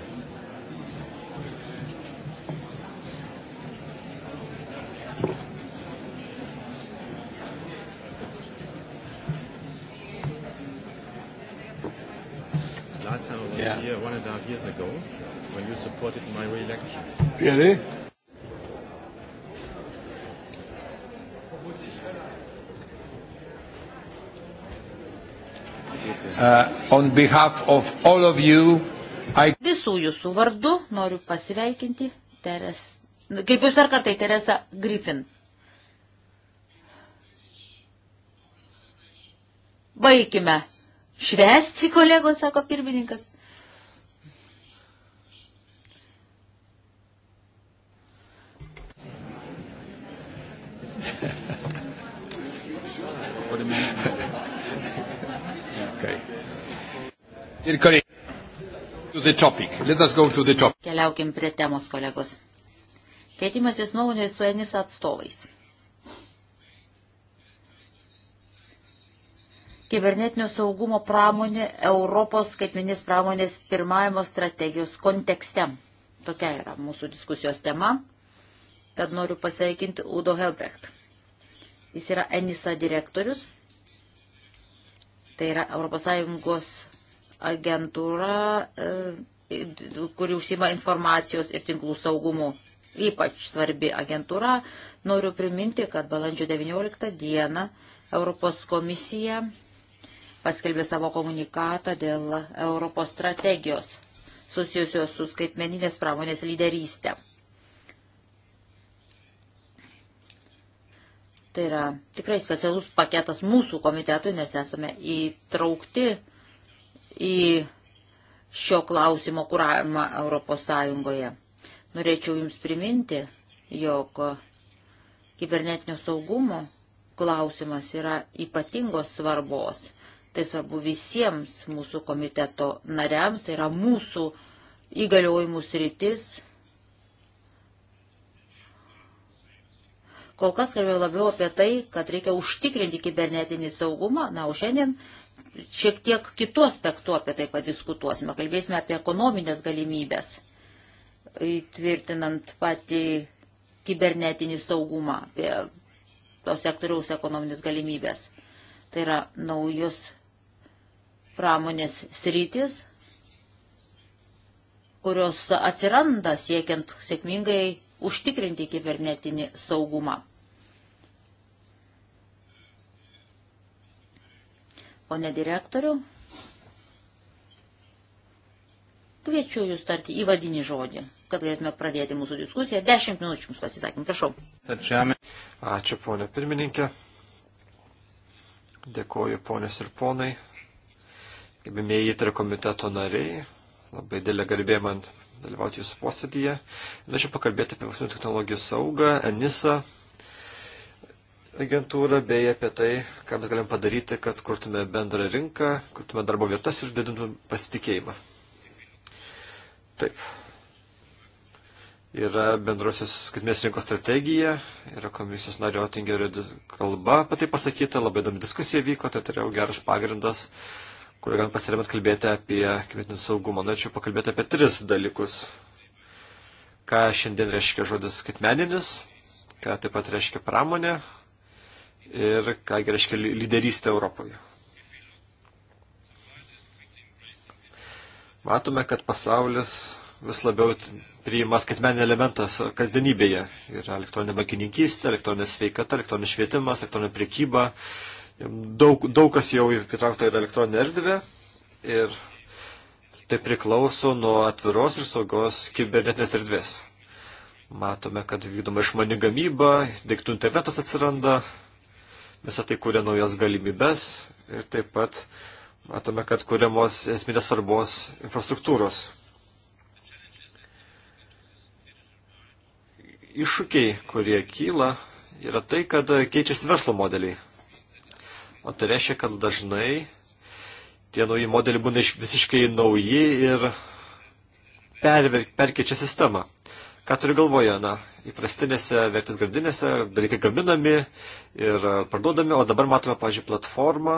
Last time I was yeah. here one and a half years ago when you supported my re-election. Really? Uh, on behalf of all of you, I... Visų jūsų vardu noriu pasveikinti Teres, kaip jūs dar kartai, Teresa Griffin. Baikime švesti, kolegos, sako pirmininkas. Ir kariai. Keliaukim prie temos, kolegos. Keitimasis nuomonės su Enis atstovais. Kibernetinio saugumo pramonė Europos skaitminės pramonės pirmajimo strategijos kontekste. Tokia yra mūsų diskusijos tema. Tad noriu pasveikinti Udo Helbrecht. Jis yra Enisa direktorius. Tai yra ES agentūra, e, kuri užsima informacijos ir tinklų saugumu. Ypač svarbi agentūra. Noriu priminti, kad balandžio 19 dieną Europos komisija paskelbė savo komunikatą dėl Europos strategijos susijusios su skaitmeninės pramonės lyderystė. Tai yra tikrai specialus paketas mūsų komitetui, nes esame įtraukti į šio klausimo kuravimą Europos Sąjungoje. Norėčiau Jums priminti, jog kibernetinio saugumo klausimas yra ypatingos svarbos. Tai svarbu visiems mūsų komiteto nariams, tai yra mūsų įgaliojimų sritis. Kol kas kalbėjau labiau apie tai, kad reikia užtikrinti kibernetinį saugumą, na, o šiandien šiek tiek kitų aspektų apie tai padiskutuosime. Kalbėsime apie ekonominės galimybės, įtvirtinant patį kibernetinį saugumą, apie to sektoriaus ekonominės galimybės. Tai yra naujos pramonės sritis, kurios atsiranda siekiant sėkmingai užtikrinti kibernetinį saugumą. pone direktoriu. Kviečiu jūs tarti įvadinį žodį, kad galėtume pradėti mūsų diskusiją. Dešimt minučių jums pasisakym, prašau. Ačiū, ponė pirmininkė. Dėkoju, ponės ir ponai. Gabimieji įtrio komiteto nariai. Labai dėlė garbė man dalyvauti jūsų posėdyje. Norėčiau pakalbėti apie vakcinų technologijų saugą, ENISA, agentūrą bei apie tai, ką mes galim padaryti, kad kurtume bendrą rinką, kurtume darbo vietas ir didintume pasitikėjimą. Taip. Yra bendrosios skaitmės rinkos strategija, yra komisijos nario Otingerio kalba apie tai pasakyta, labai įdomi diskusija vyko, tai turėjau geras pagrindas, kurį galim pasiremant kalbėti apie kibernetinį saugumą. Norėčiau pakalbėti apie tris dalykus. Ką šiandien reiškia žodis skaitmeninis, ką taip pat reiškia pramonė, ir ką reiškia lyderystė Europoje. Matome, kad pasaulis vis labiau priima skaitmenį elementą kasdienybėje. Yra elektroninė bankininkystė, elektroninė sveikata, elektroninis švietimas, elektroninė priekyba. Daug, daug kas jau įtraukta yra elektroninė erdvė ir tai priklauso nuo atviros ir saugos kibernetinės erdvės. Matome, kad vykdoma išmani gamyba, daiktų internetas atsiranda, visą tai kūrė naujas galimybės ir taip pat matome, kad kūriamos esminės svarbos infrastruktūros. Iššūkiai, kurie kyla, yra tai, kad keičiasi verslo modeliai. O tai reiškia, kad dažnai tie nauji modeliai būna visiškai nauji ir perver, perkeičia sistemą. Ką turiu galvoje? Na, įprastinėse vertės grandinėse dalykai gaminami ir parduodami, o dabar matome, pažiūrėjau, platformą,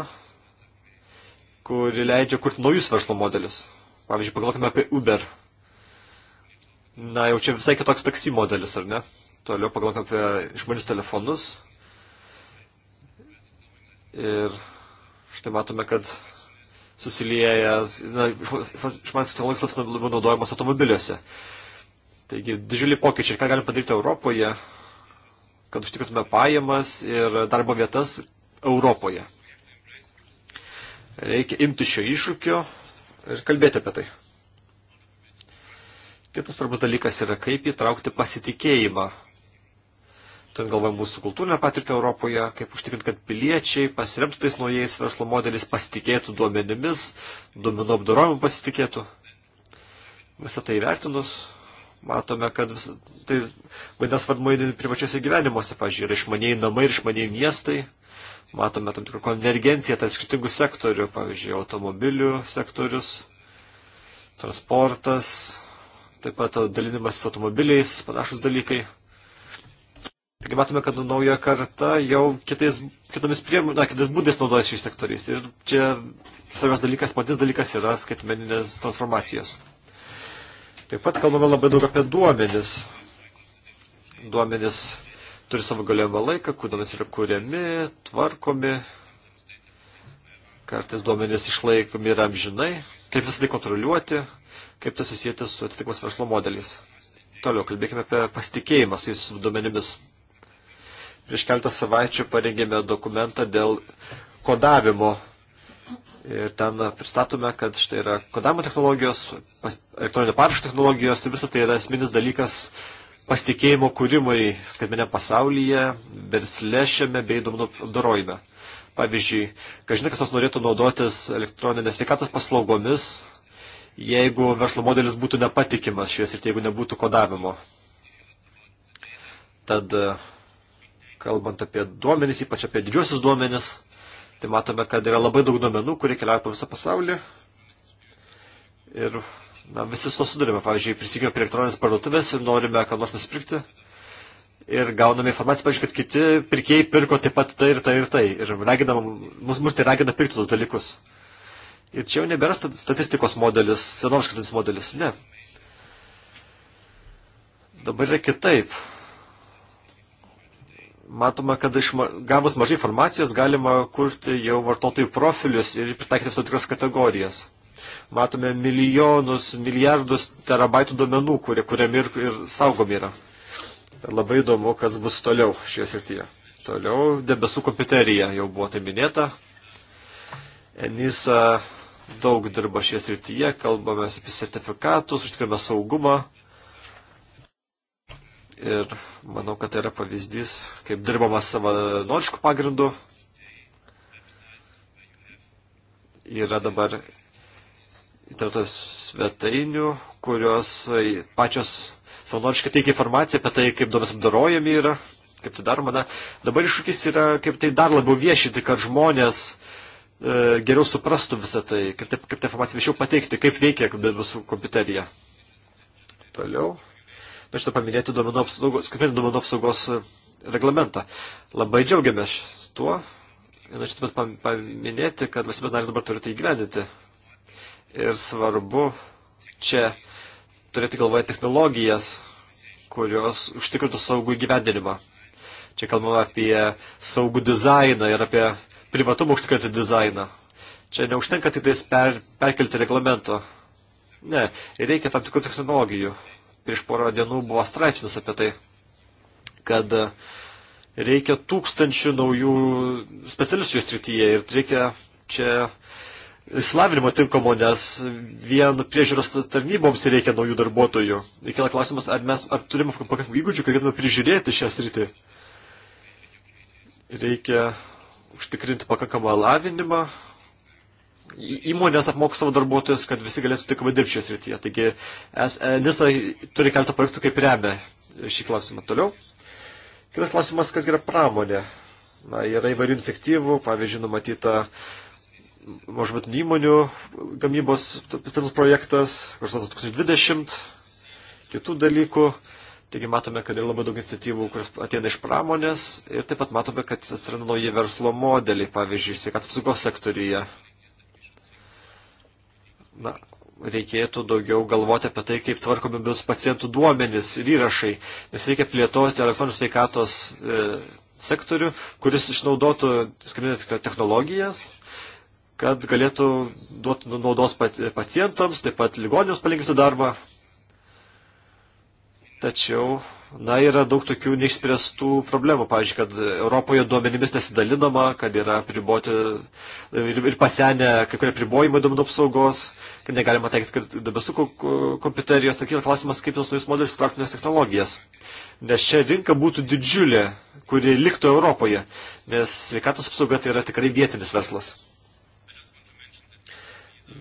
kuri leidžia kurti naujus verslo modelius. Pavyzdžiui, pagalvokime apie Uber. Na, jau čia visai kitoks taksi modelis, ar ne? Toliau pagalvokime apie išmanius telefonus. Ir štai matome, kad susilieja, na, išmanus technologijos labiau naudojamos automobiliuose. Taigi didžiuliai pokyčiai, ką galim padaryti Europoje, kad užtikrintume pajamas ir darbo vietas Europoje. Reikia imti šio iššūkio ir kalbėti apie tai. Kitas svarbus dalykas yra, kaip įtraukti pasitikėjimą. Turint galvoje mūsų kultūrinę patirtį Europoje, kaip užtikrinti, kad piliečiai pasiremtų tais naujais verslo modeliais, pasitikėtų duomenimis, duomenų apdorojimu pasitikėtų. Visą tai vertinus, matome, kad vis, tai vaidina svarbu įdėlį privačiuose gyvenimuose, pažiūrėjau, yra išmaniai namai ir išmaniai miestai, matome tam tikrą konvergenciją tarp skirtingų sektorių, pavyzdžiui, automobilių sektorius, transportas, taip pat dalinimas automobiliais, panašus dalykai. Taigi matome, kad nauja karta jau kitais, kitomis priemonėmis, kitais būdais naudojasi šiais sektoriais. Ir čia svarbiausias dalykas, patinis dalykas yra skaitmeninės transformacijos. Taip pat kalbame labai daug apie duomenis. Duomenis turi savo galiojimą laiką, kur duomenys yra kuriami, tvarkomi. Kartais duomenys išlaikomi yra amžinai. Kaip visą tai kontroliuoti, kaip tai susijęti su atitikmas verslo modeliais. Toliau kalbėkime apie pasitikėjimą su jais duomenimis. Prieš keltą savaičių parengėme dokumentą dėl kodavimo Ir ten pristatome, kad štai yra kodavimo technologijos, elektroninio parašo technologijos ir visą tai yra esminis dalykas pasitikėjimo kūrimui skaitmenė pasaulyje, versle šiame bei duomenų apdorojime. Pavyzdžiui, kažin kas nors norėtų naudotis elektroninės sveikatos paslaugomis, jeigu verslo modelis būtų nepatikimas švies ir jeigu nebūtų kodavimo. Tad, kalbant apie duomenis, ypač apie didžiosius duomenis, Tai matome, kad yra labai daug duomenų, kurie keliauja po visą pasaulį. Ir na, visi su to sudarime. Pavyzdžiui, prisijungėme prie elektroninės parduotuvės ir norime ką nors nusipirkti. Ir gauname informaciją, pavyzdžiui, kad kiti pirkėjai pirko taip pat tai ir tai ir tai. Ir raginam, mus, mus tai ragina pirkti tos dalykus. Ir čia jau nebėra statistikos modelis, senoviškas modelis, ne. Dabar yra kitaip matoma, kad iš, gavus mažai informacijos galima kurti jau vartotojų profilius ir pritaikyti tam tikras kategorijas. Matome milijonus, milijardus terabaitų duomenų, kurie kuriami ir, ir saugomi yra. Labai įdomu, kas bus toliau šioje srityje. Toliau debesų kompiuterija jau buvo tai minėta. Enisa daug dirba šioje srityje, kalbame apie sertifikatus, užtikrame saugumą Ir manau, kad tai yra pavyzdys, kaip dirbama savanoriškų pagrindų. Yra dabar internetos svetainių, kurios pačios savanoriškai teikia informaciją apie tai, kaip duomenys apdarojami yra, kaip tai daroma. Na, dabar iššūkis yra, kaip tai dar labiau viešinti, kad žmonės e, geriau suprastų visą tai, kaip, tai, kaip tą tai informaciją viešiau pateikti, kaip veikia, kaip dirba su kompiuterija. Toliau. Norėčiau paminėti duomenų apsaugos, skaitmeninių duomenų apsaugos e, reglamentą. Labai džiaugiamės tuo. Ir norėčiau paminėti, kad valstybės narės dabar turi tai įgyvendinti. Ir svarbu čia turėti galvoje technologijas, kurios užtikrintų saugų įgyvendinimą. Čia kalbama apie saugų dizainą ir apie privatumą užtikrinti dizainą. Čia neužtenka tik tais per, perkelti reglamento. Ne, reikia tam tikrų technologijų prieš porą dienų buvo straipsnis apie tai, kad reikia tūkstančių naujų specialistų srityje ir reikia čia Įsilavinimo tinkamo, nes vien priežiūros tarnyboms reikia naujų darbuotojų. Ir kila klausimas, ar mes ar turime pakankamai įgūdžių, kad galėtume prižiūrėti šią sritį. Reikia užtikrinti pakankamą lavinimą, įmonės apmoko savo darbuotojus, kad visi galėtų tik dirbti šioje srityje. Taigi e, NISA turi keletą projektų, kaip remia šį klausimą toliau. Kitas klausimas, kas yra pramonė. Na, yra įvairių insektyvų, pavyzdžiui, numatyta mažmetinių įmonių gamybos pitanus projektas, horizontas 2020, kitų dalykų. Taigi matome, kad yra labai daug iniciatyvų, kurios ateina iš pramonės ir taip pat matome, kad atsiranda nauji verslo modeliai, pavyzdžiui, sveikatos apsaugos sektoriuje na, reikėtų daugiau galvoti apie tai, kaip tvarkomi bus pacientų duomenys ir įrašai, nes reikia plėtoti elektroninės veikatos e, sektorių, kuris išnaudotų skaitmeninės technologijas, kad galėtų duoti nu, naudos pacientams, taip pat ligonėms palengvinti darbą. Tačiau Na, yra daug tokių neišspręstų problemų. Pavyzdžiui, kad Europoje duomenimis nesidalinama, kad yra priboti ir, ir pasenę kai kurie pribojimai duomenų apsaugos, kad negalima taikyti, kad debesų kompiuterijos. Tai kyla klausimas, kaip tos naujus modelius įtrauktumės technologijas. Nes čia rinka būtų didžiulė, kuri liktų Europoje, nes sveikatos apsauga tai yra tikrai vietinis verslas.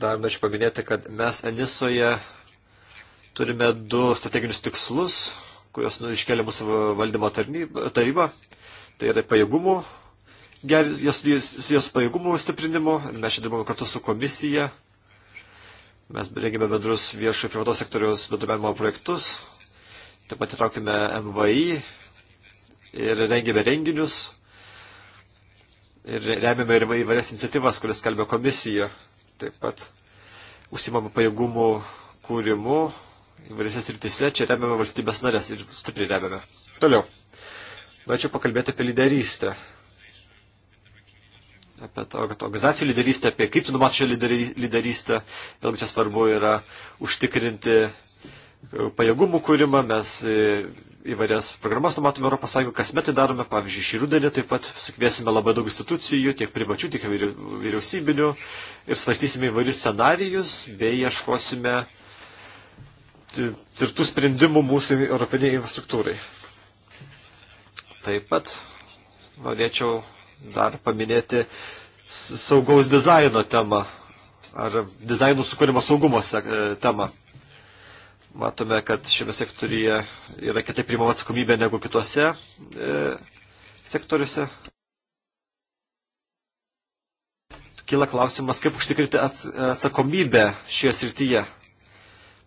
Dar norėčiau paminėti, kad mes Enisoje turime du strateginius tikslus kurios nu, iškelia mūsų valdymo taryba, tai yra pajėgumų, ger, jos, jos, jos pajėgumų stiprinimo, mes čia dirbame kartu su komisija, mes rengėme bendrus viešo ir privataus sektoriaus bendradarbiavimo projektus, taip pat įtraukėme MVI ir rengėme renginius ir remiame ir įvairias iniciatyvas, kurias kalbė komisija. Taip pat užsimama pajėgumų kūrimu, įvairiose sritise, čia remiame valstybės narės ir stipriai remiame. Toliau. Norėčiau pakalbėti apie lyderystę. Apie to, kad organizacijų lyderystę, apie kaip numato šią lyderystę. Vėlgi čia svarbu yra užtikrinti e, pajėgumų kūrimą. Mes e, įvairias programas numatome Europos Sąjungą, kasmet tai darome, pavyzdžiui, šį rudenį taip pat sukviesime labai daug institucijų, tiek privačių, tiek vyriausybinių ir svarstysime įvairius scenarijus, bei ieškosime uh, tvirtų sprendimų mūsų europiniai infrastruktūrai. Taip pat norėčiau dar paminėti saugaus dizaino temą ar dizainų sukūrimo saugumo e, temą. Matome, kad šiame sektoriuje yra kitaip primama atsakomybė negu kitose e, sektoriuose. Kila klausimas, kaip užtikrinti ats, atsakomybę šioje srityje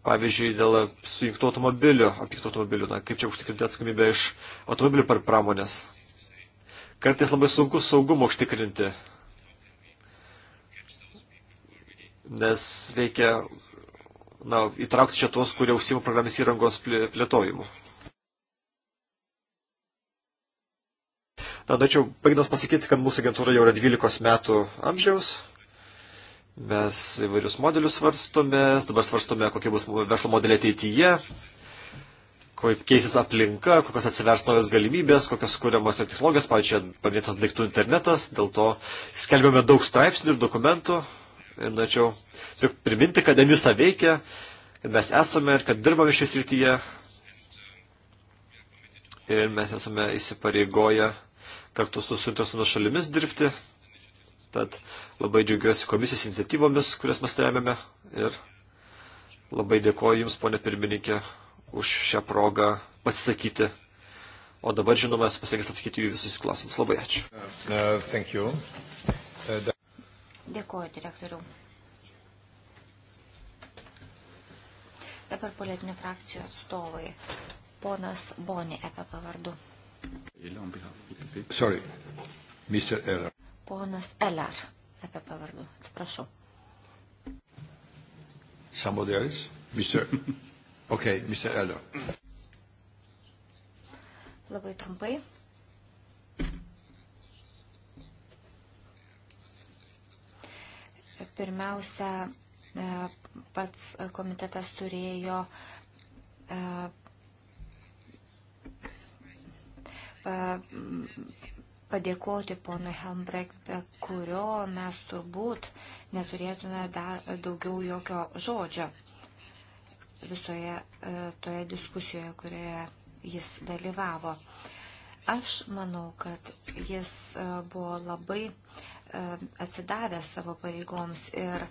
pavyzdžiui, dėl sujungtų automobilių, apiktų automobilių, na, kaip čia užtikrinti atsakomybę iš automobilių per pramonės. Kartais labai sunku saugumą užtikrinti, nes reikia na, įtraukti čia tuos, kurie užsima programinės įrangos plėtojimu. Na, norėčiau, baigdamas pasakyti, kad mūsų agentūra jau yra 12 metų amžiaus Mes įvairius modelius svarstome, dabar svarstome, kokie bus verslo modeliai ateityje, kaip keisis aplinka, kokios atsivers naujos galimybės, kokios kūriamos ir technologijos, pavyzdžiui, paminėtas daiktų internetas, dėl to skelbėme daug straipsnių ir dokumentų. Ir norėčiau tik priminti, kad Enisa veikia, kad mes esame ir kad dirbame šį srityje. Ir mes esame įsipareigoję kartu su suinteresuotomis šalimis dirbti Tad labai džiaugiuosi komisijos iniciatyvomis, kurias mes remiame ir labai dėkoju Jums, ponė pirmininkė, už šią progą pasisakyti. O dabar, žinoma, esu pasirengęs atsakyti jų visus klausimus. Labai ačiū. Uh, uh, Dėkuoju, direktoriau. Dabar politinių frakcijų atstovai. Ponas Boni, EPP vardu. Um Sorry, Mr. Era ponas Eller apie pavardų. Atsiprašau. Somebody else? Mr. [laughs] Okay, Mr. Eller. Labai trumpai. Pirmiausia, e, pats komitetas turėjo e, padėkoti ponui Helmbrecht, be kurio mes turbūt neturėtume dar daugiau jokio žodžio visoje e, toje diskusijoje, kurioje jis dalyvavo. Aš manau, kad jis e, buvo labai e, atsidavęs savo pareigoms ir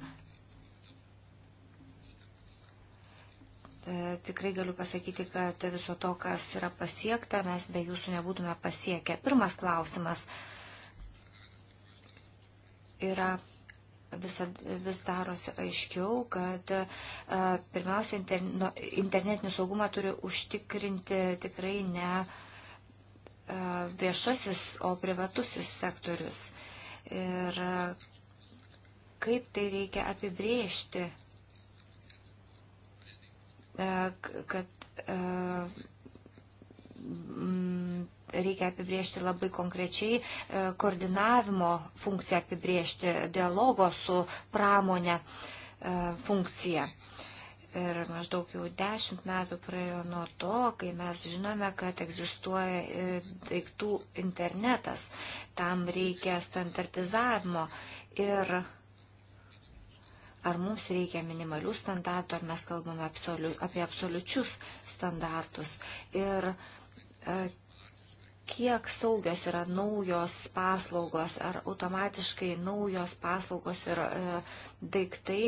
E, tikrai galiu pasakyti, kad viso to, kas yra pasiekta, mes be jūsų nebūtume pasiekę. Pirmas klausimas yra visa, vis darosi aiškiau, kad a, e, pirmiausia interno, nu, internetinį saugumą turi užtikrinti tikrai ne a, e, viešasis, o privatusis sektorius. Ir a, kaip tai reikia apibriežti E, kad e, mm, reikia apibriežti labai konkrečiai e, koordinavimo funkciją apibriežti, dialogo su pramonė funkciją. Ir maždaug jau dešimt metų praėjo nuo to, kai mes žinome, kad egzistuoja daiktų internetas. Tam reikia standartizavimo. Ir ar mums reikia minimalių standartų, ar mes kalbame absoliu, apie absoliučius standartus. Ir e, kiek saugios yra naujos paslaugos, ar automatiškai naujos paslaugos ir e, daiktai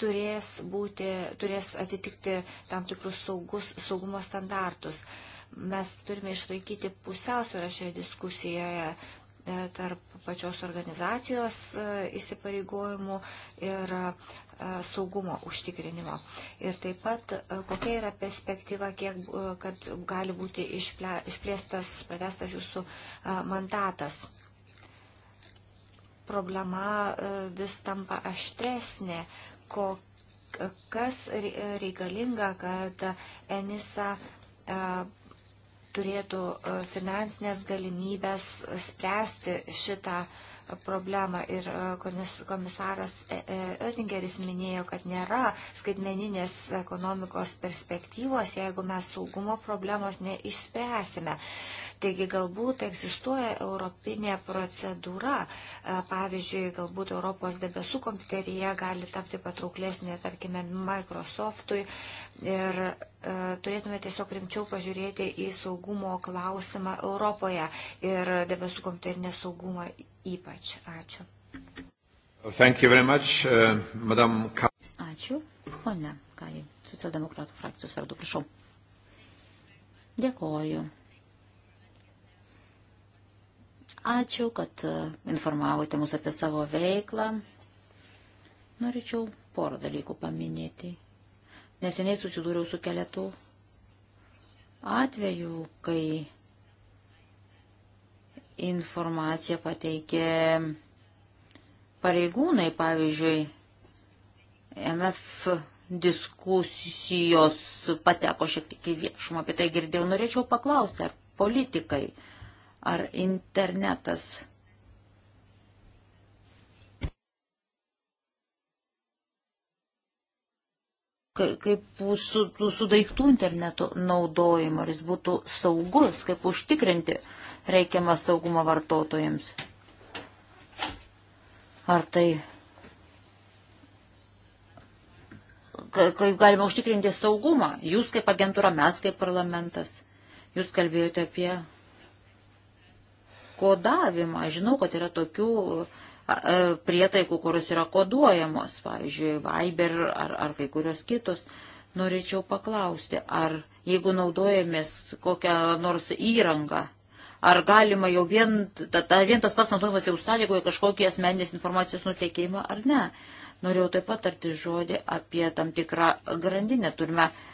turės, būti, turės atitikti tam tikrus saugus, saugumo standartus. Mes turime išlaikyti pusiausvyrą šioje diskusijoje e, tarp pačios organizacijos e, įsipareigojimų ir e, saugumo užtikrinimo. Ir taip pat, e, kokia yra perspektyva, kiek, kad gali būti išplėstas, pratestas jūsų mandatas. Problema vis tampa aštresnė, ko, kas reikalinga, kad Enisa turėtų e, finansinės galimybės spręsti šitą problemą. Ir e, komisaras e, Oettingeris minėjo, kad nėra skaitmeninės ekonomikos perspektyvos, jeigu mes saugumo problemos neišspręsime. Taigi galbūt egzistuoja europinė procedūra. E, pavyzdžiui, galbūt Europos debesų kompiuterija gali tapti patrauklesnė, tarkime, Microsoftui. Ir e, turėtume tiesiog rimčiau pažiūrėti į saugumo klausimą Europoje ir debesų kompiuterinę saugumą ypač. Ačiū. Thank you very much, uh, Madam Ka. Ačiū. Pone Kali, socialdemokratų frakcijos vardu, prašau. Dėkoju. Ačiū, kad e, informavote mus apie savo veiklą. Norėčiau porą dalykų paminėti. Neseniai susidūriau su keletu atveju, kai informaciją pateikė pareigūnai, pavyzdžiui, MF diskusijos pateko šiek tiek į viešumą, apie tai girdėjau, norėčiau paklausti, ar politikai uh, ar internetas. kaip su, su daiktų internetu naudojimo, ar jis būtų saugus, kaip užtikrinti reikiamą saugumą vartotojams. Ar tai, kaip galima užtikrinti saugumą, jūs kaip agentūra, mes kaip parlamentas, jūs kalbėjote apie kodavimą. Žinau, kad yra tokių prietaikų, kurios yra koduojamos, pavyzdžiui, Viber ar, ar kai kurios kitos. Norėčiau paklausti, ar jeigu naudojamės kokią nors įrangą, ar galima jau vien, ta, ta, vien tas pats naudojimas jau sąlygoja kažkokį asmeninės informacijos nutekėjimą ar ne. Norėjau taip pat tarti žodį apie tam tikrą grandinę. Turime uh,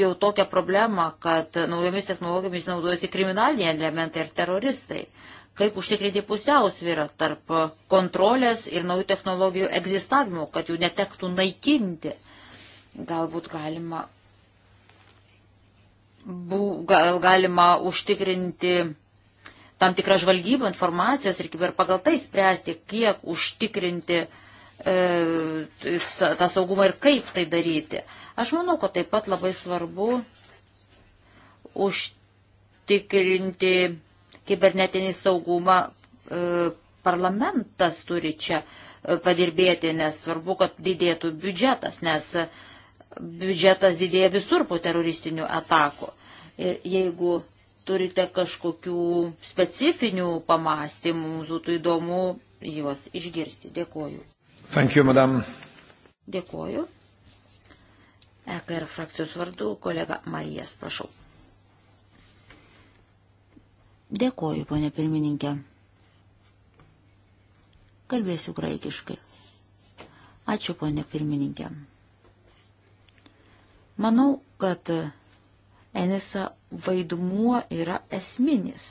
jau tokią problemą, kad naujomis technologijomis naudojasi kriminaliniai elementai ir teroristai. Kaip užtikrinti pusiausvyrą tarp kontrolės ir naujų technologijų egzistavimo, kad jų netektų naikinti. Galbūt galima, bu, gal, galima užtikrinti tam tikrą žvalgybą informacijos ir pagal tai spręsti, kiek užtikrinti uh, E, tą saugumą ir kaip tai daryti. Aš manau, kad taip pat labai svarbu užtikrinti kibernetinį saugumą. E, parlamentas turi čia e, padirbėti, nes svarbu, kad didėtų biudžetas, nes biudžetas didėja visur po teroristinių atakų. Ir jeigu turite kažkokių specifinių pamastymų, mums būtų įdomu juos išgirsti. Dėkoju. Thank you, madam. Dėkuoju. EKR frakcijos vardu kolega Marijas, prašau. Dėkuoju, ponė pirmininkė. Kalbėsiu graikiškai. Ačiū, ponė pirmininkė. Manau, kad Enisa vaidmuo yra esminis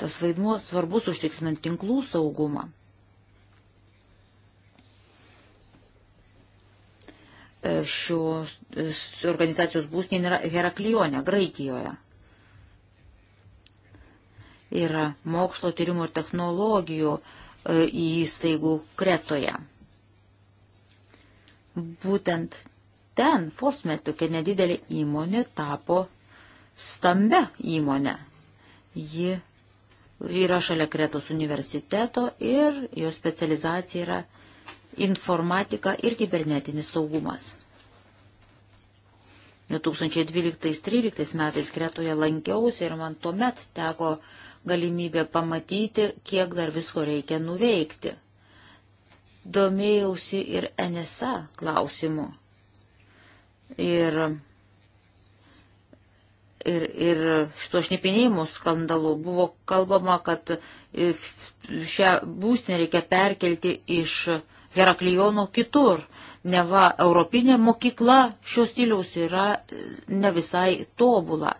Tas vaidmuo svarbus užtikrinant tinklų saugumą. E, šios e, organizacijos būstinė yra Heraklionė, Graikijoje. Yra mokslo tyrimų ir technologijų e, įstaigų Kretoje. Būtent ten Fosme tokia nedidelė įmonė tapo stambia įmonė. Ji yra šalia Kretos universiteto ir jo specializacija yra informatika ir kibernetinis saugumas. 2012-2013 metais Kretoje lankiausi ir man tuomet teko galimybė pamatyti, kiek dar visko reikia nuveikti. Domėjausi ir NSA klausimu. Ir ir, ir šito šnipinėjimo skandalu buvo kalbama, kad e, šią būstinę reikia perkelti iš Heraklijono kitur. Neva Europinė mokykla šios stiliaus yra e, ne visai tobula.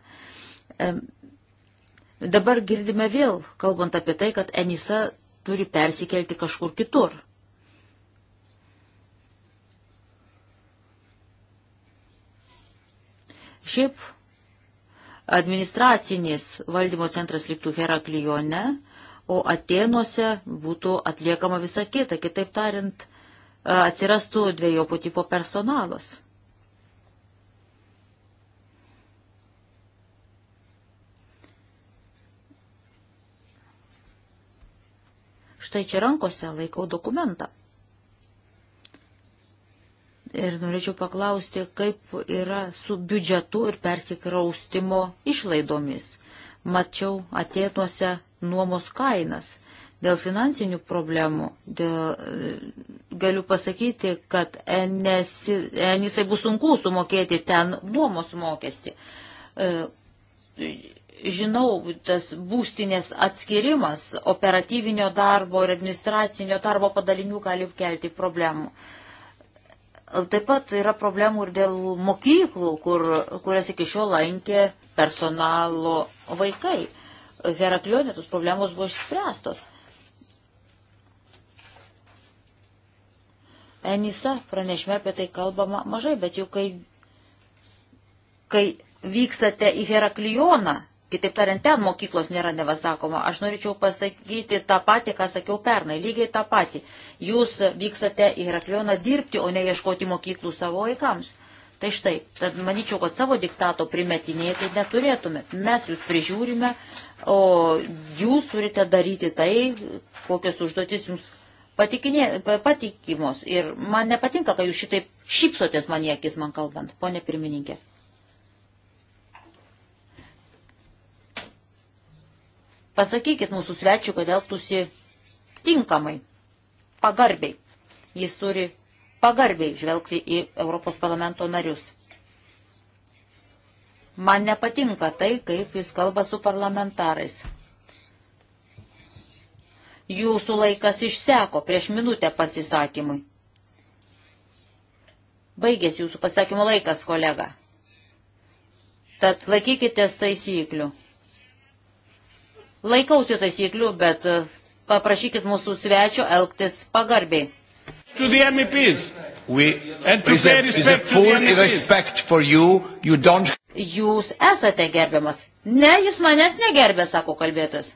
E, dabar girdime vėl, kalbant apie tai, kad Enisa turi persikelti kažkur kitur. Šiaip Administracinis valdymo centras liktų Heraklijone, o Atenuose būtų atliekama visa kita. Kitaip tariant, e, atsirastų dviejopo tipo personalas. Štai čia rankose laikau dokumentą. Ir norėčiau paklausti, kaip yra su biudžetu ir persikraustimo išlaidomis. Mačiau atėtuose nuomos kainas. Dėl finansinių problemų dėl, galiu pasakyti, kad enesi, enisai bus sunku sumokėti ten nuomos mokestį. E, žinau, tas būstinės atskirimas operatyvinio darbo ir administracinio darbo padalinių gali kelti problemų. E, Taip pat yra problemų ir dėl mokyklų, kur, kurias iki šiol lankė personalo vaikai. Heraklionė tos problemos buvo išspręstos. Enisa pranešme apie tai kalbama mažai, bet juk kai, kai vykstate į Heraklioną, Kitaip tariant, ten mokyklos nėra nevasakoma. Aš norėčiau pasakyti tą patį, ką sakiau pernai, lygiai tą patį. Jūs vykstate į Heraklioną dirbti, o ne ieškoti mokyklų savo vaikams. Tai štai, tad manyčiau, kad savo diktato primetinėti tai neturėtume. Mes jūs prižiūrime, o jūs turite daryti tai, kokios užduotis jums patikinė, patikimos. Ir man nepatinka, kad jūs šitaip šypsotės maniekis man kalbant, ponė pirmininkė. Pasakykit mūsų svečiu, kad elgtųsi tinkamai, pagarbiai. Jis turi pagarbiai žvelgti į Europos parlamento narius. Man nepatinka tai, kaip jis kalba su parlamentarais. Jūsų laikas išseko prieš minutę pasisakymui. Baigės jūsų pasakymo laikas, kolega. Tad laikykitės taisyklių laikausi taisyklių, bet e, paprašykit mūsų svečio elgtis pagarbiai. E e you. You jūs esate gerbiamas. Ne, jis manęs negerbė, sako kalbėtojas.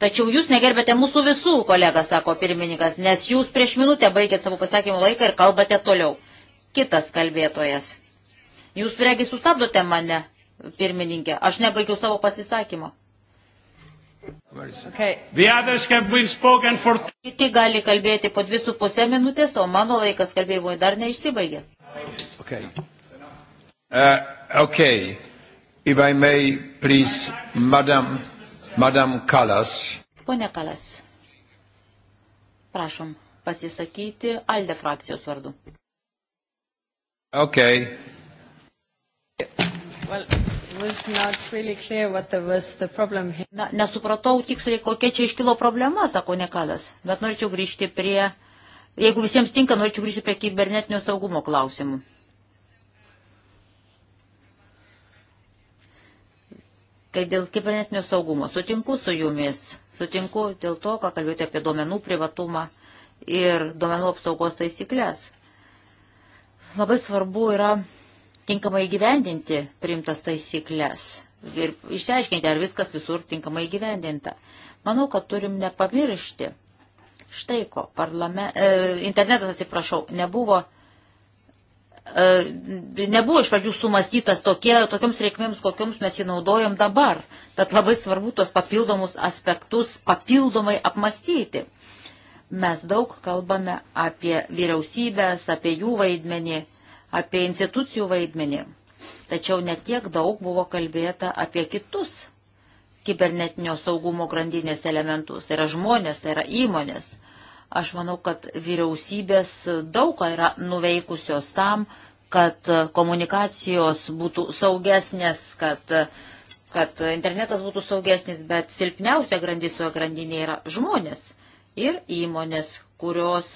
Tačiau jūs negerbėte mūsų visų, kolega, sako pirmininkas, nes jūs prieš minutę baigėt savo pasakymų laiką ir kalbate toliau. Kitas kalbėtojas. Jūs, regis, sustabdote mane, pirmininkė, aš nebaigiau savo pasisakymą. Okay. For... Kiti gali kalbėti po dvi su pusę minutės, o mano laikas kalbėjimui dar neišsibaigė. Okay. Uh, okay. If I may, please, Madam, Madam Kalas. Pone Kalas, prašom pasisakyti Alde frakcijos vardu. Okay. Well really clear what the, was the problem here. Na, nesupratau tiksliai, kokia čia iškilo problema, sako Nekalas, bet norėčiau grįžti prie, jeigu visiems tinka, norėčiau grįžti prie kibernetinio saugumo klausimų. Kai dėl kibernetinio saugumo sutinku su jumis, sutinku dėl to, ką kalbėjote apie duomenų privatumą ir duomenų apsaugos taisyklės. Labai svarbu yra tinkamai gyvendinti primtas taisyklės ir išsiaiškinti, ar viskas visur tinkamai gyvendinta. Manau, kad turim nepamiršti. Štai ko, parlame, e, internetas, atsiprašau, nebuvo, e, nebuvo iš pradžių sumastytas tokie, tokioms reikmėms, kokioms mes įnaudojam dabar. Tad labai svarbu tuos papildomus aspektus papildomai apmastyti. Mes daug kalbame apie vyriausybės, apie jų vaidmenį, apie institucijų vaidmenį, tačiau netiek daug buvo kalbėta apie kitus kibernetinio saugumo grandinės elementus. Tai yra žmonės, tai yra įmonės. Aš manau, kad vyriausybės daug yra nuveikusios tam, kad komunikacijos būtų saugesnės, kad, kad internetas būtų saugesnis, bet silpniausia grandis toje grandinėje yra žmonės ir įmonės, kurios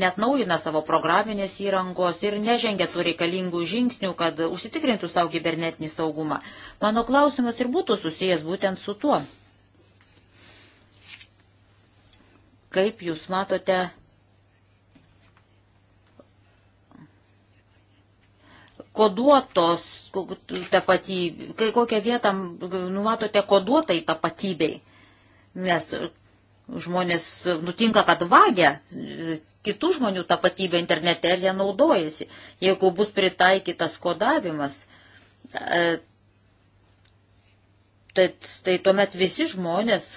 net naujina savo programinės įrangos ir nežengia tų reikalingų žingsnių, kad užsitikrintų savo kibernetinį saugumą. Mano klausimas ir būtų susijęs būtent su tuo. Kaip jūs matote koduotos tapatybė, kokią vietą numatote koduotai tapatybei. Nes žmonės nutinka, kad vagia e, kitų žmonių tapatybę internete ir jie naudojasi. Jeigu bus pritaikytas kodavimas, e, tai, tai tuomet visi žmonės,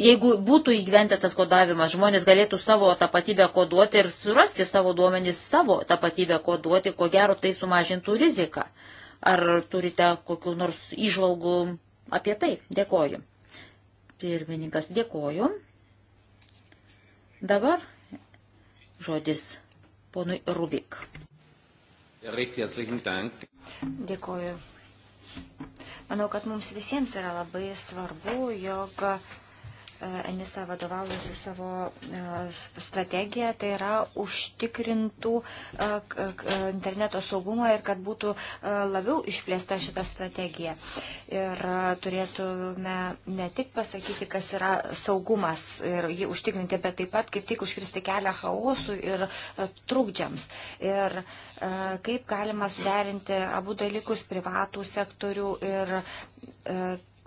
jeigu būtų įgyventas tas kodavimas, žmonės galėtų savo tapatybę koduoti ir surasti savo duomenys savo tapatybę koduoti, ko gero tai sumažintų riziką. Ar turite kokiu nors išvalgų apie tai? Dėkoju. Pirmininkas, dėkoju. Dabar žodis ponui Rubik. Dėkoju. Manau, kad mums visiems yra labai svarbu, jog Enisa vadovaujasi savo e, strategiją, tai yra užtikrintų e, interneto saugumą ir kad būtų e, labiau išplėsta šita strategija. Ir turėtume ne tik pasakyti, kas yra saugumas ir jį užtikrinti, bet taip pat kaip tik užkristi kelią chaosui ir trukdžiams. Ir kaip galima suderinti abu dalykus privatų sektorių ir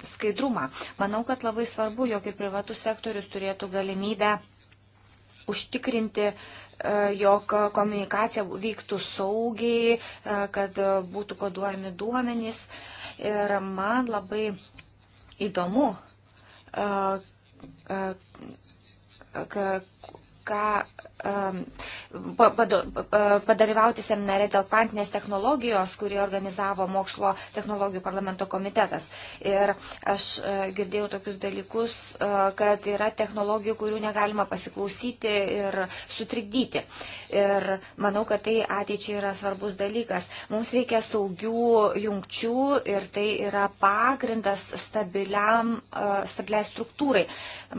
skaidrumą. Manau, kad labai svarbu, jog ir privatus sektorius turėtų galimybę užtikrinti, e, jog komunikacija vyktų saugiai, e, kad būtų koduojami duomenys. Ir man labai įdomu, e, ką Um, padalyvauti seminare dėl kvantinės technologijos, kurį organizavo mokslo technologijų parlamento komitetas. Ir aš uh, girdėjau tokius dalykus, uh, kad yra technologijų, kurių negalima pasiklausyti ir sutrikdyti. Ir manau, kad tai ateičiai yra svarbus dalykas. Mums reikia saugių jungčių ir tai yra pagrindas stabiliam, uh, stabiliai struktūrai.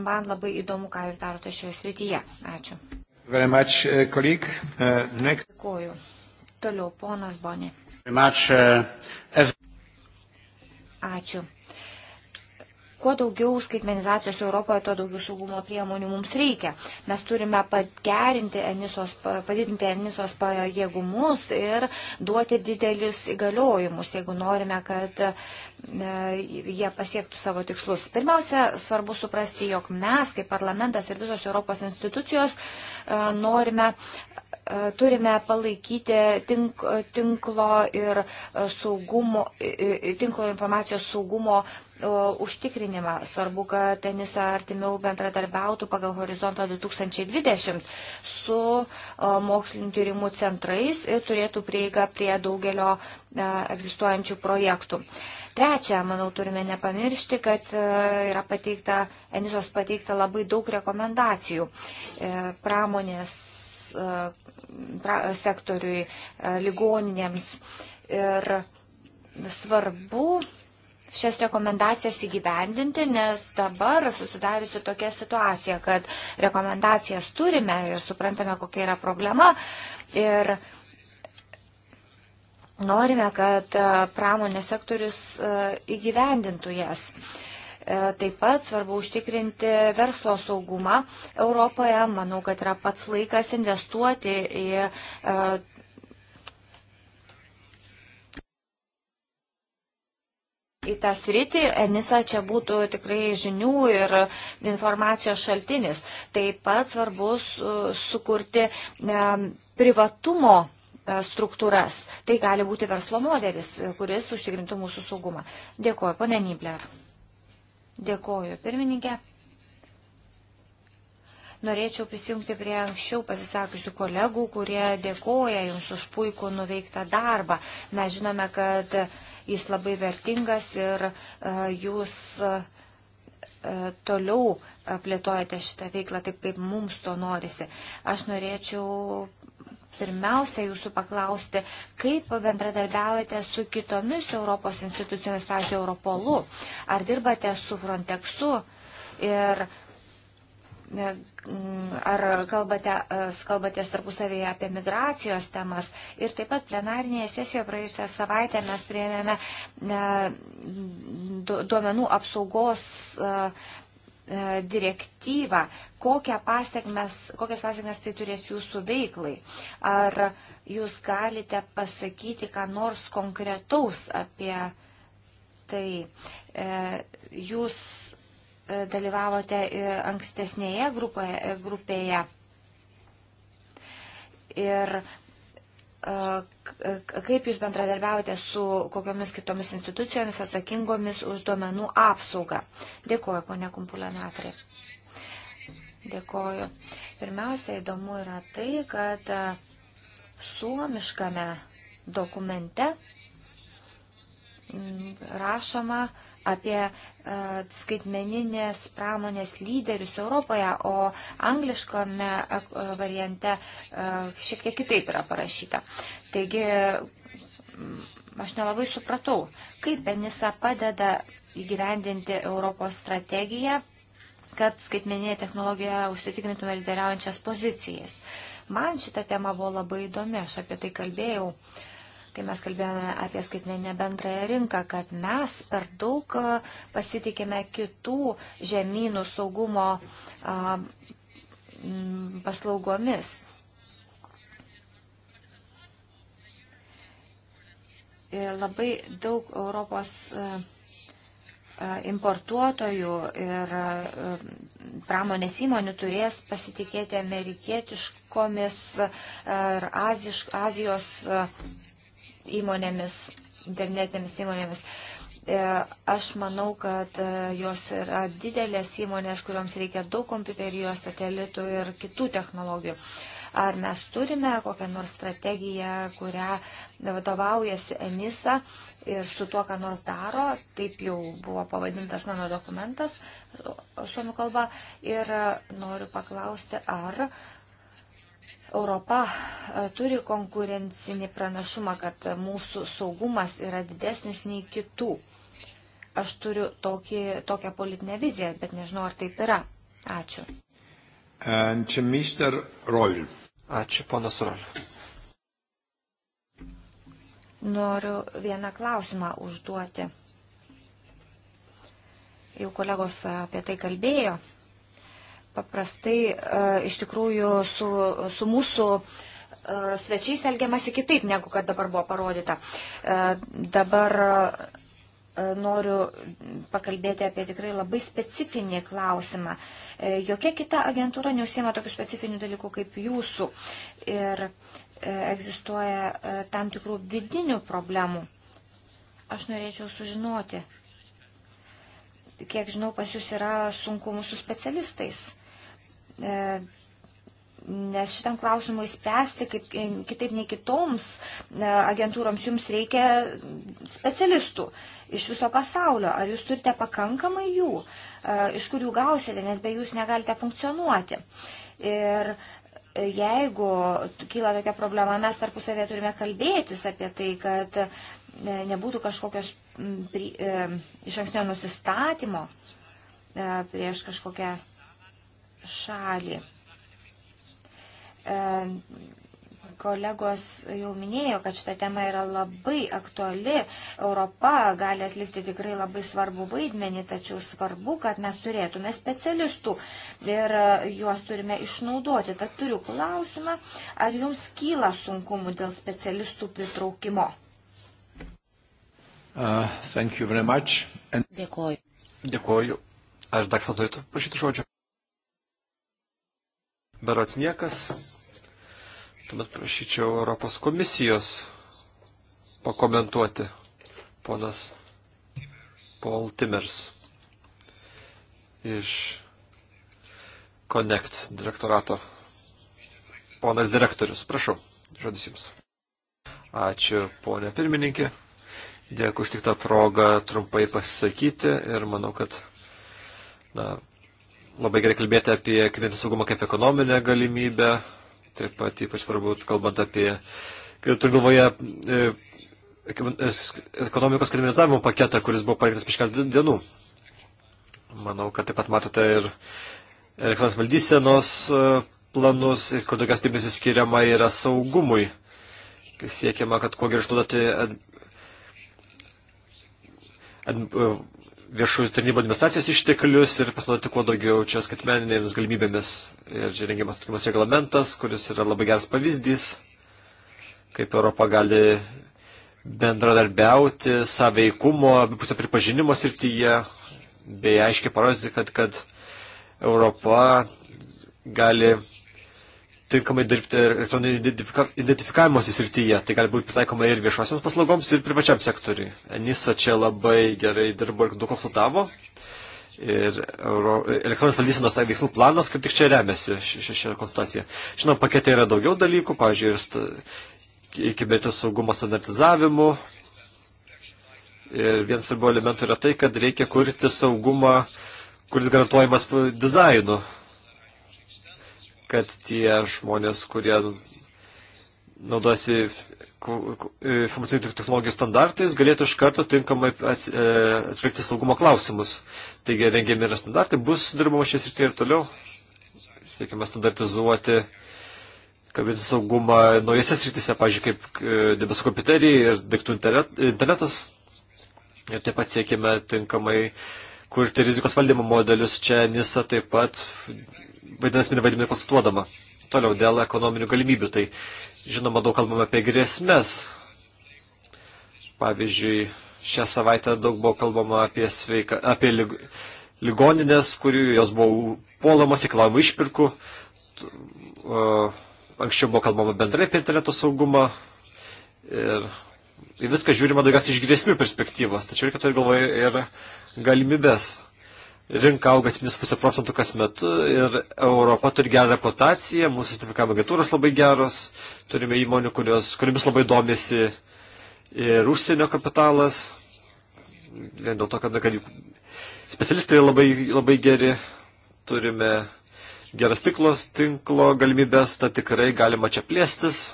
Man labai įdomu, ką jūs darote šioje srityje. Ačiū. Very much, uh, colleague. Uh, next. Dėkuoju. Toliau, ponas Bonė. Much, uh, Ačiū. Kuo daugiau skaitmenizacijos Europoje, tuo daugiau saugumo priemonių mums reikia. Mes turime pagerinti Enisos, padidinti Enisos pajėgumus ir duoti didelius įgaliojimus, jeigu norime, kad e, jie pasiektų savo tikslus. Pirmiausia, svarbu suprasti, jog mes, kaip parlamentas ir visos Europos institucijos, e, norime e, turime palaikyti tink, tinklo ir saugumo, tinklo informacijos saugumo užtikrinimą. Svarbu, kad tenisa artimiau bendradarbiautų pagal horizonto 2020 su mokslinio tyrimų centrais ir turėtų prieigą prie daugelio egzistuojančių projektų. Trečia, manau, turime nepamiršti, kad e, yra pateikta, Enisos pateikta labai daug rekomendacijų e, pramonės e, pra, sektoriui, ligoninėms. Ir svarbu šias rekomendacijas įgyvendinti, nes dabar susidariusi tokia situacija, kad rekomendacijas turime ir suprantame, kokia yra problema. Ir norime, kad e, pramonės sektorius e, įgyvendintų jas. E, taip pat svarbu užtikrinti verslo saugumą Europoje. Manau, kad yra pats laikas investuoti į į tą sritį, Enisa čia būtų tikrai žinių ir informacijos šaltinis. Taip pat svarbu sukurti e, privatumo e, struktūras. Tai gali būti verslo modelis, e, kuris užtikrintų mūsų saugumą. Dėkuoju, ponė Nibler. Dėkuoju, pirmininkė. Norėčiau prisijungti prie anksčiau pasisakusių kolegų, kurie dėkoja Jums už puikų nuveiktą darbą. Mes žinome, kad Jis labai vertingas ir e, jūs e, toliau e, plėtojate šitą veiklą taip, kaip mums to norisi. Aš norėčiau pirmiausia jūsų paklausti, kaip bendradarbiaujate su kitomis Europos institucijomis, pavyzdžiui, Europolu, ar dirbate su Frontexu ir uh, Mm, ar kalbate, e, kalbate tarpusavėje apie migracijos temas. Ir taip pat plenarinėje sesijoje praėjusią savaitę mes prieėmėme e, duomenų apsaugos e, direktyvą, kokią pasiekmes, kokias pasiekmes tai turės jūsų veiklai. Ar jūs galite pasakyti, ką nors konkretaus apie tai. Jūs E, dalyvavote ankstesnėje grupoje, e, grupėje. Ir e, kaip jūs bendradarbiavote su kokiomis kitomis institucijomis atsakingomis už duomenų apsaugą. Dėkuoju, ponia Kumpulenatrė. Dėkuoju. Pirmiausia, įdomu yra tai, kad suomiškame dokumente rašoma, apie e, skaitmeninės pramonės lyderius Europoje, o angliškame e, variante e, šiek tiek kitaip yra parašyta. Taigi, aš nelabai supratau, kaip Enisa padeda įgyvendinti Europos strategiją, kad skaitmeninėje technologijoje užsitikrintume lyderiaujančias pozicijas. Man šita tema buvo labai įdomi, aš apie tai kalbėjau. Uh, kai mes kalbėjome apie skaitmeninę bendrąją rinką, kad mes per daug pasitikime kitų žemynų saugumo paslaugomis. Ir labai daug Europos importuotojų ir pramonės įmonių turės pasitikėti amerikietiškomis ir azišk, Azijos įmonėmis, internetinėmis įmonėmis. E, aš manau, kad e, jos yra didelės įmonės, kuriuoms reikia daug kompiuterijos, satelitų ir kitų technologijų. Ar mes turime kokią nors strategiją, kurią vadovaujasi Enisa ir su tuo, ką nors daro, taip jau buvo pavadintas mano dokumentas suomių kalba. Ir e, noriu paklausti, ar Europa e, turi konkurencinį pranašumą, kad mūsų saugumas yra didesnis nei kitų. Aš turiu tokį, tokią politinę viziją, bet nežinau, ar taip yra. Ačiū. Čia Mr. Roil. Ačiū, ponas Roil. Noriu vieną klausimą užduoti. Jau kolegos apie tai kalbėjo paprastai e, iš tikrųjų su, su mūsų e, svečiais elgiamasi kitaip, negu kad dabar buvo parodyta. E, dabar noriu pakalbėti apie tikrai labai specifinį klausimą. Jokia kita agentūra neusiema tokių specifinių dalykų kaip jūsų. Ir egzistuoja tam tikrų vidinių problemų. Aš norėčiau sužinoti, kiek žinau, pas jūs yra sunkumų su specialistais. E, nes šitam klausimui spręsti, kaip, e, kitaip nei kitoms e, agentūroms, jums reikia specialistų iš viso pasaulio. Ar jūs turite pakankamai jų, iš kurių gausite, nes be jūs negalite funkcionuoti. Ir jeigu kyla tokia problema, mes tarpusavėje turime kalbėtis apie tai, kad nebūtų kažkokios iš anksnio nusistatymo prieš kažkokią šalį. E, kolegos jau minėjo, kad šita tema yra labai aktuali. Europa gali atlikti tikrai labai svarbu vaidmenį, tačiau svarbu, kad mes turėtume specialistų ir juos turime išnaudoti. Tad turiu klausimą, ar jums kyla sunkumų dėl specialistų pritraukimo? Uh, And... Dėkoju. Dėkoju. Ar Daksas norėtų prašyti žodžio? berots niekas. Tuomet prašyčiau Europos komisijos pakomentuoti ponas Paul Timers iš Connect direktorato. Ponas direktorius, prašau, žodis jums. Ačiū, ponė pirmininkė. Dėkui už tik tą progą trumpai pasisakyti ir manau, kad na, labai gerai kalbėti apie kibernetinį saugumą kaip ekonominę galimybę, taip pat ypač svarbu kalbant apie, turiu galvoje, e, e, ekonomikos kriminalizavimo paketą, kuris buvo parengtas prieš keletą dienų. Manau, kad taip pat matote ir elektroninės valdysenos e, planus, kur daugiausiai dėmesio skiriama yra saugumui. Siekiama, kad kuo geriau išnaudoti viešųjų tarnybų administracijos išteklius ir pasinaudoti kuo daugiau čia skaitmeninėmis galimybėmis. Ir čia rengiamas tikimas reglamentas, kuris yra labai geras pavyzdys, kaip Europa gali bendradarbiauti saveikumo, abipusio pripažinimo srityje, bei aiškiai parodyti, kad, kad Europa gali tinkamai dirbti elektroninio identifika, identifikavimo sisirtyje. Tai gali būti pritaikoma ir viešuosiams paslaugoms, ir privačiam sektoriui. Enisa čia labai gerai dirbo ir daug konsultavo. Ir Euro, elektroninės valdysenos tai veiksmų planas kaip tik čia remiasi šią konstataciją. Žinoma, pakete yra daugiau dalykų, pavyzdžiui, ir kibernetinio saugumo standartizavimu. Ir vienas svarbių elementų yra tai, kad reikia kurti saugumą, kuris garantuojamas dizainu kad tie žmonės, kurie naudojasi e, informacinių technologijų standartais, galėtų iš karto tinkamai atskirti e, saugumo klausimus. Taigi rengiami yra standartai, bus dirbama šiais rytyje ir toliau. Siekime standartizuoti kabinį saugumą naujose srityse, pažiūrėjau, kaip e, debesų kompiuteriai ir daiktų internetas. Ir taip pat siekime tinkamai kurti rizikos valdymo modelius. Čia NISA taip pat vaidina esminį vaidmenį konsultuodama. Toliau dėl ekonominių galimybių. Tai žinoma, daug kalbame apie grėsmes. Pavyzdžiui, šią savaitę daug buvo kalbama apie, sveika, apie lig, ligoninės, kurių jos buvo puolamos, reikalavimo išpirkų. Anksčiau buvo kalbama bendrai apie interneto saugumą. Ir į viską žiūrima daugiausiai iš grėsmių perspektyvos, tačiau reikia turėti galvoje ir galimybės rinka auga 7,5 procentų kas metu ir Europa turi gerą reputaciją, mūsų sertifikavimo agentūros labai geros, turime įmonių, kurios, kuriomis labai domisi ir užsienio kapitalas, vien dėl to, kad, kad specialistai labai, labai geri, turime geras tiklos, tinklo galimybės, tad tikrai galima čia plėstis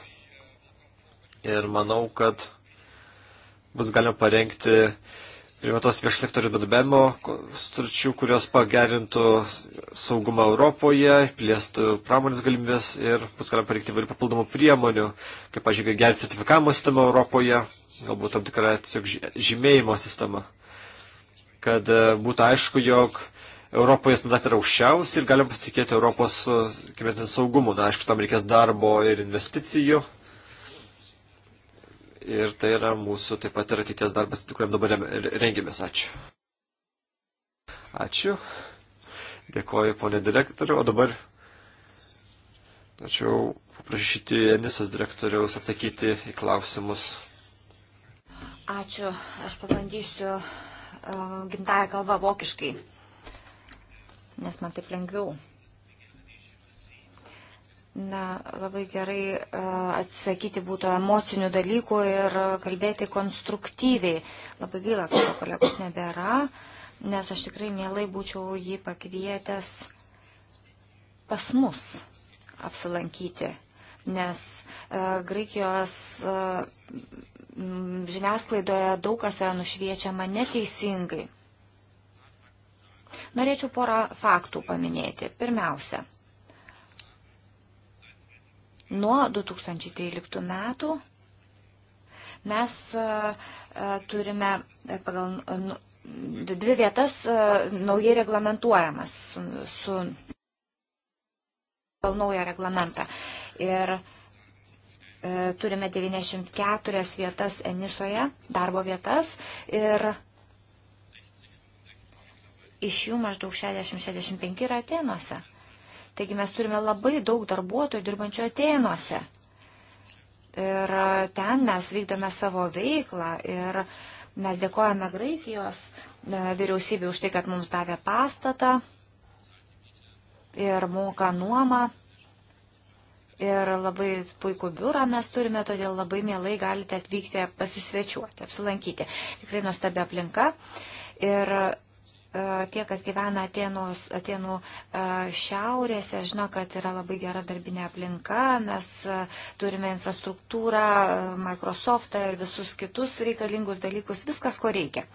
ir manau, kad bus galima parengti privatos viešo sektorių bendradarbiavimo sutarčių, kurios pagerintų saugumą Europoje, plėstų pramonės galimybės ir bus galima pareikti įvairių papildomų priemonių, kaip, pažiūrėk, gerinti sertifikavimo sistemą Europoje, galbūt tam tikrą tiesiog žymėjimo sistemą, kad e, būtų aišku, jog Europoje standartai yra aukščiausi ir galima pasitikėti Europos e, kibernetinio saugumu. Na, aišku, tam reikės darbo ir investicijų, ir tai yra mūsų taip pat ir ateities darbas, kuriam dabar rengiamės. Ačiū. Ačiū. Dėkoju, ponė direktoriu. O dabar tačiau paprašyti Enisos direktoriaus atsakyti į klausimus. Ačiū. Aš pabandysiu uh, e, gimtają kalbą vokiškai, nes man taip lengviau. Na, labai gerai e, atsisakyti būtų emocinių dalykų ir kalbėti konstruktyviai. Labai gaila, kad to kolegos nebėra, nes aš tikrai mielai būčiau jį pakvietęs pas mus apsilankyti, nes e, Graikijos e, žiniasklaidoje daug kas yra nušviečiama neteisingai. Norėčiau porą faktų paminėti. Pirmiausia, Nuo 2013 metų mes e, e, turime e, pagal nu, dvi vietas naujai reglamentuojamas su, su naują reglamentą. Ir turime 94 vietas Enisoje, darbo vietas, ir iš jų maždaug 60-65 yra Atenuose. Taigi mes turime labai daug darbuotojų dirbančių Atenuose. Ir ten mes vykdome savo veiklą ir mes dėkojame Graikijos e, vyriausybė už tai, kad mums davė pastatą ir moka nuomą. Ir labai puikų biurą mes turime, todėl labai mielai galite atvykti pasisvečiuoti, apsilankyti. Tikrai nuostabi aplinka. Ir tie, kas gyvena Atenos, Atenų šiaurėse, žino, kad yra labai gera darbinė aplinka, mes turime infrastruktūrą, Microsoftą ir visus kitus reikalingus dalykus, viskas, ko reikia.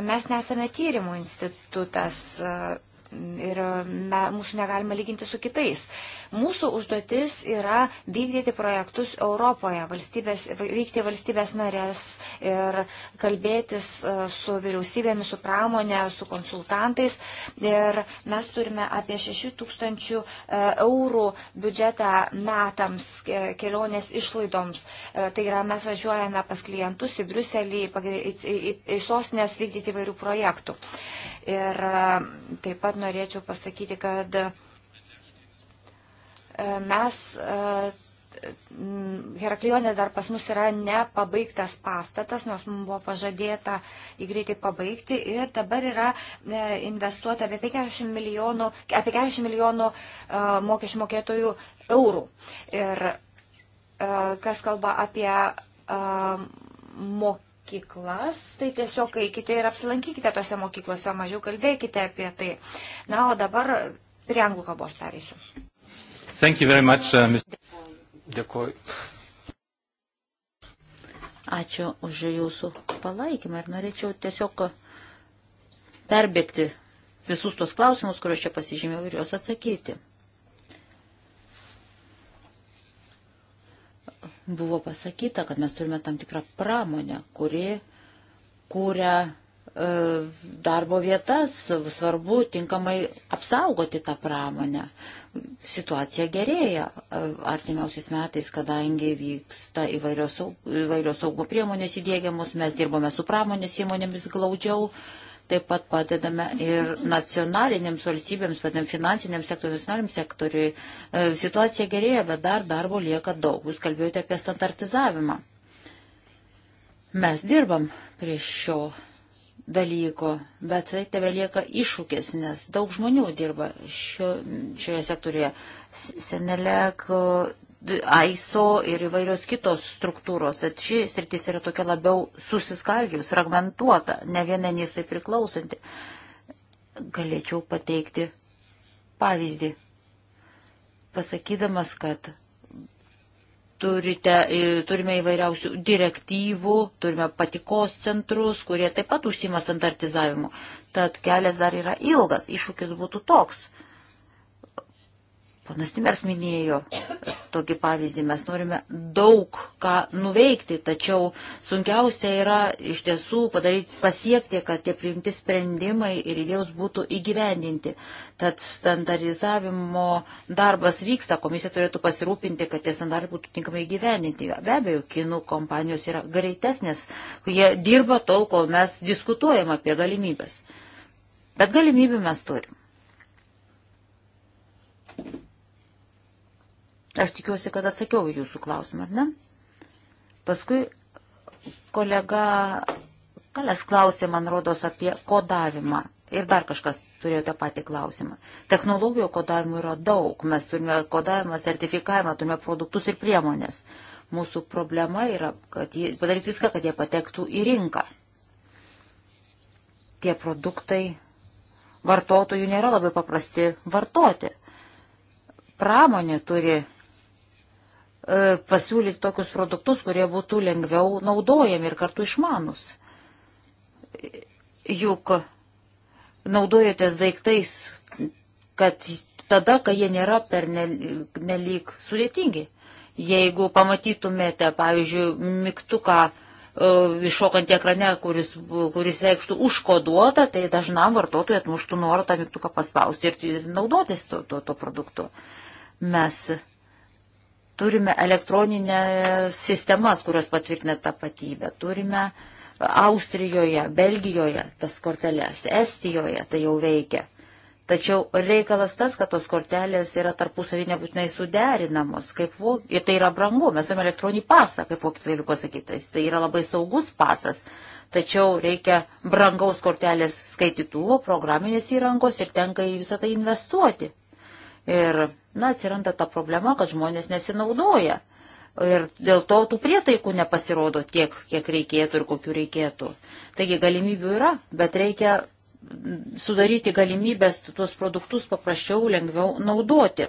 Mes nesame tyrimų institutas ir me, mūsų negalime lyginti su kitais. Uh, Mūsų užduotis yra vykdyti projektus Europoje, valstybės, vykti valstybės narės ir kalbėtis e, su vyriausybėmis, su pramonė, su konsultantais. Ir mes turime apie 6 tūkstančių e, eurų biudžetą metams e, kelionės išlaidoms. Tai yra, mes važiuojame pas klientus į Briuselį, į sostinės vykdyti įvairių projektų. Ir taip pat norėčiau pasakyti, kad E, mes e, Heraklionė dar pas mus yra nepabaigtas pastatas, nors mums buvo pažadėta jį greitai pabaigti ir dabar yra e, investuota apie 50 milijonų, apie 50 milijonų mokesčių mokėtojų eurų. Ir kas kalba apie mokyklas, tai tiesiog eikite ir apsilankykite tose mokyklose, mažiau kalbėkite apie tai. Na, o dabar prie anglų kalbos perėsiu. Thank you very much, uh, Mr. Dėkuoju. Ačiū už jūsų palaikymą ir norėčiau tiesiog perbėgti visus tos klausimus, kuriuos čia pasižymėjau ir juos atsakyti. Buvo pasakyta, kad mes turime tam tikrą pramonę, kuri kūrė E, darbo vietas, svarbu tinkamai apsaugoti tą pramonę. Situacija gerėja e, artimiausiais metais, kadangi vyksta įvairios, įvairios saugumo priemonės įdėgiamus, mes dirbome su pramonės įmonėmis glaudžiau, taip pat padedame ir nacionalinėms valstybėms, padedam finansiniam sektoriui, nacionaliniam sektoriui. E, situacija gerėja, bet dar darbo lieka daug. Jūs kalbėjote apie standartizavimą. Mes dirbam prie šio dalyko, bet tai tebe lieka iššūkis, nes daug žmonių dirba šio, šioje sektoriuje. Senelek, AISO ir įvairios kitos struktūros, tad ši sritis yra tokia labiau susiskaldžius, fragmentuota, ne vienen jisai priklausanti. Galėčiau pateikti pavyzdį, pasakydamas, kad turite, e, turime įvairiausių direktyvų, turime patikos centrus, kurie taip pat užsima standartizavimu. Tad kelias dar yra ilgas, iššūkis būtų toks. Panas Timers minėjo tokį pavyzdį, mes norime daug ką nuveikti, tačiau sunkiausia yra iš tiesų padaryti, pasiekti, kad tie priimti sprendimai ir idėjos būtų įgyvendinti. Tad standartizavimo darbas vyksta, komisija turėtų pasirūpinti, kad tie standartai būtų tinkamai įgyvendinti. Be abejo, kinų kompanijos yra greitesnės, jie dirba tol, kol mes diskutuojam apie galimybės. Bet galimybių mes turim. Aš tikiuosi, kad atsakiau jūsų klausimą, ar ne? Paskui kolega Kalės klausė, man rodos, apie kodavimą. Ir dar kažkas turėjo tą patį klausimą. Technologijų kodavimų yra daug. Mes turime kodavimą, sertifikavimą, turime produktus ir priemonės. Mūsų problema yra padaryti viską, kad jie patektų į rinką. Tie produktai vartotojų nėra labai paprasti vartoti. Pramonė turi E, pasiūlyti tokius produktus, kurie būtų lengviau naudojami ir kartu išmanus. Juk naudojotės daiktais, kad tada, kai jie nėra per nelik sudėtingi. Jeigu pamatytumėte, pavyzdžiui, mygtuką e, iššokantį ekrane, kuris, kuris reikštų užkoduotą, tai dažnam vartotojui atmuštų norą tą mygtuką paspausti ir naudotis to, to, to produktu. Mes Turime elektroninės sistemas, kurios patvirtina tapatybę. Turime Austrijoje, Belgijoje tas korteles, Estijoje tai jau veikia. Tačiau reikalas tas, kad tos kortelės yra tarpusavį nebūtinai suderinamos. Kaip, ir tai yra brangu, mes turime elektroninį pasą, kaip vokiečiai galiu pasakyti. Tai, tai yra labai saugus pasas. Tačiau reikia brangaus kortelės skaitytuvo, programinės įrangos ir tenka į visą tai investuoti. Ir, na, atsiranda ta problema, kad žmonės nesinaudoja. Ir dėl to tų prietaikų nepasirodo tiek, kiek reikėtų ir kokiu reikėtų. Taigi galimybių yra, bet reikia sudaryti galimybės tuos produktus paprasčiau, lengviau naudoti.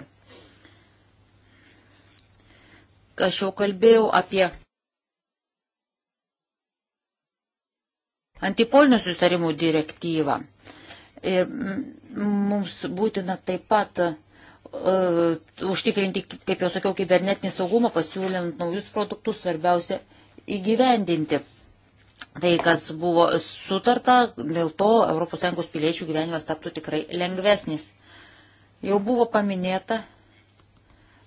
Aš jau kalbėjau apie antipolinių susitarimų direktyvą. Ir mums būtina taip pat uh, užtikrinti, kaip jau sakiau, kibernetinį saugumą, pasiūlint naujus produktus, svarbiausia įgyvendinti. Tai, kas buvo sutarta, dėl to ES piliečių gyvenimas taptų tikrai lengvesnis. Jau buvo paminėta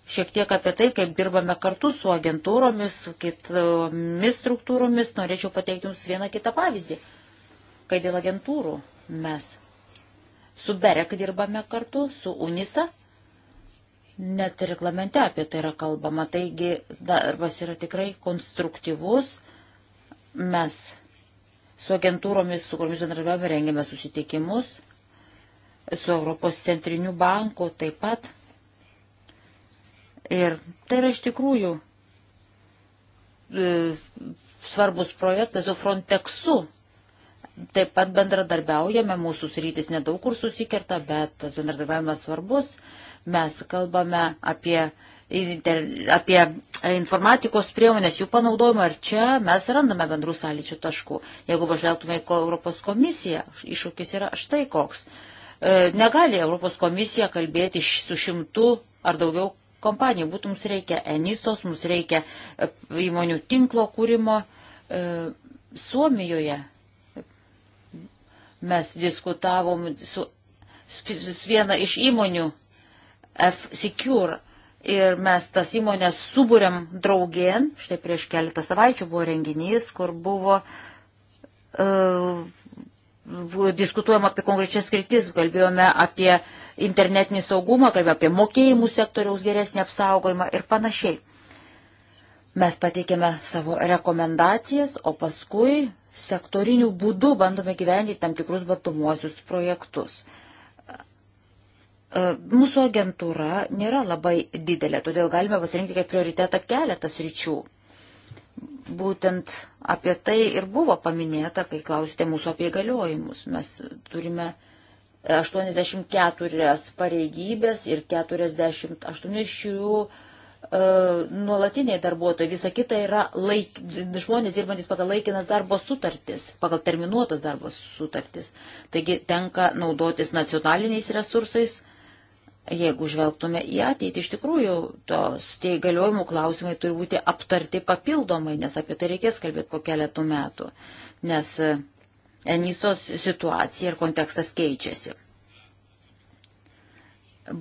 šiek tiek apie tai, kaip dirbame kartu su agentūromis, kitomis struktūromis. Norėčiau pateikti Jums vieną kitą pavyzdį, kai dėl agentūrų mes su BEREK dirbame kartu, su UNISA, Net reglamente apie tai yra kalbama. Taigi darbas yra tikrai konstruktyvus. Mes su agentūromis, su kuriomis bendradavome, rengėme susitikimus. Su Europos centriniu banku taip pat. Ir tai yra iš tikrųjų e, svarbus projektas su Frontexu. Taip pat bendradarbiaujame, mūsų sritis nedaug kur susikerta, bet tas bendradarbiavimas svarbus. E, Mes kalbame apie, inter, apie informatikos priemonės, jų panaudojimą ir čia mes randame bendrų sąlyčių taškų. Jeigu pažvelgtume į Europos komisiją, iššūkis yra štai koks. E, negali Europos komisija kalbėti su šimtu ar daugiau kompanijų. Būtų mums reikia Enisos, mums reikia e, įmonių tinklo kūrimo. E, Suomijoje mes diskutavom su, su viena iš įmonių F-Secure. Ir mes tas įmonės subūrėm draugien, štai prieš keletą savaičių buvo renginys, kur buvo uh, diskutuojama apie konkrečias skritis, kalbėjome apie internetinį saugumą, kalbėjome apie mokėjimų sektoriaus geresnį apsaugojimą ir panašiai. Mes pateikėme savo rekomendacijas, o paskui sektorinių būdų bandome gyventi tam tikrus batomuosius projektus. E, mūsų agentūra nėra labai didelė, todėl galime pasirinkti kaip prioritetą keletas ryčių. Būtent apie tai ir buvo paminėta, kai klausite mūsų apie įgaliojimus. Mes turime 84 pareigybės ir 48 iš jų e, nuolatiniai darbuotojai, visa kita yra laik, žmonės dirbantis pagal laikinas darbo sutartis, pagal terminuotas darbo sutartis. Taigi tenka naudotis nacionaliniais resursais, Jeigu žvelgtume į ateitį, iš tikrųjų, tos tie įgaliojimų klausimai turi būti aptarti papildomai, nes apie tai reikės kalbėti po keletų metų, nes e, Enisos situacija ir kontekstas keičiasi.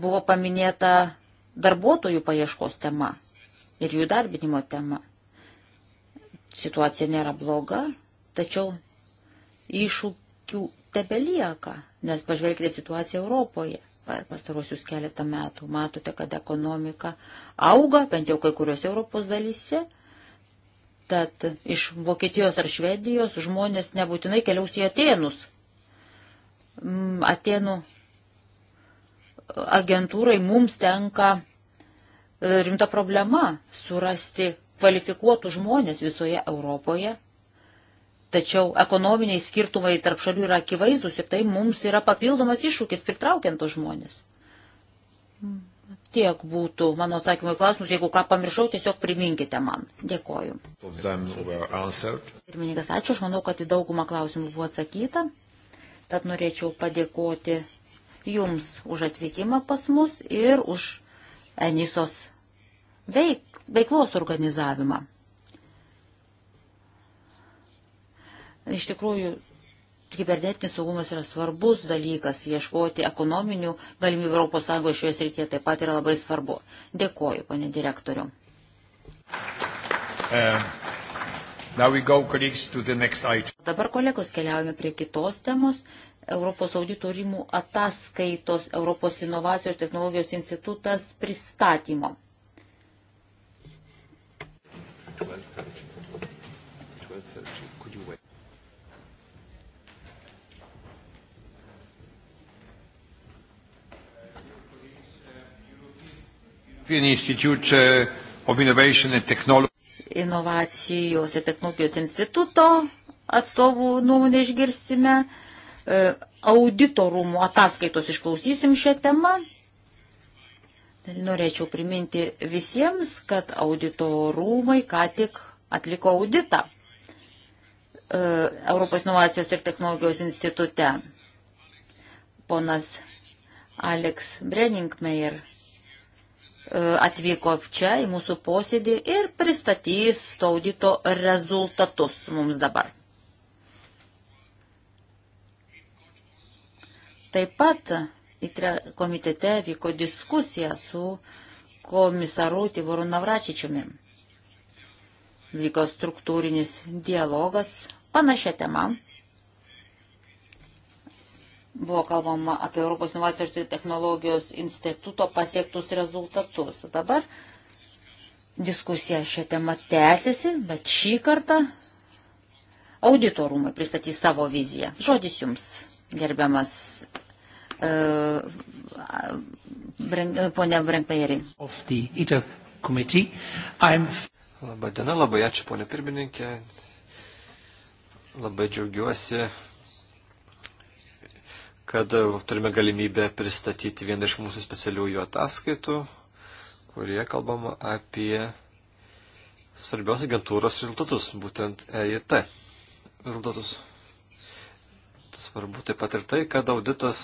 Buvo paminėta darbuotojų paieškos tema ir jų darbinimo tema. Situacija nėra bloga, tačiau iššūkių tebelieka, nes pažvelkite situaciją Europoje per pastarosius keletą metų. Matote, kad ekonomika auga, bent jau kai kuriuose Europos dalyse. Tad iš Vokietijos ar Švedijos žmonės nebūtinai keliaus į Atenus. Mm, Atenų agentūrai mums tenka e, rimta problema surasti kvalifikuotų žmonės visoje Europoje, Tačiau ekonominiai skirtumai tarp šalių yra akivaizdus ir tai mums yra papildomas iššūkis pritraukiant tos žmonės. Tiek būtų mano atsakymai klausimus. Jeigu ką pamiršau, tiesiog priminkite man. Dėkoju. Pirmininkas, ačiū. Aš manau, kad į daugumą klausimų buvo atsakyta. Tad norėčiau padėkoti Jums už atvykimą pas mus ir už Enisos veik, veiklos organizavimą. Iš tikrųjų, kibernetinis saugumas yra svarbus dalykas, ieškoti ekonominių galimybių ES šioje srityje taip pat yra labai svarbu. Dėkoju, pane direktoriu. Uh, go, Dabar kolegos keliaujame prie kitos temos. Europos audito rūmų ataskaitos Europos inovacijos technologijos institutas pristatymo. Well, 12, 13. 12, 13. Uh, inovacijos ir technologijos instituto atstovų nuomonę išgirsime, uh, auditorumų ataskaitos išklausysim šią temą. Norėčiau priminti visiems, kad auditorumai ką tik atliko auditą uh, Europos inovacijos ir technologijos institute. Ponas Alex Brenningmeier E, atvyko čia į mūsų posėdį ir pristatys to audito rezultatus mums dabar. Taip pat komitete vyko diskusija su komisaru Tiboru Navračičiumi. Vyko struktūrinis dialogas panašia tema. Buvo kalbama apie Europos inovacijos ir technologijos instituto pasiektus rezultatus. Dabar diskusija šią temą tęsiasi, bet šį kartą auditorumai pristatys savo viziją. Žodis jums, gerbiamas uh, breng, e, ponia Brenkpejeri. Labadiena, labai ačiū ponia pirmininkė. Labai džiaugiuosi kad turime galimybę pristatyti vieną iš mūsų specialiųjų ataskaitų, kurie kalbama apie svarbios agentūros rezultatus, būtent EIT rezultatus. Svarbu taip pat ir tai, kad auditas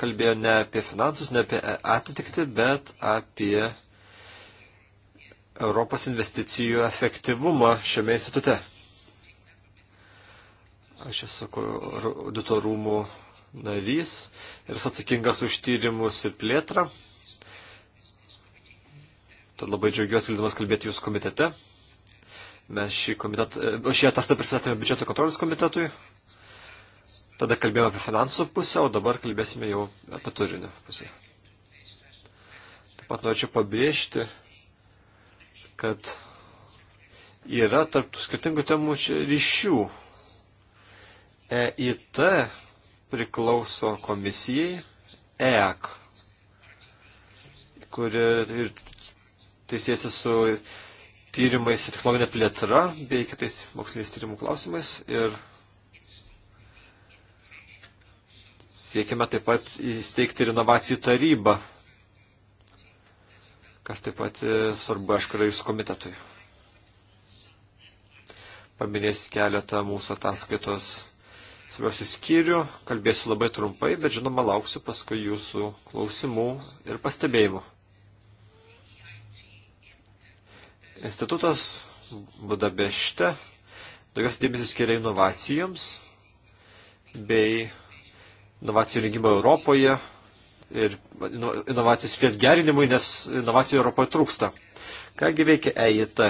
kalbėjo ne apie finansus, ne apie atitikti, bet apie Europos investicijų efektyvumą šiame institute. Aš esu audito rūmų narys ir jis atsakingas už tyrimus ir plėtrą. Tad labai džiaugiuosi galėdamas kalbėti jūsų komitete. Mes šį, komitet, e, šį ataskaitą pristatėme biudžeto kontrolės komitetui. Tada kalbėjome apie finansų pusę, o dabar kalbėsime jau apie turinio pusę. Taip pat norėčiau pabrėžti, kad yra tarp skirtingų temų ryšių. EIT priklauso komisijai EAC, kuri teisėsi su tyrimais ir technologinė plėtra bei kitais moksliniais tyrimų klausimais ir siekime taip pat įsteigti ir inovacijų tarybą, kas taip pat e, svarbu, aišku, yra jūsų komitetui. Paminėsiu keletą mūsų ataskaitos svarbiausių skyrių, kalbėsiu labai trumpai, bet žinoma lauksiu paskui jūsų klausimų ir pastebėjimų. Institutas Budabešte daugiausiai dėmesį skiria inovacijoms bei inovacijų rengimo Europoje ir inovacijų srities gerinimui, nes inovacijų Europoje trūksta. Kągi veikia EIT?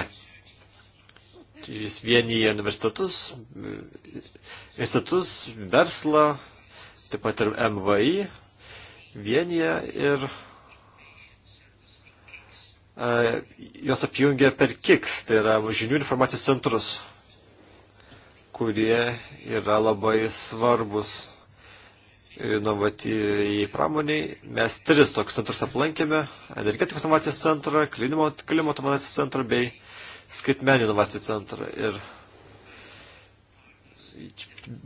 Jis vienyje universitetus, institutus, verslą, taip pat ir MVI, vienyje ir uh, e, jos apjungia per KIKS, tai yra žinių informacijos centrus, kurie yra labai svarbus inovatyviai pramoniai. Mes tris tokius centrus aplankėme - energetikos informacijos centrą, klimato informacijos centrą bei skaitmenį inovacijų centrą. Ir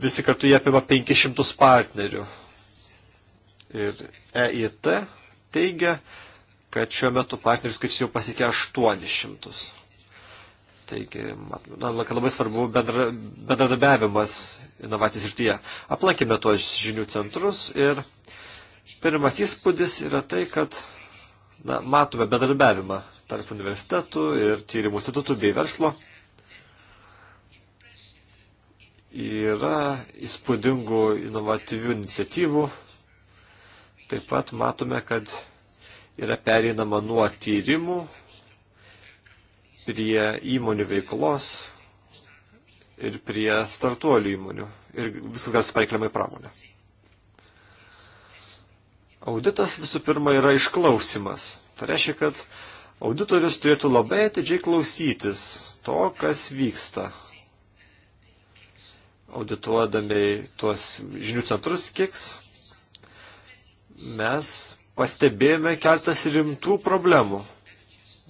visi kartu jie apima 500 partnerių. Ir EIT teigia, kad šiuo metu partnerių skaičius jau pasiekė 800. Taigi, manoma, kad labai svarbu bendra, bendradarbiavimas inovacijos rytyje. Aplankėme tuos žinių centrus ir pirmas įspūdis yra tai, kad na, matome bendradarbiavimą tarp universitetų ir tyrimų institutų bei verslo. Yra įspūdingų inovatyvių iniciatyvų. Taip pat matome, kad yra pereinama nuo tyrimų prie įmonių veiklos ir prie startuolių įmonių. Ir viskas gali spaikliamai pramonę. Auditas visų pirma yra išklausimas. Tai reiškia, kad Auditorius turėtų labai atidžiai klausytis to, kas vyksta. Audituodami tuos žinių centrus kiks, mes pastebėjome keltas rimtų problemų.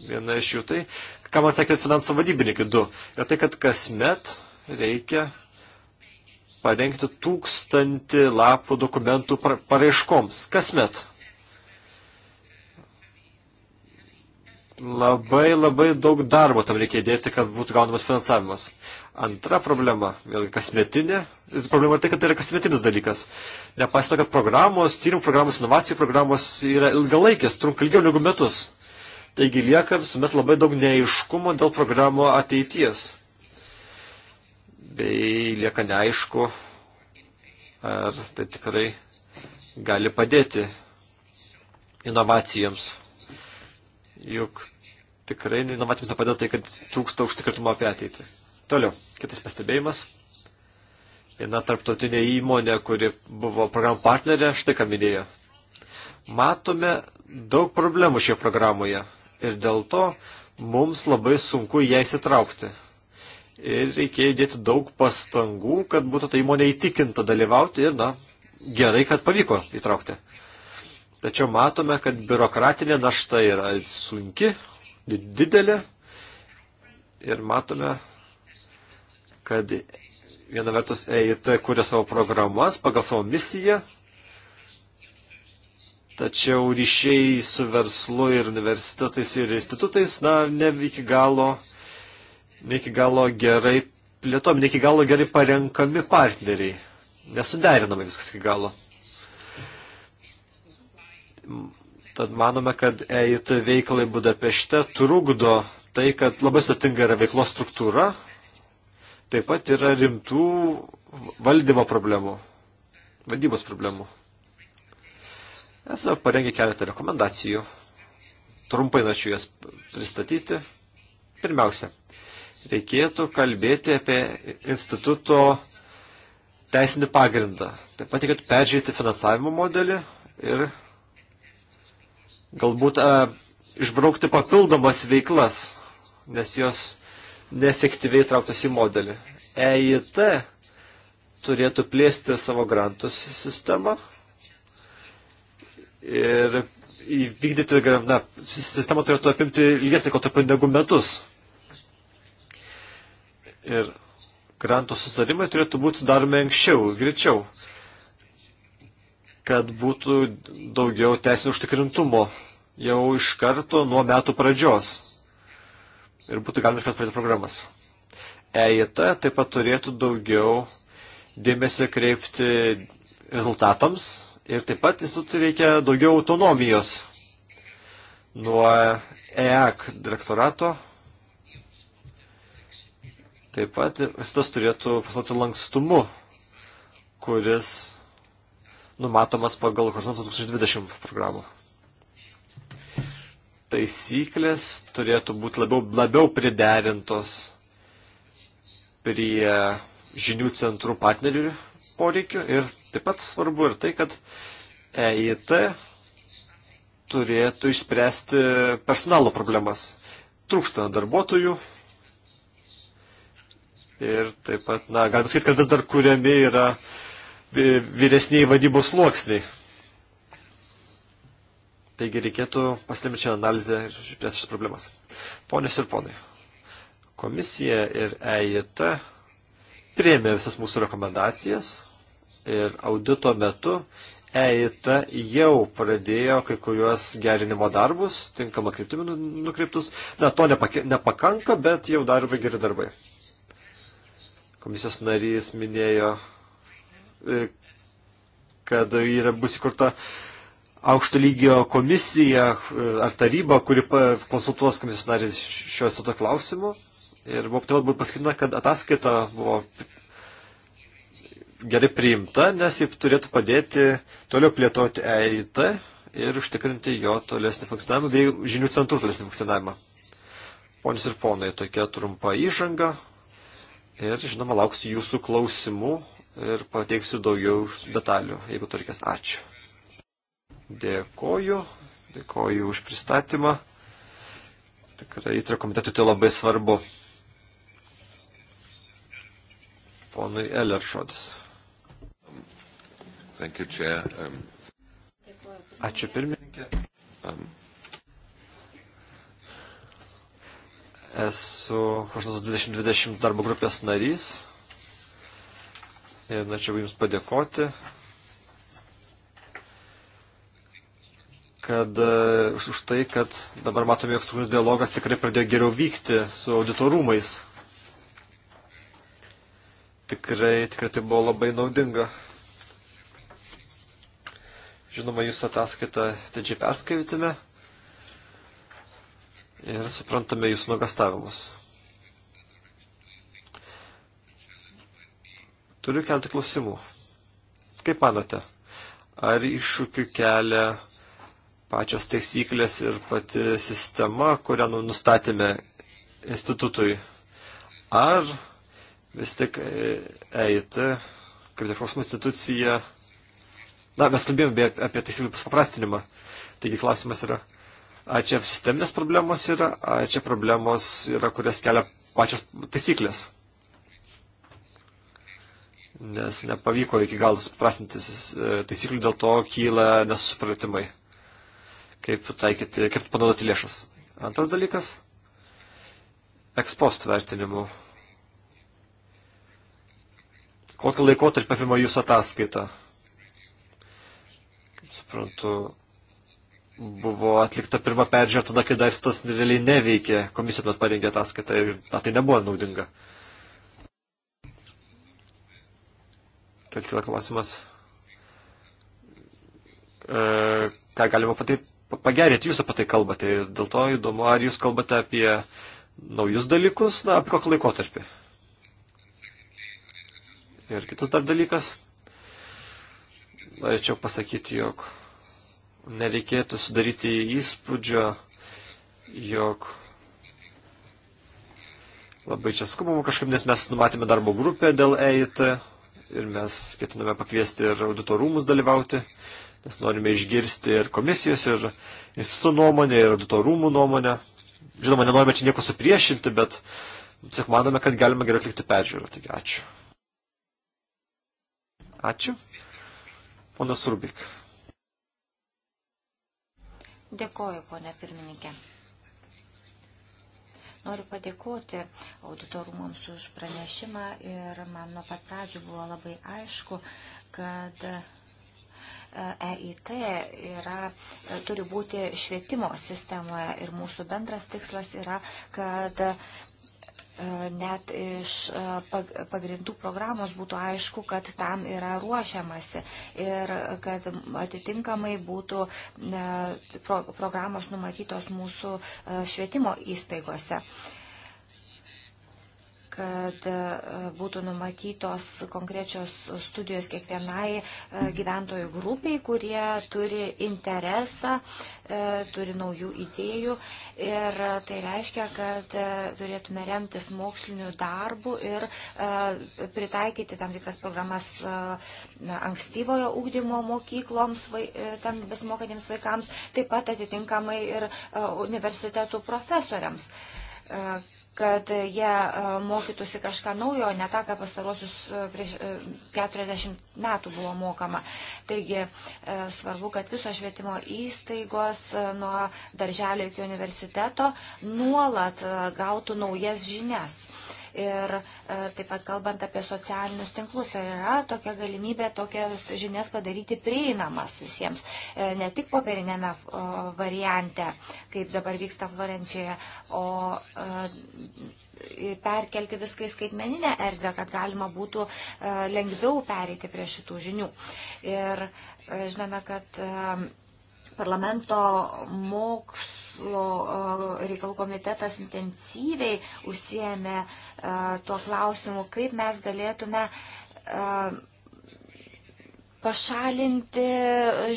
Viena iš jų tai, ką man sakė finansų vadybininkai du, yra tai, kad kasmet reikia parengti tūkstantį lapų dokumentų paraiškoms. Kasmet. Labai labai daug darbo tam reikia įdėti, kad būtų gaunamas finansavimas. Antra problema, vėlgi kasmetinė, problema tai, kad tai yra kasmetinis dalykas. Nepaisant to, kad programos, tyrimų programos, inovacijų programos yra ilgalaikės, trunka ilgiau negu metus. Taigi lieka visuomet labai daug neaiškumo dėl programų ateities. Bei lieka neaišku, ar tai tikrai gali padėti inovacijoms. Juk tikrai inovacijams nepadeda tai, kad trūksta užtikrintumo apie ateitį. Toliau, kitas pastebėjimas. Viena tarptautinė įmonė, kuri buvo programų partnerė, štai ką minėjo. Matome daug problemų šioje programoje ir dėl to mums labai sunku ją įsitraukti. Ir reikėjo dėti daug pastangų, kad būtų ta įmonė įtikinta dalyvauti ir, na, gerai, kad pavyko įtraukti. Tačiau matome, kad biurokratinė našta yra sunki, didelė ir matome, kad viena vertus EIT kuria savo programas pagal savo misiją, tačiau ryšiai su verslu ir universitetais ir institutais, na, ne iki galo, ne iki galo gerai plėtojami, ne iki galo gerai parenkami partneriai. Nesuderinama viskas iki galo. Tad manome, kad EIT veiklai Budapešte trukdo tai, kad labai satinga yra veiklos struktūra, taip pat yra rimtų valdymo problemų, vadybos problemų. Esame parengę keletą rekomendacijų. Trumpai norėčiau jas pristatyti. Pirmiausia, reikėtų kalbėti apie instituto teisinį pagrindą. Taip pat reikėtų peržiūrėti finansavimo modelį ir galbūt a, e, išbraukti papildomas veiklas, nes jos neefektyviai trauktos į modelį. EIT turėtų plėsti savo grantus sistemą ir įvykdyti, na, sistema turėtų apimti ilgesnį laikotarpį negu metus. Ir grantų susidarimai turėtų būti daromi anksčiau, greičiau kad būtų daugiau teisinio užtikrintumo jau iš karto nuo metų pradžios ir būtų galima iš karto pradėti programas. EIT taip pat turėtų daugiau dėmesio kreipti rezultatams ir taip pat institutui reikia daugiau autonomijos nuo EAC direktorato. Taip pat institutas turėtų pasinaudoti lankstumu, kuris numatomas pagal Horizontas 2020 programą. Taisyklės turėtų būti labiau, labiau priderintos prie žinių centrų partnerių poreikių ir taip pat svarbu ir tai, kad EIT turėtų išspręsti personalo problemas. Trūksta darbuotojų ir taip pat, na, galima sakyti, kad vis dar kuriami yra uh, vyresniai vadybos sluoksniai. Taigi reikėtų pasilimti šią analizę ir išspręsti šias problemas. Ponios ir ponai, komisija ir EIT priėmė visas mūsų rekomendacijas ir audito metu EIT jau pradėjo kai kuriuos gerinimo darbus, tinkamą kryptimį nu, nukreiptus. Na, to nepakanka, bet jau daromi geri darbai. Komisijos narys minėjo E, kad yra bus įkurta aukšto lygio komisija e, ar taryba, kuri konsultuos komisijos narį šio instituto klausimu. Ir buvo taip pat buvo pasakyta, kad ataskaita buvo gerai priimta, nes jį turėtų padėti toliau plėtoti EIT ir užtikrinti jo tolesnį funkcionavimą bei žinių centrų tolesnį funkcionavimą. Ponius ir ponai, tokia trumpa įžanga ir, žinoma, lauksiu jūsų klausimų ir pateiksiu daugiau detalių, jeigu turkės. Ačiū. Dėkoju, dėkoju už pristatymą. Tikrai įtrio komitetui tai labai svarbu. Ponui Eller žodis. Um, Ačiū pirmininkė. Um, Esu 2020 darbo grupės narys Ir norėčiau Jums padėkoti, kad e, už tai, kad dabar matome, jog struktūrinis dialogas tikrai pradėjo geriau vykti su auditorumais. Tikrai, tikrai tai buvo labai naudinga. Žinoma, Jūsų ataskaitą tedžiai perskaitytume ir suprantame Jūsų nuogastavimus. Turiu keltą klausimų. Kaip manote, ar iššūkių kelia pačios taisyklės ir pati sistema, kurią nu- nustatėme institutui? Ar vis tik EIT, e kaip nepriklausoma institucija, na, mes kalbėjome apie taisyklių paprastinimą. Taigi klausimas yra, ar čia sisteminės problemos yra, ar čia problemos yra, kurias kelia pačios taisyklės nes nepavyko iki galo suprasinti e, taisyklių, dėl to kyla nesupratimai, kaip, taikyti, kaip panaudoti lėšas. Antras dalykas - ekspost vertinimu. Kokį laikotarpį apima jūsų ataskaita? Kaip suprantu, buvo atlikta pirma peržiūra tada, kai daistas realiai neveikė, komisija pat parengė ataskaitą ir na, tai nebuvo naudinga. Uh, Tad kila klausimas, e, ką galima patai, pagerinti, jūs apie tai kalbate. Dėl to įdomu, ar jūs kalbate apie naujus dalykus, na, apie kokį laikotarpį. Ir kitas dar dalykas, norėčiau pasakyti, jog nereikėtų sudaryti įspūdžio, jog labai čia skubama kažkaip, nes mes numatėme darbo grupę dėl EIT ir mes ketiname pakviesti ir auditorumus dalyvauti, nes norime išgirsti ir komisijos, ir institutų nuomonę, ir auditorumų nuomonę. Žinoma, nenorime čia nieko supriešinti, bet tiesiog manome, kad galima gerai atlikti peržiūrą. Taigi ačiū. Ačiū. Ponas Rubik. Dėkoju, ponė pirmininkė. Noriu padėkoti auditorumams už pranešimą ir man nuo pat pradžių buvo labai aišku, kad EIT e yra, e, turi būti švietimo sistemoje ir mūsų bendras tikslas yra, kad E, net iš e, pagrindų programos būtų aišku, kad tam yra ruošiamasi ir kad atitinkamai būtų e, programos numatytos mūsų švietimo įstaigose kad e, būtų numatytos konkrečios studijos kiekvienai e, gyventojų grupiai, kurie turi interesą, e, turi naujų idėjų. Ir tai reiškia, kad turėtume remtis moksliniu darbu ir pritaikyti tam tikras programas ankstyvojo ūkdymo mokykloms, ten besimokantiems vaikams, taip pat atitinkamai ir universitetų profesoriams kad jie e, mokytųsi kažką naujo, ne tą, ką pastarosius e, prieš 40 e, metų buvo mokama. Taigi svarbu, kad visos švietimo įstaigos nuo darželio iki universiteto nuolat gautų naujas žinias. Ir e, taip pat kalbant apie socialinius tinklus, yra tokia galimybė tokias žinias padaryti prieinamas visiems, e, ne tik popierinėme variante, kaip dabar vyksta Florencijoje, o e, perkelti viską į skaitmeninę erdvę, kad galima būtų lengviau pereiti prie šitų žinių. Ir žinome, kad Parlamento mokslo e, reikalų komitetas intensyviai užsiemė e, tuo klausimu, kaip mes galėtume e, pašalinti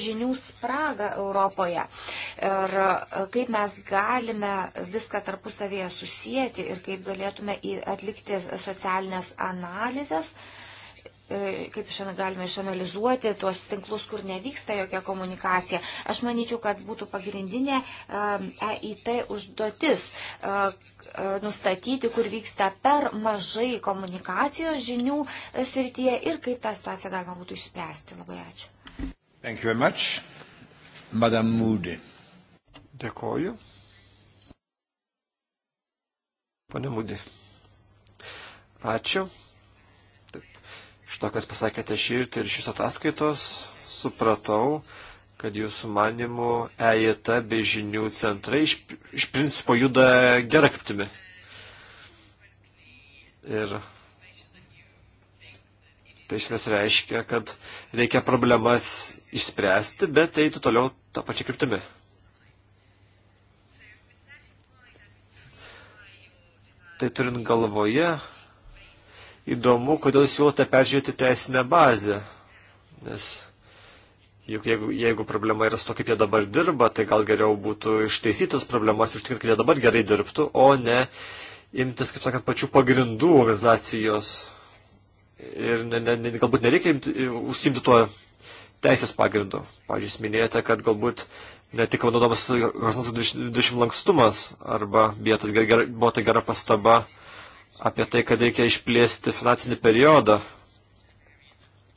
žinių spragą Europoje. Ir kaip mes galime viską tarpusavėje susijęti ir kaip galėtume atlikti socialinės analizės, uh, E, kaip šiandien galime išanalizuoti tuos tinklus, kur nevyksta jokia komunikacija. Aš manyčiau, kad būtų pagrindinė EIT e užduotis e, nustatyti, kur vyksta per mažai komunikacijos žinių srityje ir kaip tą situaciją galima būtų išspręsti. Labai ačiū. Thank you very much. Madam Moody. Dėkoju. Pane Moody. Ačiū. Šito, kas pasakėte širt ir šis ataskaitos, supratau, kad jūsų manimų EIT bei žinių centrai iš, iš principo juda gerą kryptimį. Ir tai iš vis reiškia, kad reikia problemas išspręsti, bet eiti toliau tą pačią kryptimį. Tai turint galvoje įdomu, kodėl siūlote peržiūrėti teisinę bazę. Nes juk jeigu, jeigu problema yra su to, kaip jie dabar dirba, tai gal geriau būtų ištaisytas problemas ir užtikrinti, kad jie dabar gerai dirbtų, o ne imtis, kaip sakant, pačių pagrindų organizacijos. Ir ne, ne, ne, galbūt nereikia imti, užsimti tuo teisės pagrindu. Pavyzdžiui, jūs minėjote, kad galbūt ne tik naudodamas Horizontas 20 lankstumas arba bietas, ger, ger, buvo tai gera pastaba apie tai, kad reikia išplėsti finansinį periodą.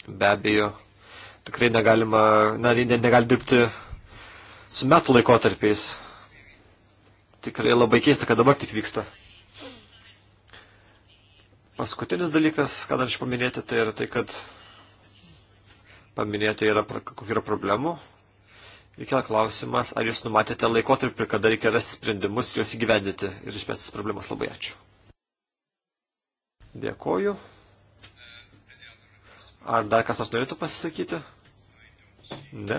Be abejo, tikrai negalima, na, negali dirbti su metų laikotarpiais. Tikrai labai keista, kad dabar tik vyksta. Paskutinis dalykas, ką dar aš paminėti, tai yra tai, kad paminėti yra, kokių yra problemų. Reikia klausimas, ar jūs numatėte laikotarpį, kada reikia rasti sprendimus ir juos įgyvendinti ir išspręsti problemas. Labai ačiū. Dėkoju. Ar dar kas nors norėtų pasisakyti? Ne.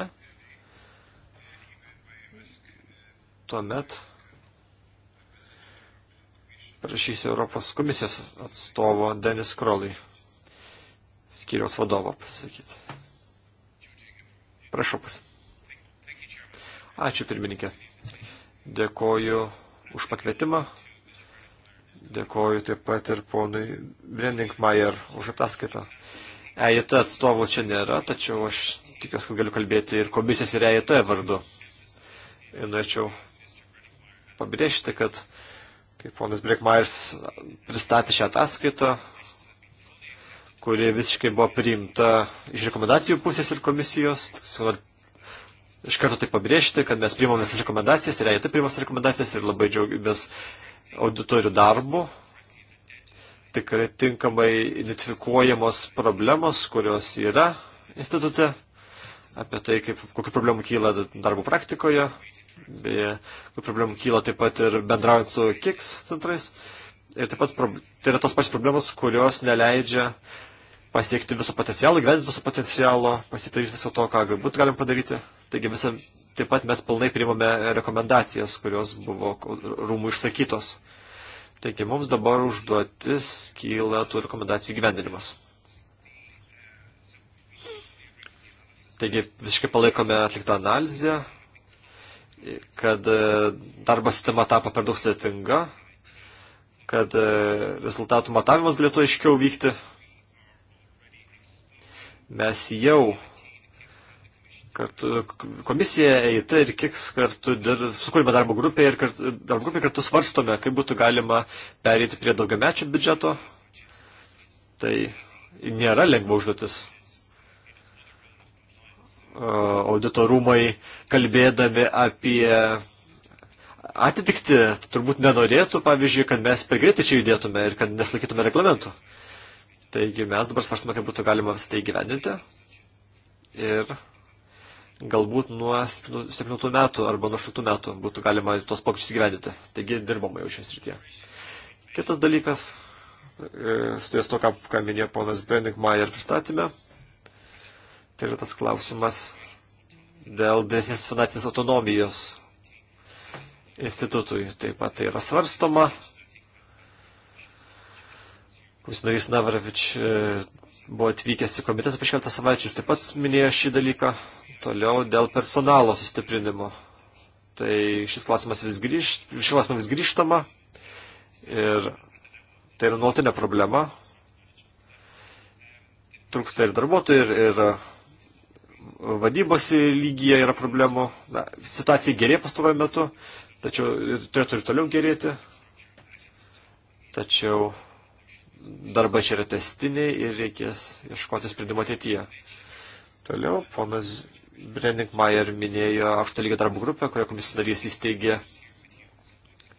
Tuomet prašysiu Europos komisijos atstovo Denis Krolai, skyriaus vadovo pasakyti. Prašau pas. Ačiū pirmininkė. Dėkoju už pakvietimą Dėkoju taip pat ir ponui Brenningmajer už ataskaitą. EIT atstovų čia nėra, tačiau aš tikiuosi, kad galiu kalbėti ir komisijos ir EIT vardu. Ir norėčiau pabrėžti, kad kaip ponas Brekmairs pristatė šią ataskaitą, kuri visiškai buvo priimta iš rekomendacijų pusės ir komisijos. Iš karto tai pabrėžti, kad mes priimam visas rekomendacijas ir jie taip priimas rekomendacijas ir labai džiaugiamės auditorių darbu, tikrai tinkamai identifikuojamos problemos, kurios yra institute, apie tai, kaip, kokiu problemu kyla darbo praktikoje, beje, kokiu problemu kyla taip pat ir bendraujant su KIKS centrais. Ir taip pat tai yra tos pačios problemos, kurios neleidžia pasiekti viso potencialo, gyventi viso potencialo, pasidaryti viso to, ką galbūt galim padaryti. Taigi visa Taip pat mes pilnai priimame rekomendacijas, kurios buvo rūmų išsakytos. Taigi mums dabar užduotis kyla tų rekomendacijų gyvendinimas. Taigi visiškai palaikome atliktą analizę, kad e, darbo sistema tapo per daug sudėtinga, kad e, rezultatų matavimas galėtų aiškiau vykti. Mes jau kartu komisija eita ir kiks kartu dir, sukūrėme darbo grupę ir kartu, darbo grupė kartu svarstome, kaip būtų galima perėti prie daugiamečio biudžeto. Tai nėra lengva užduotis. Audito rūmai kalbėdami apie atitikti turbūt nenorėtų, pavyzdžiui, kad mes per greitai čia judėtume ir kad neslaikytume reglamentų. Taigi mes dabar svarstame, kaip būtų galima visą tai gyvendinti. Ir galbūt nuo 7 metų arba nuo 8 metų būtų galima tos pokyčius įgyvendinti. Taigi dirbama jau šios rytyje. Kitas dalykas, e, su ties to, ką, ką minėjo ponas Brenigmajer pristatymė, tai yra tas klausimas dėl didesnės finansinės autonomijos institutui. Taip pat tai yra svarstoma. Kuris narys Navravič e, buvo atvykęs į komitetą prieš keletą savaičių, jis taip pat minėjo šį dalyką. Toliau dėl personalo sustiprinimo. Tai šis klausimas vis, grįž, šis klausimas vis grįžtama ir tai yra nuotinė problema. Trūksta ir darbuotojų, ir, ir e, vadybos lygyje yra problemų. Na, situacija gerėja pastaruoju metu, tačiau turėtų ir toliau gerėti. Tačiau darbai čia yra testiniai ir reikės ieškoti sprendimo ateityje. Toliau ponas Brenningmajer minėjo aukšto lygio darbų grupę, kurią komisijos narys įsteigė.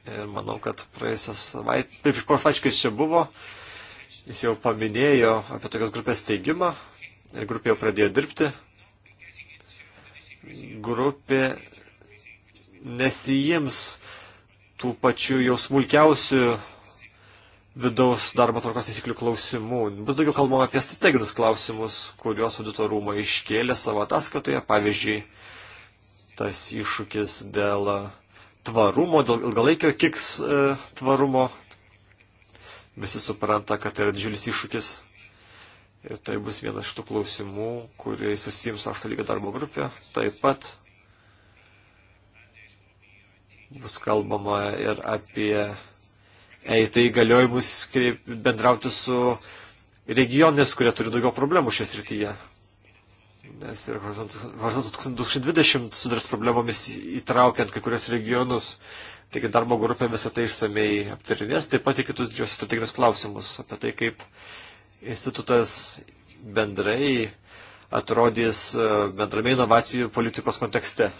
Ir manau, kad praėjusią savaitę, prieš porą savaičių, kai jis čia buvo, jis jau paminėjo apie tokios grupės steigimą ir grupė jau pradėjo dirbti. Grupė nesijims tų pačių jau smulkiausių vidaus darbo tvarkos taisyklių klausimų. Bus daugiau kalbama apie strateginius klausimus, kuriuos audito rūmai iškėlė savo ataskatoje. Pavyzdžiui, tas iššūkis dėl tvarumo, dėl ilgalaikio kiks e, tvarumo. Visi supranta, kad tai yra didžiulis iššūkis. Ir tai bus vienas iš tų klausimų, kurie susijims aukšto lygio darbo grupė. Taip pat bus kalbama ir apie eiti įgaliojimus bendrauti su regionės, kurie turi daugiau problemų šią srityje. Nes ir Horizontas 2020 sudarys problemomis įtraukiant kai kurios regionus. Taigi darbo grupė visą tai išsamei aptarinės, taip pat į kitus didžiosios strateginius klausimus apie tai, kaip institutas bendrai atrodys e, bendrame inovacijų politikos kontekste.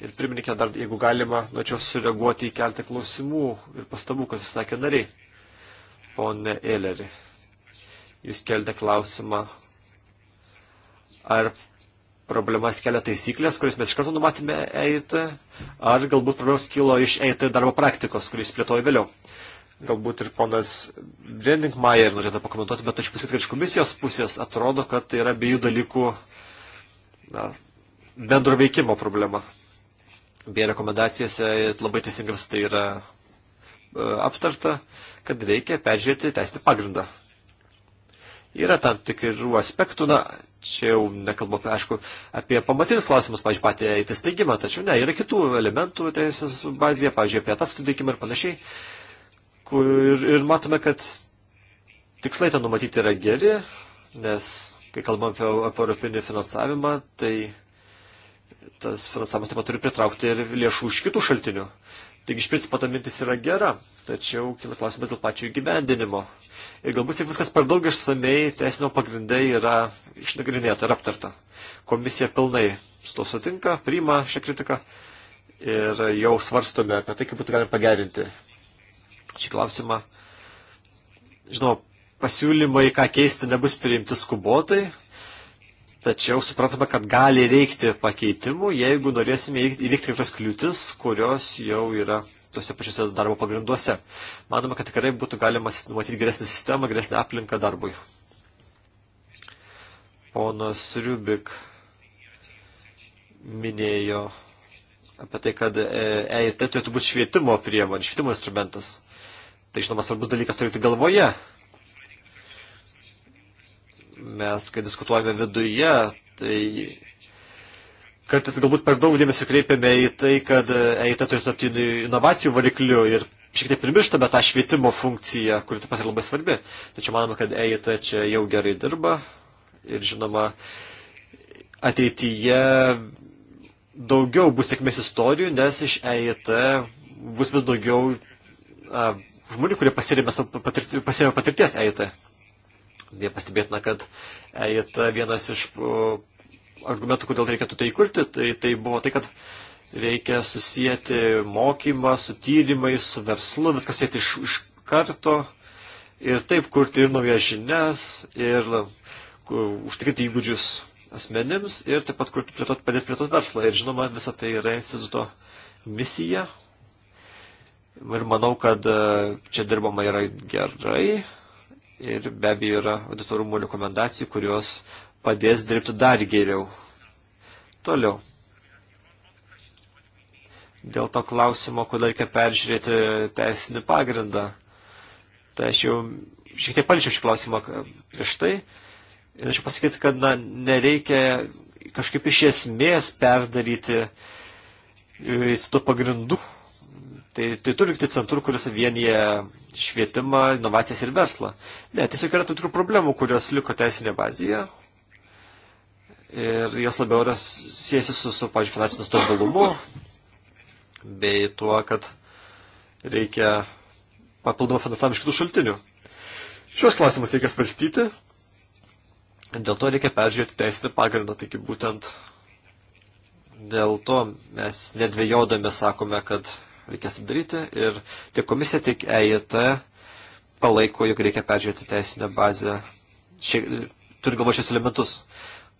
Ir pirmininkė, dar jeigu galima, norėčiau sureaguoti į keltą klausimų ir pastabų, kas išsakė nariai. Pone Eileri, jūs keltė klausimą, ar problemas kelia taisyklės, kuris mes iš karto numatėme EIT, ar galbūt problemas kilo iš EIT darbo praktikos, kuris plėtojo vėliau. Galbūt ir ponas Brenningmajer norėtų pakomentuoti, bet aš pasakyti, kad iš komisijos pusės atrodo, kad tai yra abiejų dalykų na, bendro veikimo problema bei rekomendacijose labai teisingas tai yra e, aptarta, kad reikia peržiūrėti teisinį pagrindą. Yra tam tikrų aspektų, na, čia jau nekalbu apie, aišku, apie pamatinius klausimus, pavyzdžiui, patį įsisteigimą, e tačiau ne, yra kitų elementų teisės bazėje, pavyzdžiui, apie ataskaitų teikimą ir panašiai. Kur, ir, ir matome, kad tikslai ten numatyti yra geri, nes kai kalbam apie, apie europinį finansavimą, tai tas finansavimas taip pat turi pritraukti ir lėšų iš kitų šaltinių. Taigi iš principo ta mintis yra gera, tačiau kila klausimas dėl pačio įgyvendinimo. Ir galbūt tik viskas per daug išsamei teisinio pagrindai yra išnagrinėta ir aptarta. Komisija pilnai su to sutinka, priima šią kritiką ir jau svarstome apie tai, kaip būtų galima pagerinti šį klausimą. Žinoma, pasiūlymai, ką keisti, nebus priimti skubotai, Tačiau suprantame, kad gali reikti pakeitimų, jeigu norėsime įveikti tikras kliūtis, kurios jau yra tuose pačiuose darbo pagrinduose. Manoma, kad tikrai būtų galima numatyti geresnį sistemą, geresnį aplinką darbui. Ponas Riubik minėjo apie tai, kad EIT e turėtų būti švietimo priemonė, švietimo instrumentas. Tai žinoma svarbus dalykas turėti galvoje, mes, kai diskutuojame viduje, tai kartais galbūt per daug dėmesio kreipiame į tai, kad EIT turi tapti inovacijų varikliu ir šiek tiek primirštame tą švietimo funkciją, kuri taip pat yra labai svarbi. Tačiau manome, kad EIT čia jau gerai dirba ir žinoma, ateityje daugiau bus sėkmės istorijų, nes iš EIT bus vis daugiau a, žmonių, kurie pasirėmė patirties EIT jie pastebėtina, kad EIT vienas iš argumentų, kodėl reikėtų tai įkurti, tai, tai buvo tai, kad reikia susijęti mokymą su tyrimais, su verslu, viskas sėti iš, iš karto ir taip kurti ir naujas žinias, ir užtikrinti įgūdžius asmenims ir taip pat kurti plėtot, padėti plėtot verslą. Ir žinoma, visa tai yra instituto misija. Ir manau, kad e, čia dirbama yra gerai ir be abejo yra auditorumo rekomendacijų, kurios padės dirbti dar geriau. Toliau. Dėl to klausimo, kodėl reikia peržiūrėti teisinį pagrindą. Tai aš jau šiek tiek paliečiau šį klausimą prieš tai. Ir aš pasakyti, kad na, nereikia kažkaip iš esmės perdaryti e, su to pagrindu Tai, tai turi likti centru, kuris vienyje švietimą, inovacijas ir verslą. Ne, tiesiog yra tokių problemų, kurios liko teisinė bazėje. Ir jos labiau yra siejasi su, su pažiūrėjau, finansiniu stabilumu, bei tuo, kad reikia papildomą finansavimą iš kitų šaltinių. Šios klausimus reikia svarstyti, dėl to reikia peržiūrėti teisinį pagrindą, taigi būtent dėl to mes nedvėjodami sakome, kad reikės taip daryti ir tiek komisija, tiek EIT palaiko, jog reikia peržiūrėti teisinę bazę, šie, turi galvo šios elementus.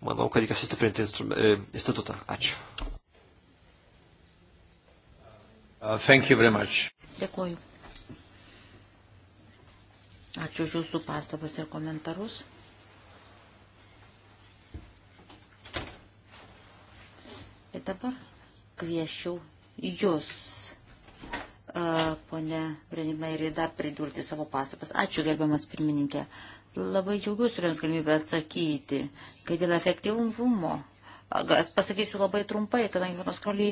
Manau, kad reikia sustiprinti e, institutą. Ačiū. Uh, thank you very much. Dėkuoju. Ačiū už jūsų pastabas ir komentarus. Ir dabar kvieščiau jūs ponė Brenimairė dar pridurti savo pastabas. Ačiū, gerbiamas pirmininkė. Labai džiaugiuosi jums galimybę atsakyti, kai dėl efektyvumo. Pasakysiu labai trumpai, kadangi ponas Krolį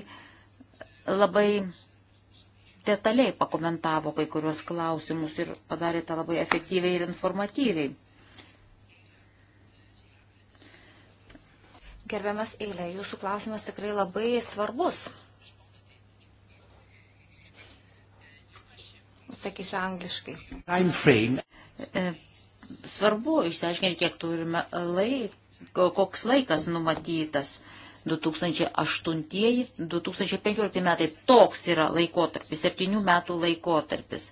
labai detaliai pakomentavo kai kurios klausimus ir padarė tą labai efektyviai ir informatyviai. Gerbiamas Eilė, jūsų klausimas tikrai labai svarbus. sakysiu angliškai. E, svarbu išsiaiškinti, kiek turime laiko, koks laikas numatytas. 2008-2015 metai toks yra laikotarpis, septynių metų laikotarpis.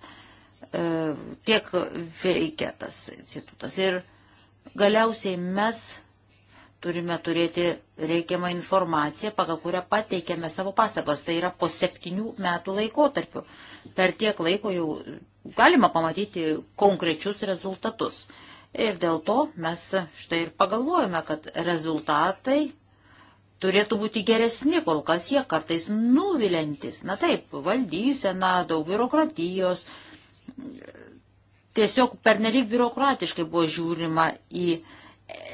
E, tiek veikia tas institutas. Ir galiausiai mes turime turėti reikiamą informaciją, pagal kurią pateikėme savo pastabas. Tai yra po septynių metų laikotarpiu. Per tiek laiko jau galima pamatyti konkrečius rezultatus. Ir dėl to mes štai ir pagalvojame, kad rezultatai turėtų būti geresni, kol kas jie kartais nuvilintis. Na taip, valdysena, daug biurokratijos. Tiesiog pernelyg biurokratiškai buvo žiūrima į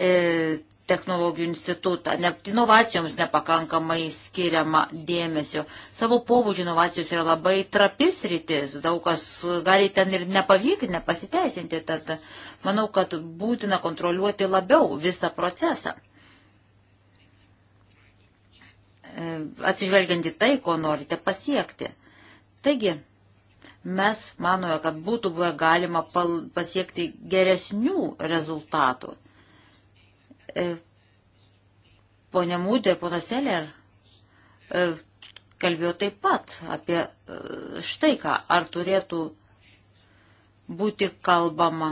e, technologijų institutą. Ne, inovacijoms nepakankamai skiriama dėmesio. Savo pobūdžių inovacijos yra labai trapis rytis, daug kas gali ten ir nepavykti, nepasiteisinti. Tad manau, kad būtina kontroliuoti labiau visą procesą. E, Atsižvelgianti tai, ko norite pasiekti. Taigi, mes manome, kad būtų buvę galima pasiekti geresnių rezultatų E, Pone Mūdė ir ponas Seller e, kalbėjo taip pat apie e, štai ką, ar turėtų būti kalbama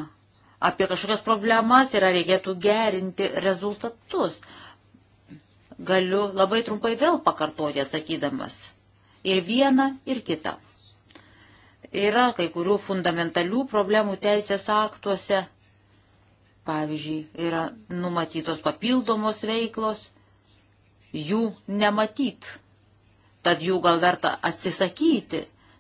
apie kažkokias problemas ir ar reikėtų gerinti rezultatus. Galiu labai trumpai vėl pakartoti atsakydamas ir vieną, ir kitą. Yra kai kurių fundamentalių problemų teisės aktuose Pavyzdžiui, yra numatytos papildomos veiklos, jų nematyt, tad jų gal verta atsisakyti,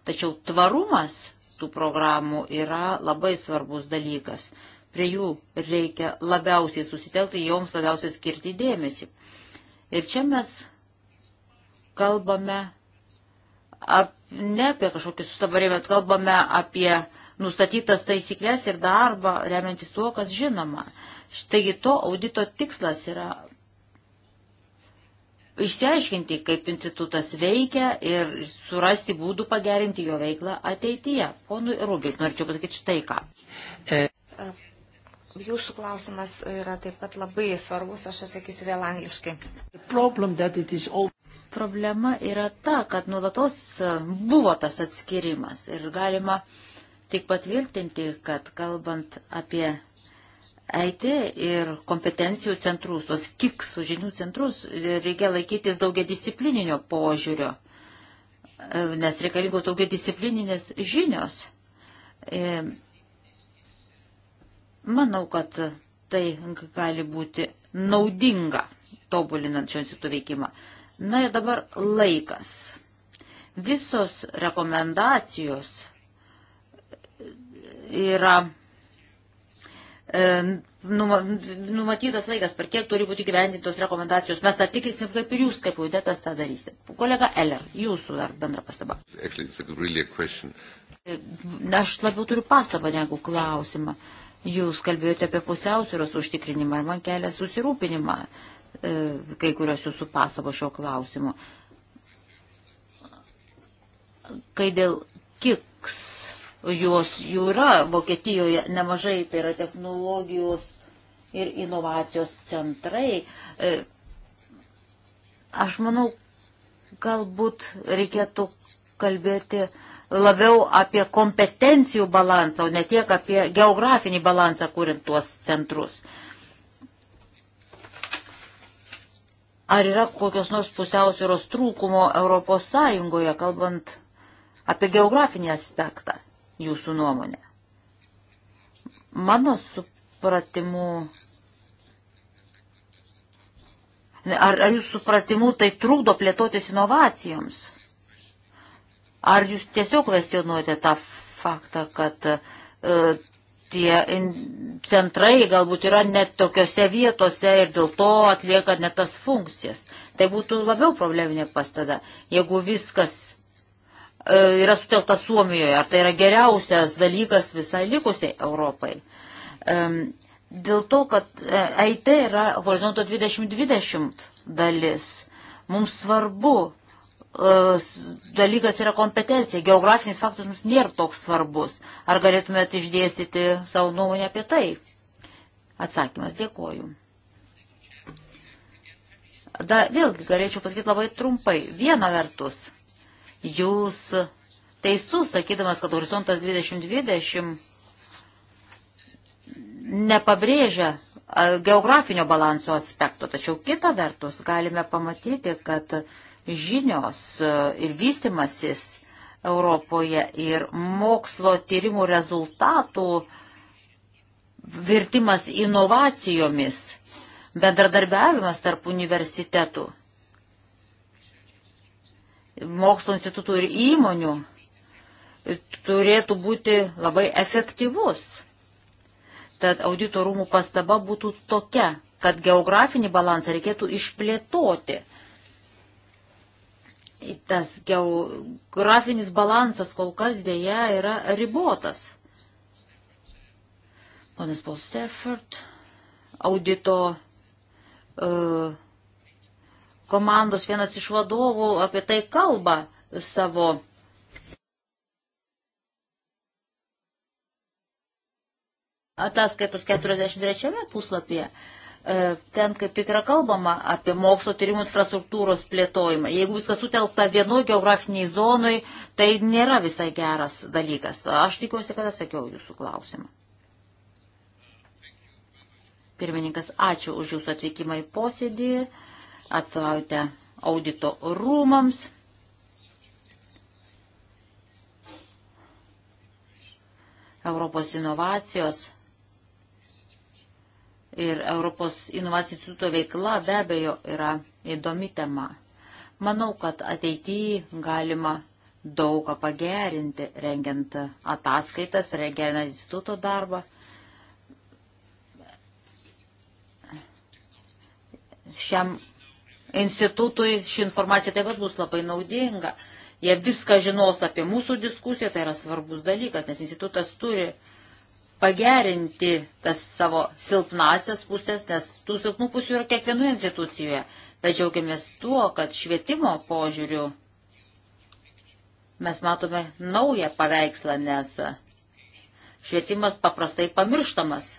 tačiau tvarumas tų programų yra labai svarbus dalykas. Prie jų reikia labiausiai susitelkti, joms labiausiai skirti dėmesį. Ir čia mes kalbame ap, ne apie kažkokį sustabarėjimą, bet kalbame apie nustatytas taisyklės ir darbą remiantis tuo, kas žinoma. Štai to audito tikslas yra išsiaiškinti, kaip institutas veikia ir surasti būdų pagerinti jo veiklą ateityje. Ponui Rubik, norėčiau pasakyti štai ką. E, jūsų klausimas yra taip pat labai svarbus, aš atsakysiu vėl angliškai. Problema yra ta, kad nuolatos buvo tas atskirimas ir galima uh, tik patvirtinti, kad kalbant apie e IT ir kompetencijų centrus, tos kiks žinių centrus, reikia laikytis daugia disciplininio požiūrio, nes reikalingos daugia disciplininės žinios. E, manau, kad tai gali būti naudinga, tobulinant šio instituto veikimą. Na ir dabar laikas. Visos rekomendacijos yra e, numatytas laikas, per kiek turi būti gyvendintos rekomendacijos. Mes tą tikrinsim, kaip ir jūs, kaip auditetas tą darysite. Kolega Eller, jūsų dar bendra pastaba. E, aš labiau turiu pastabą negu klausimą. Jūs kalbėjote apie pusiausvėros užtikrinimą ir man kelia susirūpinimą e, kai kurios jūsų pasabo šio klausimo. Kai dėl kiks Jos jų yra Vokietijoje nemažai, tai yra technologijos ir inovacijos centrai. E, aš manau, galbūt reikėtų kalbėti labiau apie kompetencijų balansą, o ne tiek apie geografinį balansą, kuriant tuos centrus. Ar yra kokios nors pusiausvėros trūkumo Europos Sąjungoje, kalbant apie geografinį aspektą? jūsų nuomonė? Mano supratimu. Ar, ar jūsų supratimu tai trukdo plėtotis inovacijoms? Ar jūs tiesiog kvestionuojate tą faktą, kad e, tie in, centrai galbūt yra net tokiose vietose ir dėl to atlieka net tas funkcijas? Tai būtų labiau probleminė pastada. Jeigu viskas E, yra sutelkta Suomijoje, ar tai yra geriausias dalykas visai likusiai Europai. Dėl to, kad e, e IT yra horizonto 2020 dalis, mums svarbu, dalykas yra kompetencija, geografinis faktas mums nėra toks svarbus. Ar galėtumėt išdėstyti savo nuomonę apie tai? Atsakymas, dėkoju. Da, vėlgi galėčiau pasakyti labai trumpai. Viena vertus Jūs teisus, sakydamas, kad horizontas 2020 nepabrėžia geografinio balanso aspekto, tačiau kita vertus galime pamatyti, kad žinios ir vystimasis Europoje ir mokslo tyrimų rezultatų virtimas inovacijomis, bendradarbiavimas tarp universitetų mokslo institutų ir įmonių e, turėtų būti labai efektyvus. Tad audito rūmų pastaba būtų tokia, kad geografinį balansą reikėtų išplėtoti. Tas geografinis balansas kol kas dėja yra ribotas. Ponas Paul Stafford, audito uh, komandos vienas iš vadovų apie tai kalba savo. Ataskaitos 43 puslapyje e, ten kaip tik yra kalbama apie mokslo tyrimų infrastruktūros plėtojimą. Jeigu viskas sutelkta vienoj geografiniai zonai, tai nėra visai geras dalykas. Aš tikiuosi, kad atsakiau jūsų klausimą. Pirmininkas, ačiū už jūsų atvykimą į posėdį atstovaujate audito rūmams. Europos inovacijos ir Europos inovacijų instituto veikla be abejo yra įdomi tema. Manau, kad ateityje galima daug ką pagerinti, rengiant ataskaitas, rengiant instituto darbą. Šiam institutui ši informacija taip pat bus labai naudinga. Jie viską žinos apie mūsų diskusiją, tai yra svarbus dalykas, nes institutas turi pagerinti tas savo silpnasias pusės, nes tų silpnų pusių yra kiekvienoje institucijoje. Bet džiaugiamės tuo, kad švietimo požiūriu mes matome naują paveikslą, nes švietimas paprastai pamirštamas.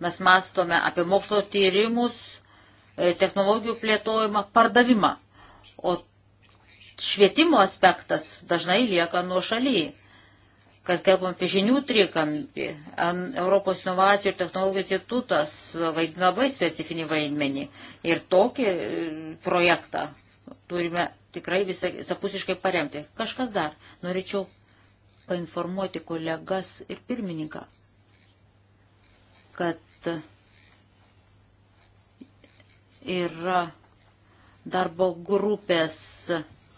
Mes mastome apie mokslo tyrimus, E, technologijų plėtojimą, pardavimą. O švietimo aspektas dažnai lieka nuo šalyje kad kalbam apie žinių trikampį, Europos inovacijų ir technologijų institutas vaidina labai specifinį vaidmenį. Ir tokį e, projektą turime tikrai visapusiškai paremti. Kažkas dar. Norėčiau painformuoti kolegas ir pirmininką, kad yra darbo grupės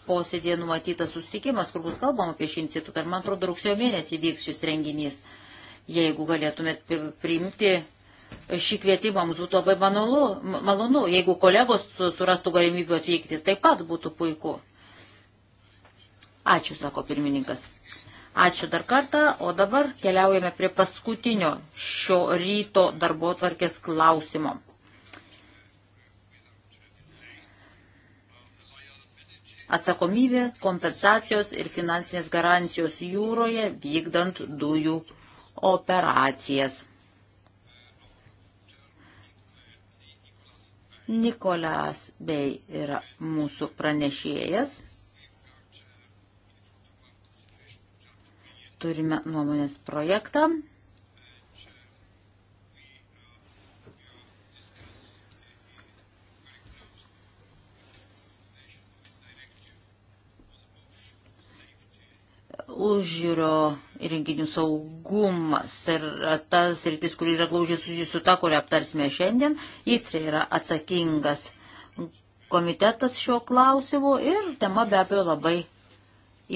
posėdėje numatytas susitikimas, kur bus kalbama apie šį institutą. Ir man atrodo, rugsėjo mėnesį vyks šis renginys. Jeigu galėtumėt priimti šį kvietimą, mums būtų labai malonu. malonu. Jeigu kolegos surastų galimybę atvykti, taip pat būtų puiku. Ačiū, sako pirmininkas. Ačiū dar kartą, o dabar keliaujame prie paskutinio šio ryto darbo tvarkės klausimo. atsakomybė, kompensacijos ir finansinės garantijos jūroje vykdant dujų operacijas. Nikolas Bey yra mūsų pranešėjas. Turime nuomonės projektą. užjūrio įrenginių saugumas ir tas rytis, kur yra glaužiai susijusi su ta, kurią aptarsime šiandien, įtrė yra atsakingas komitetas šio klausimu ir tema be abejo labai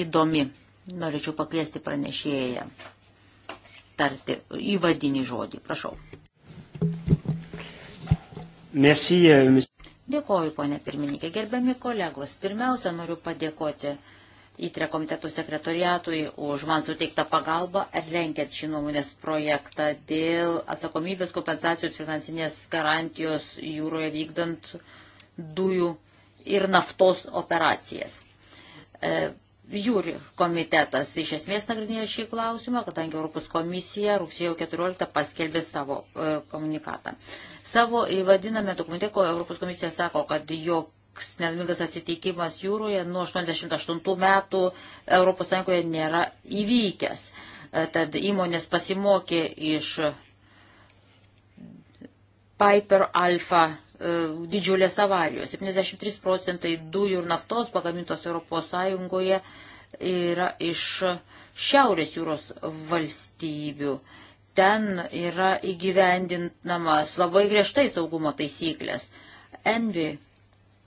įdomi. Norėčiau pakviesti pranešėją tarti įvadinį žodį. Prašau. Merci, euh, Dėkoju, ponė pirmininkė. Gerbiami kolegos, pirmiausia, noriu padėkoti uh, įtre komitetų sekretoriatui už man suteiktą pagalbą, renkiant šį nuomonės projektą dėl atsakomybės kompensacijos finansinės garantijos jūroje vykdant dujų ir naftos operacijas. E, Jūri komitetas iš esmės nagrinėjo šį klausimą, kadangi Europos komisija rugsėjo 14 paskelbė savo e, komunikatą. Savo įvadiname dokumente, ko Europos komisija sako, kad jok toks nelaimingas atsitikimas jūroje nuo 88 metų ES nėra įvykęs. E, tad įmonės pasimokė iš Piper Alpha e, didžiulės avarijos. 73 procentai dujų ir naftos pagamintos ES yra iš Šiaurės jūros valstybių. Ten yra įgyvendinamas labai griežtai saugumo taisyklės. Envi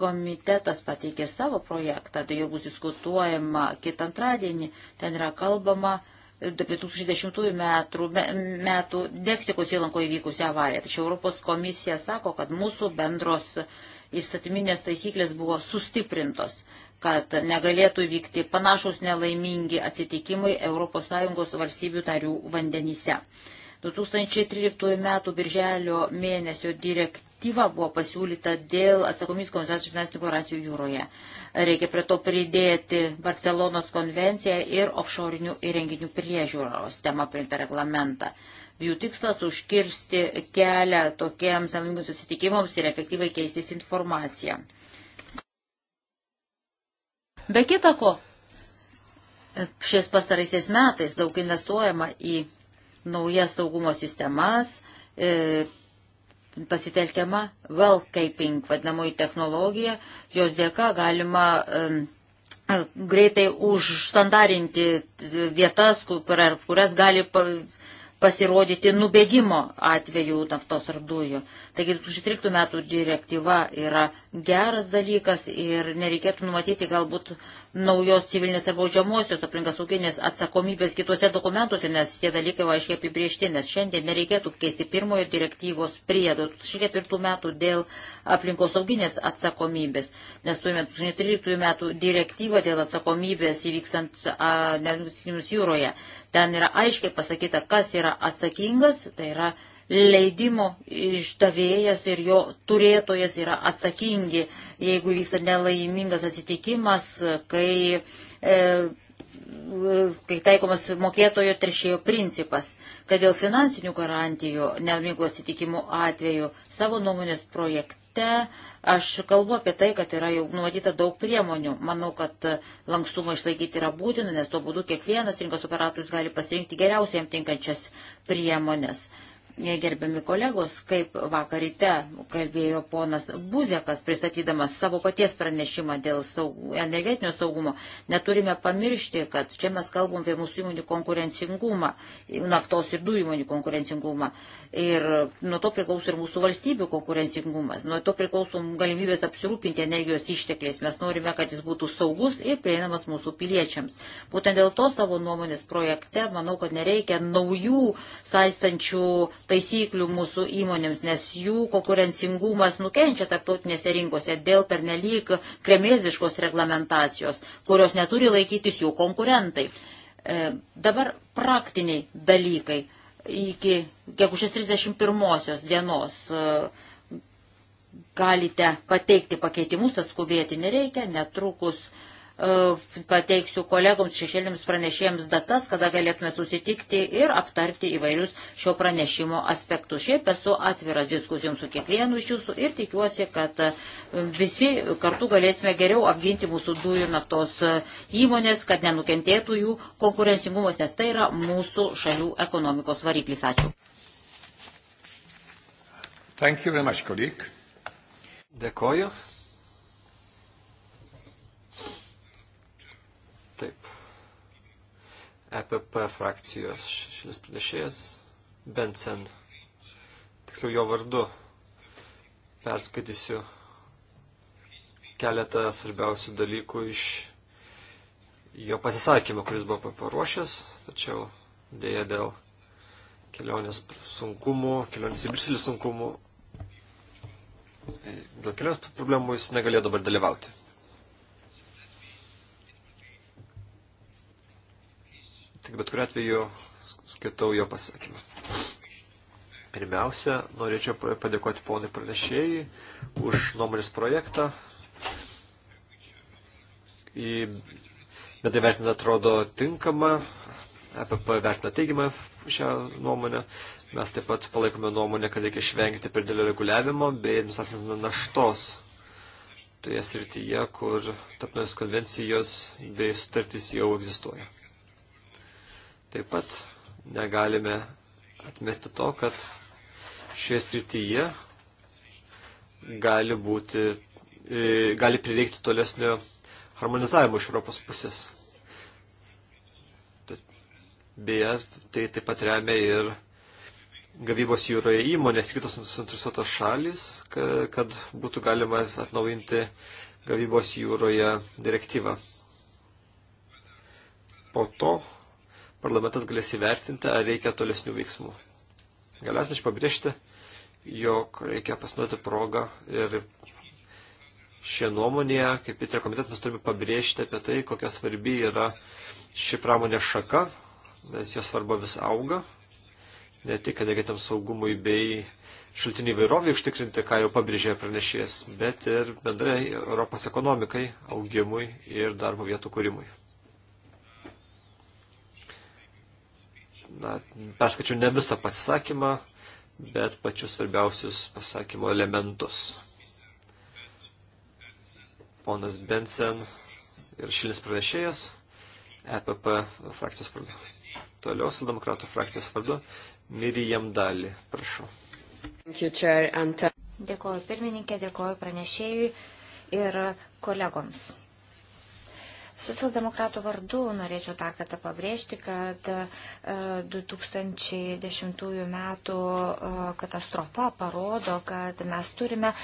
Komitetas pateikė savo projektą, tai jau bus diskutuojama kitą antradienį, ten yra kalbama apie 2010 metų, metų Deksikos įlankoje įvykusią avariją. Tačiau Europos komisija sako, kad mūsų bendros įstatyminės taisyklės buvo sustiprintos kad negalėtų vykti panašus nelaimingi atsitikimai ES valstybių tarių vandenyse. 2013 m. birželio mėnesio direktyva buvo pasiūlyta dėl atsakomybės kompensacijų finansinių garantijų jūroje. Reikia prie to pridėti Barcelonos konvenciją ir offshorinių įrenginių priežiūros tema priimtą reglamentą. Jų tikslas užkirsti kelią tokiems nelaimingus susitikimams ir efektyvai keistis informaciją. Be kita ko, šiais pastaraisiais metais daug investuojama į naujas saugumo sistemas, e, pasitelkiama wellcaping vadinamoji technologija, jos dėka galima e, greitai užsandarinti vietas, kur, kurias gali pa, pasirodyti nubėgimo atveju naftos ar dujų. Taigi 2013 metų direktyva yra geras dalykas ir nereikėtų numatyti galbūt naujos civilinės ar baudžiamosios aplinkas sauginės atsakomybės kitose dokumentuose, nes tie dalykai va, aiškiai apibriežti, nes šiandien nereikėtų keisti pirmojo direktyvos priedo 2004 metų dėl aplinkos sauginės atsakomybės, nes turime 2013 metų direktyvą dėl atsakomybės įvykstant nenusikimus jūroje. Ten yra aiškiai pasakyta, kas yra atsakingas, tai yra leidimo išdavėjas ir jo turėtojas yra atsakingi, jeigu vyksta nelaimingas atsitikimas, kai, e, kai taikomas mokėtojo teršėjo principas, kad dėl finansinių garantijų nelaimingų atsitikimų atveju savo nuomonės projekte aš kalbu apie tai, kad yra jau numatyta daug priemonių. Manau, kad lankstumą išlaikyti yra būtina, nes tuo būdu kiekvienas rinkos operatorius gali pasirinkti geriausiai jam tinkančias priemonės. E, gerbiami kolegos, kaip vakar ryte kalbėjo ponas Buzekas, pristatydamas savo paties pranešimą dėl saugų, energetinio saugumo, neturime pamiršti, kad čia mes kalbam apie mūsų įmonių konkurencingumą, naftos ir dujų įmonių konkurencingumą. Ir nuo to priklauso ir mūsų valstybių konkurencingumas, nuo to priklauso galimybės apsirūpinti energijos ištekliais. Mes norime, kad jis būtų saugus ir prieinamas mūsų piliečiams. Būtent dėl to savo nuomonės projekte manau, kad nereikia naujų saistančių taisyklių mūsų įmonėms, nes jų konkurencingumas nukenčia tarptautinėse rinkose dėl pernelyg kremėziškos reglamentacijos, kurios neturi laikytis jų konkurentai. E, dabar praktiniai dalykai iki gegužės 31 dienos. E, Galite pateikti pakeitimus, atskubėti nereikia, netrukus uh, E, pateiksiu kolegoms šešėlėms pranešėjams datas, kada galėtume susitikti ir aptarti įvairius šio pranešimo aspektus. Šiaip esu atviras diskusijoms su kiekvienu iš jūsų ir tikiuosi, kad e, visi kartu galėsime geriau apginti mūsų dujų ir naftos e, įmonės, kad nenukentėtų jų konkurencingumas, nes tai yra mūsų šalių ekonomikos variklis. Ačiū. Thank you very much, colleague. Dėkoju. EPP frakcijos šis pranešėjas Bensen. Tiksliau jo vardu perskaitysiu keletą svarbiausių dalykų iš jo pasisakymą, kuris buvo paruošęs, tačiau dėja dėl kelionės sunkumų, kelionės į Briselį sunkumų, dėl kelionės problemų jis negalėjo dabar dalyvauti. Tik bet kuriu atveju skaitau jo pasakymą. Pirmiausia, norėčiau padėkoti ponui pranešėjai už nuomonės projektą. Į bendrai vertinant atrodo tinkama, EPP vertina teigiamą šią nuomonę. Mes taip pat palaikome nuomonę, kad reikia išvengti per dėlio reguliavimo bei administracinės naštos toje srityje, kur tapnės konvencijos bei sutartys jau egzistuoja. Taip pat negalime atmesti to, kad šioje srityje gali būti, e, gali prireikti tolesnio harmonizavimo iš Europos pusės. Beje, tai taip pat remia ir gavybos jūroje įmonės, kitos suinteresuotos šalis, kad būtų galima atnaujinti gavybos jūroje direktyvą. Po to parlamentas galės įvertinti, ar reikia tolesnių veiksmų. Galiausiai aš pabrėžti, jog reikia pasinaudoti progą ir šią nuomonėje, kaip įtrė komitetas, mes turime pabrėžti apie tai, kokia svarbi yra ši pramonė šaka, nes jos svarba vis auga, ne tik energetiniam saugumui bei šaltinių įvairovį užtikrinti, ką jau pabrėžė pranešėjas, bet ir bendrai Europos ekonomikai, augimui ir darbo vietų kūrimui. na, perskačiau ne visą pasisakymą, bet pačius svarbiausius pasakymo elementus. Ponas Bensen ir šilis pranešėjas, EPP frakcijos vardu. Toliau, Sildemokratų frakcijos vardu, Mirijam Dali, prašau. Dėkuoju pirmininkė, dėkuoju pranešėjui ir kolegoms. Socialdemokratų vardu norėčiau tą kartą pabrėžti, kad 2010 e, metų e, katastrofa parodo, kad mes turime e,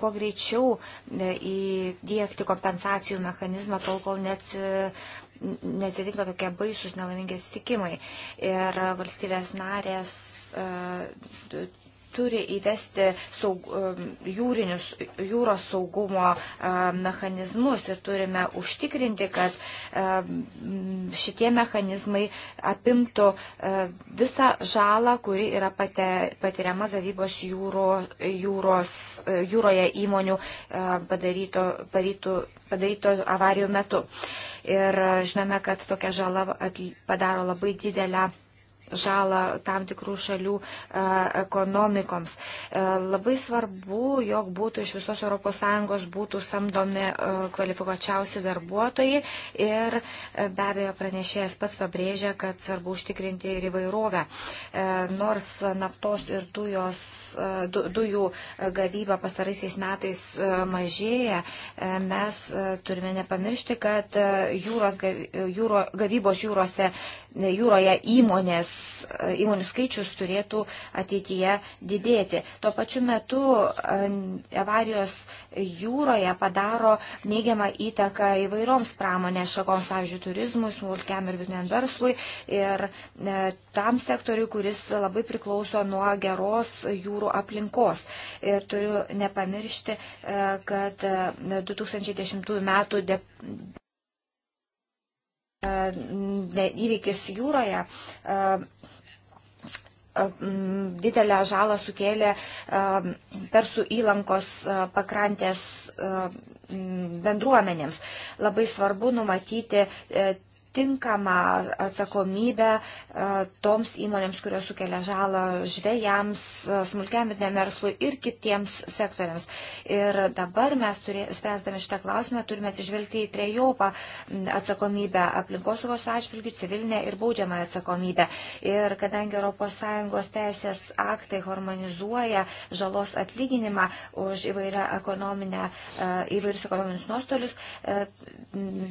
kuo greičiau įdėkti kompensacijų mechanizmą tol, kol neatsitinka tokie baisus nelaimingi sitikimai. Ir valstybės narės turi įvesti saug, um, jūrinius, jūros saugumo um, mechanizmus ir turime užtikrinti, kad um, šitie mechanizmai apimtų visą žalą, kuri yra patiriama gavybos jūro, jūros, uh, jūroje įmonių padaryto, padaryto, padaryto avarijų metu. Ir uh, žinome, kad tokia žala padaro labai didelę žalą tam tikrų šalių e, ekonomikoms. E, labai svarbu, jog būtų iš visos ES būtų samdomi e, kvalifikuočiausi darbuotojai ir be abejo pranešėjas pats pabrėžia, kad svarbu užtikrinti ir įvairovę. Nors naftos ir dujos, du, dujų gavyba pastaraisiais metais mažėja, mes turime nepamiršti, kad jūros, jūro, gavybos jūrose, jūroje įmonės E, įmonių skaičius turėtų ateityje didėti. Tuo pačiu metu e, avarijos jūroje padaro neigiamą įtaką įvairioms pramonės šakoms, pavyzdžiui, turizmui, smulkiam ir vidiniam verslui ir e, tam sektoriui, kuris labai priklauso nuo geros jūrų aplinkos. Ir turiu nepamiršti, kad 2010 metų E, įvykis jūroje e, e, didelę žalą sukėlė Persų įlankos pakrantės bendruomenėms. Labai svarbu numatyti tinkamą atsakomybę e, toms įmonėms, kurios sukelia žalą žvėjams, e, smulkiam vidiniam verslui ir kitiems sektoriams. Ir dabar mes, turė, spręsdami šitą klausimą, turime atsižvelgti į trejopą atsakomybę aplinkosaugos atžvilgių, civilinę ir baudžiamą atsakomybę. Ir kadangi ES teisės aktai harmonizuoja žalos atlyginimą už įvairią ekonominę, e, įvairius ekonominius nuostolius,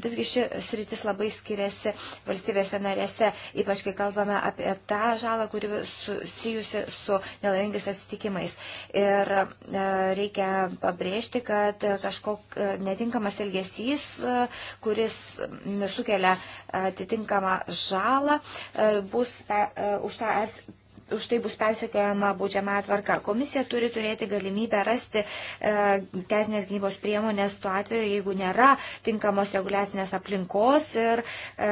visgi ši sritis labai skiriasi valstybėse, valstybėse narėse, ypač kai kalbame apie tą žalą, kuri susijusi su nelaimingais atsitikimais. Ir e, reikia pabrėžti, kad kažkok e, netinkamas elgesys, e, kuris sukelia atitinkamą žalą, bus ta, už tą už tai bus persekiojama baudžiama atvarka. Komisija turi turėti galimybę rasti e, teisinės gynybos priemonės tuo atveju, jeigu nėra tinkamos reguliacinės aplinkos ir e,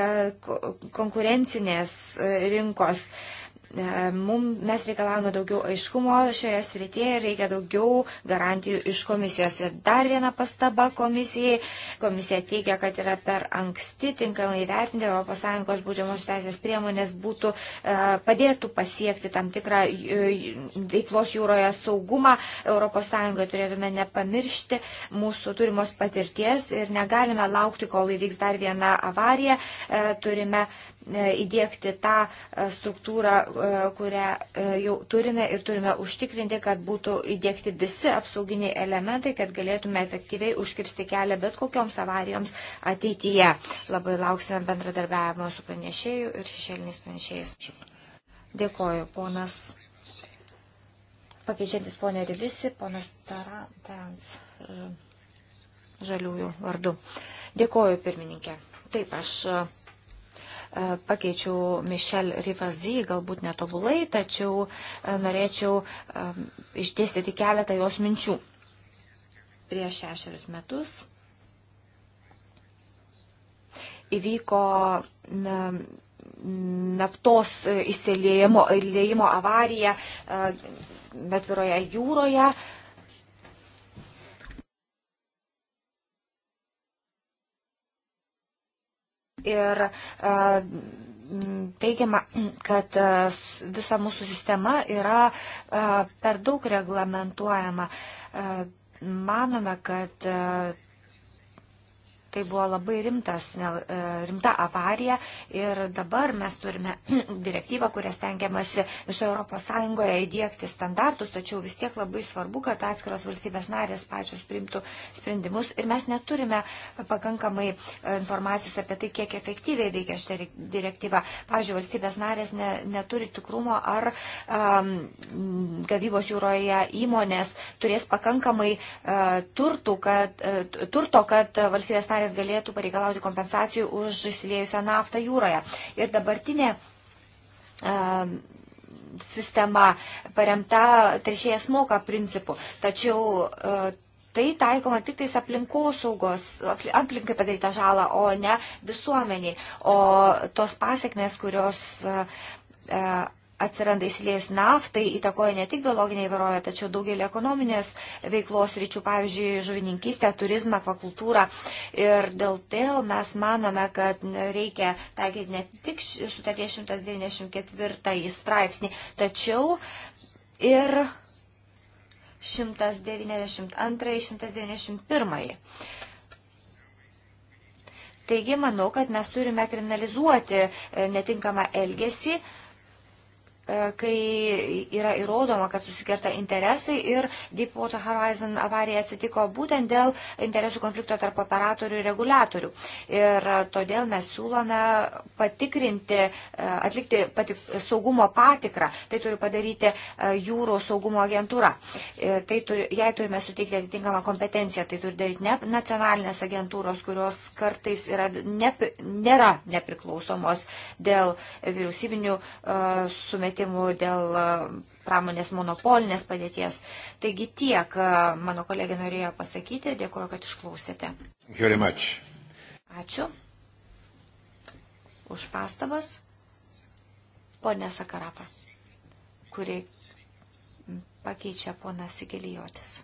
konkurencinės e, rinkos. E, E, mum, mes reikalavome daugiau aiškumo šioje srityje ir reikia daugiau garantijų iš komisijos. Ir dar viena pastaba komisijai. Komisija teigia, kad yra per anksti tinkamai vertinti ES būdžiamos teisės priemonės būtų e, padėtų pasiekti tam tikrą e, veiklos jūroje saugumą. ES turėtume nepamiršti mūsų turimos patirties ir negalime laukti, kol įvyks dar viena avarija. Turime E, įdėkti tą e, struktūrą, e, kurią jau turime ir turime užtikrinti, kad būtų įdėkti visi apsauginiai elementai, kad galėtume efektyviai užkirsti kelią bet kokioms avarijoms ateityje. Labai lauksime bendradarbiavimo su pranešėjų ir šešėliniais pranešėjais. Dėkoju, ponas. Pakeičiantis ponė Rivisi, ponas Tarans žaliųjų vardu. Dėkoju, pirmininkė. Taip, aš E, pakeičiau Mišel Rivazy, galbūt netobulai, tačiau e, norėčiau e, išdėstyti keletą jos minčių. Prieš šešerius metus įvyko naftos įsiliejimo avarija atviroje jūroje Ir e, teigiama, kad e, visa mūsų sistema yra e, per daug reglamentuojama. Manome, kad Tai buvo labai rimtas, e, rimta avarija ir dabar mes turime [clears throat] direktyvą, kurią stengiamasi visoje ES įdėkti standartus, tačiau vis tiek labai svarbu, kad atskiros valstybės narės pačios primtų sprendimus ir mes neturime pakankamai e, informacijos apie tai, kiek efektyviai veikia šitą direktyvą. Pavyzdžiui, valstybės narės ne, neturi tikrumo, ar um, gavybos jūroje įmonės turės pakankamai uh, turtų, kad, uh, turto, kad valstybės narės narės galėtų pareikalauti kompensacijų už išsiliejusią naftą jūroje. Ir dabartinė e, sistema paremta teršėjas moka principu. Tačiau e, tai taikoma tik tais aplinkosaugos, aplinkai padarytą žalą, o ne visuomeniai. O tos pasiekmes, kurios e, atsiranda įsiliejus naftai, įtakoja ne tik biologinė įvairovė, tačiau daugelį ekonominės veiklos ryčių, pavyzdžiui, žuvininkystę, turizmą, akvakultūrą. Ir dėl dėl mes manome, kad reikia taikyti ne tik sutarties 194 straipsnį, tačiau ir 192-191. Taigi, manau, kad mes turime kriminalizuoti e, netinkamą elgesį E, kai yra įrodoma, kad susikerta interesai ir Deepwater Horizon avarija atsitiko būtent dėl interesų konflikto tarp operatorių ir reguliatorių. Ir todėl mes siūlome patikrinti, e, atlikti patik, saugumo patikrą. Tai turi padaryti e, jūrų saugumo agentūra. Tai turi, jei turime suteikti atitinkamą kompetenciją, tai turi daryti ne nacionalinės agentūros, kurios kartais yra ne, nėra nepriklausomos dėl vyriausybinių uh, sumetimų įstatymų, dėl e, pramonės monopolinės padėties. Taigi tiek e, mano kolegė norėjo pasakyti. Dėkuoju, kad išklausėte. Ačiū už pastabas. Pone Sakarapa, kuri pakeičia pona Sigilijotis.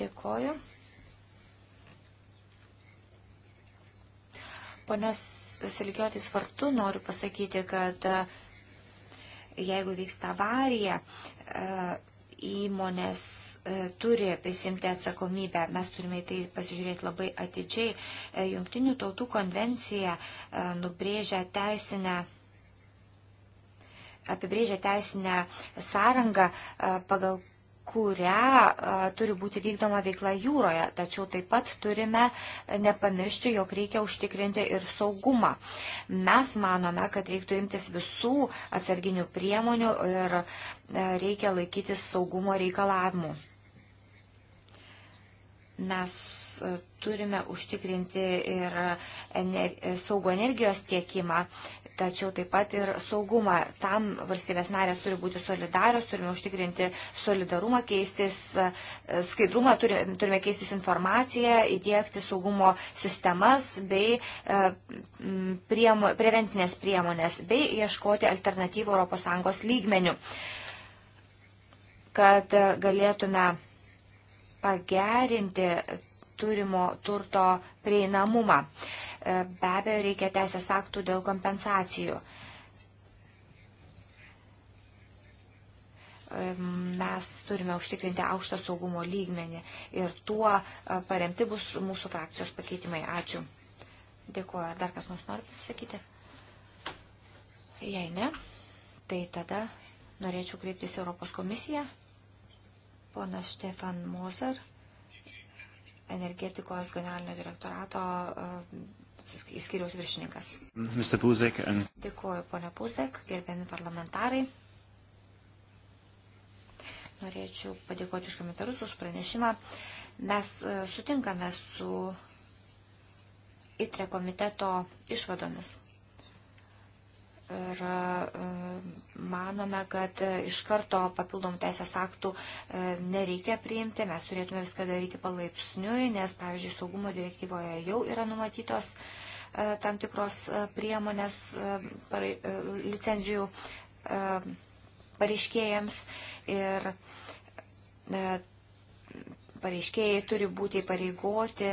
Dėkoju. Ponios Silikiotis vartu noriu pasakyti, kad e, jeigu vyksta avarija, e, įmonės e, turi prisimti atsakomybę. Mes turime į tai pasižiūrėti labai atidžiai. Junktinių tautų konvencija nubrėžia teisinę apibrėžia teisinę sąrangą, pagal kurią turi būti vykdoma veikla jūroje. Tačiau taip pat turime nepamiršti, jog reikia užtikrinti ir saugumą. Mes manome, kad reiktų imtis visų atsarginių priemonių ir reikia laikytis saugumo reikalavimų. Mes turime užtikrinti ir ener saugų energijos tiekimą tačiau taip pat ir saugumą. Tam valstybės narės turi būti solidarios, turime užtikrinti solidarumą, keistis e, skaidrumą, turime, turime keistis informaciją, įdėkti saugumo sistemas bei e, priemo, prevencinės priemonės, bei ieškoti alternatyvų ES lygmenių, kad galėtume pagerinti turimo turto prieinamumą. Uh, E, be abejo, reikia teisės aktų dėl kompensacijų. E, mes turime užtikrinti aukštą saugumo lygmenį ir tuo e, paremti bus mūsų frakcijos pakeitimai. Ačiū. Dėkuoju. Dar kas mums nori pasisakyti? Jei ne, tai tada norėčiau kreiptis Europos komisiją. Pona Štefan Mozer energetikos generalinio direktorato įskiriaus viršininkas. And... Dėkuoju, ponia Pusek, gerbiami parlamentarai. Norėčiau padėkoti už komentarus, už pranešimą. Mes e, sutinkame su ITRE komiteto išvadomis. Ir e, manome, kad e, iš karto papildomų teisės aktų e, nereikia priimti, mes turėtume viską daryti palaipsniui, nes, pavyzdžiui, saugumo direktyvoje jau yra numatytos tam tikros priemonės licenzijų pareiškėjams. Ir pareiškėjai turi būti įpareigoti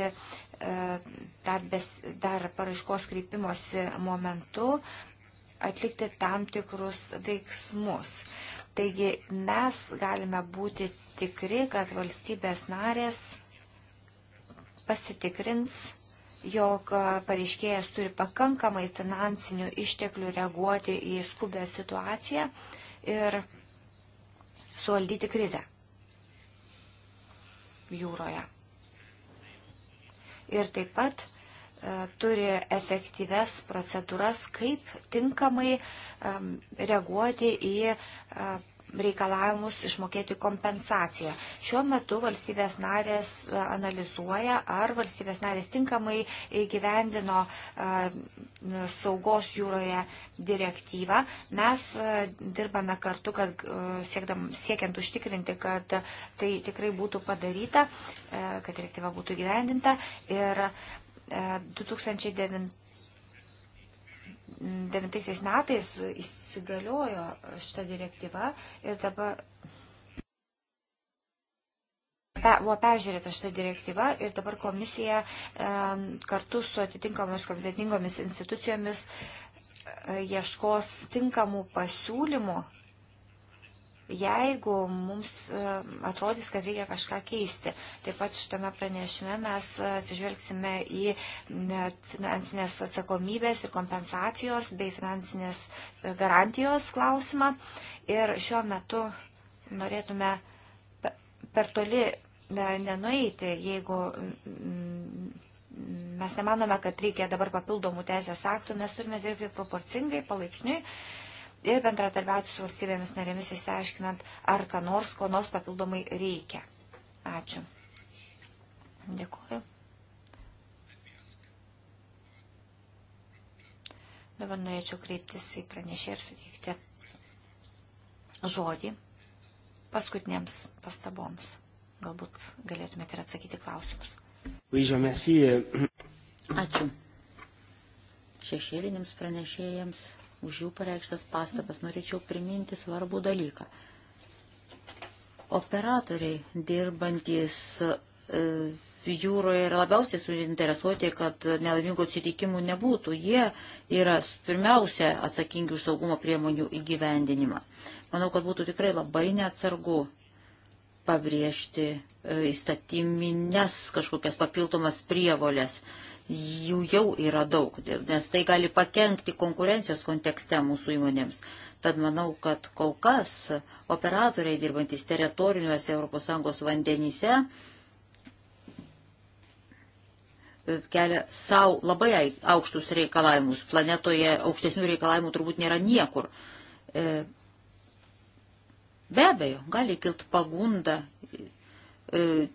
dar, bes, dar paraiškos kreipimosi momentu atlikti tam tikrus veiksmus. Taigi mes galime būti tikri, kad valstybės narės pasitikrins, jog pareiškėjas turi pakankamai finansinių išteklių reaguoti į skubę situaciją ir suvaldyti krizę jūroje. Ir taip pat E, turi efektyves procedūras, kaip tinkamai e, reaguoti į e, reikalavimus išmokėti kompensaciją. Šiuo metu valstybės narės analizuoja, ar valstybės narės tinkamai įgyvendino saugos jūroje direktyvą. Mes dirbame kartu, kad siekdam, siekiant užtikrinti, kad tai tikrai būtų padaryta, kad direktyva būtų įgyvendinta. Ir 2009 e, 2009 metais įsigaliojo šitą direktyvą ir dabar pe, buvo peržiūrėta šitą direktyvą ir dabar komisija e, kartu su atitinkamomis kompetentingomis institucijomis e, ieškos tinkamų pasiūlymų jeigu mums e, atrodys, kad reikia kažką keisti. Taip pat šitame pranešime mes atsižvelgsime į finansinės atsakomybės ir kompensacijos bei finansinės e, garantijos klausimą. Ir šiuo metu norėtume per toli e, nenueiti, jeigu mm, mm, mes nemanome, kad reikia dabar papildomų teisės aktų, mes turime dirbti proporcingai, palaipsniui ir bendratarbiauti su valstybėmis narėmis įsiaiškinant, ar ką nors, ko nors papildomai reikia. Ačiū. Dėkuoju. Dabar norėčiau kreiptis į pranešę ir suteikti žodį paskutiniams pastaboms. Galbūt galėtumėte ir atsakyti klausimus. Euh, [clears throat] Ačiū. Šešėliniams pranešėjams už jų pareikštas pastabas. Norėčiau priminti svarbų dalyką. Operatoriai dirbantis e, jūroje yra labiausiai suinteresuoti, kad nelaimingų atsitikimų nebūtų. Jie yra pirmiausia atsakingi už saugumo priemonių įgyvendinimą. Manau, kad būtų tikrai labai neatsargu pabrėžti e, įstatyminės kažkokias papildomas prievolės. E, jų jau yra daug, nes tai gali pakengti konkurencijos kontekste mūsų įmonėms. Tad manau, kad kol kas operatoriai dirbantis teritoriniuose ES vandenyse kelia savo labai aukštus reikalavimus. Planetoje aukštesnių reikalavimų turbūt nėra niekur. E, be abejo, gali kilti pagunda e,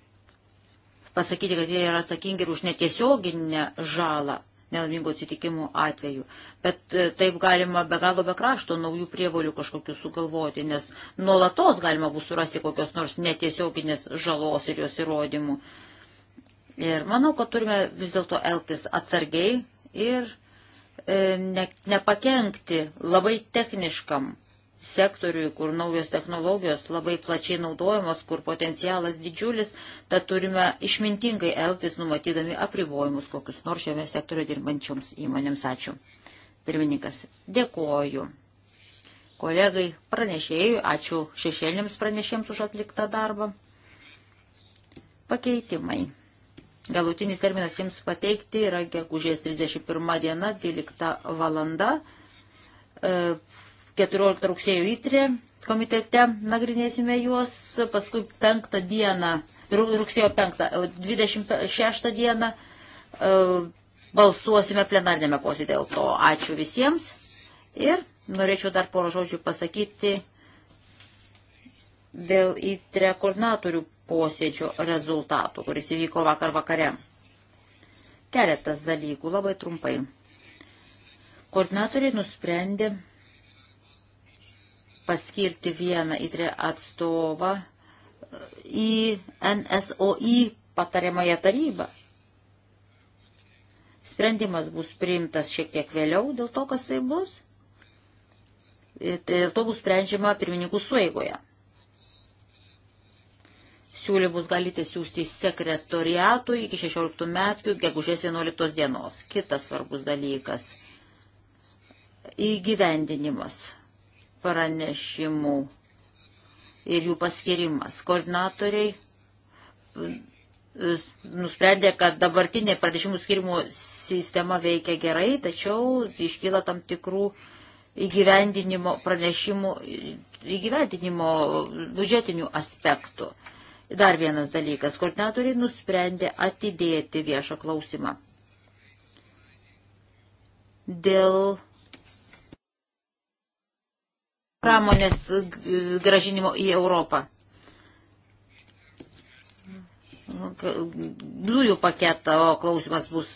pasakyti, kad jie yra atsakingi ir už netiesioginę žalą nelaimingų atsitikimų atveju. Bet e, taip galima be galo be krašto naujų prievolių kažkokių sugalvoti, nes nuolatos galima bus surasti kokios nors netiesioginės žalos ir jos įrodymų. Ir manau, kad turime vis dėlto elgtis atsargiai ir e, ne, nepakenkti labai techniškam sektoriui, kur naujos technologijos labai plačiai naudojamos, kur potencialas didžiulis, tad turime išmintingai elgtis, numatydami apribojimus kokius nors šiame sektoriuje dirbančioms įmonėms. Ačiū. Pirmininkas, dėkoju. Kolegai pranešėjui, ačiū šešėlėms pranešėms už atliktą darbą. Pakeitimai. Galutinis terminas jiems pateikti yra gegužės 31 diena, 12 valanda. E, 14 rugsėjo įtrė komitete nagrinėsime juos, paskui 5 dieną, rugsėjo 5, 26 dieną e, balsuosime plenarnėme posėdėje dėl to. Ačiū visiems ir norėčiau dar porą žodžių pasakyti dėl įtre koordinatorių posėdžio rezultatų, kuris įvyko vakar vakare. Keletas dalykų labai trumpai. Koordinatoriai nusprendė paskirti vieną įtrį atstovą į NSOI patariamąją tarybą. Sprendimas bus priimtas šiek tiek vėliau dėl to, kas tai bus. Dėl to bus sprendžiama pirmininkų sueigoje. Siūlymus galite siūsti sekretoriatui iki 16 metų, gegužės 11 dienos. Kitas svarbus dalykas – įgyvendinimas pranešimų ir jų paskirimas. Koordinatoriai nusprendė, kad dabartinė pranešimų skirimo sistema veikia gerai, tačiau iškyla tam tikrų įgyvendinimo pranešimų, įgyvendinimo biudžetinių aspektų. Dar vienas dalykas. Koordinatoriai nusprendė atidėti viešą klausimą dėl pramonės gražinimo į Europą. Dujų paketo klausimas bus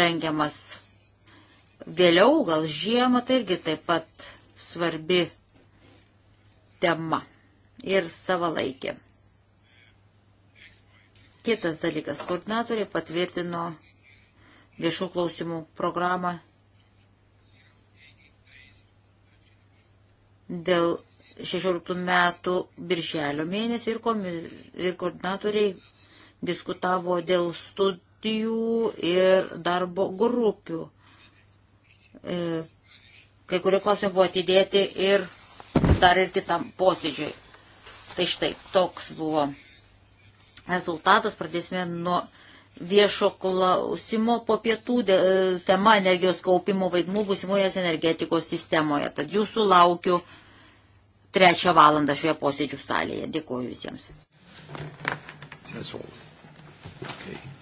rengiamas vėliau, gal žiemą, tai irgi taip pat svarbi tema ir savalaikė. Kitas dalykas, koordinatoriai patvirtino viešų klausimų programą dėl 16 metų birželio mėnesį ir, komi, ir koordinatoriai diskutavo dėl studijų ir darbo grupių. E, kai kurie klausimai buvo atidėti ir dar ir kitam posėdžiui. Tai štai toks buvo rezultatas. Pradėsime nuo viešo klausimo po pietų de, e, tema energijos kaupimo vaidmų būsimoje energetikos sistemoje. Tad jūsų laukiu trečią valandą šioje posėdžių salėje. Dėkuoju visiems. That's all. Okay.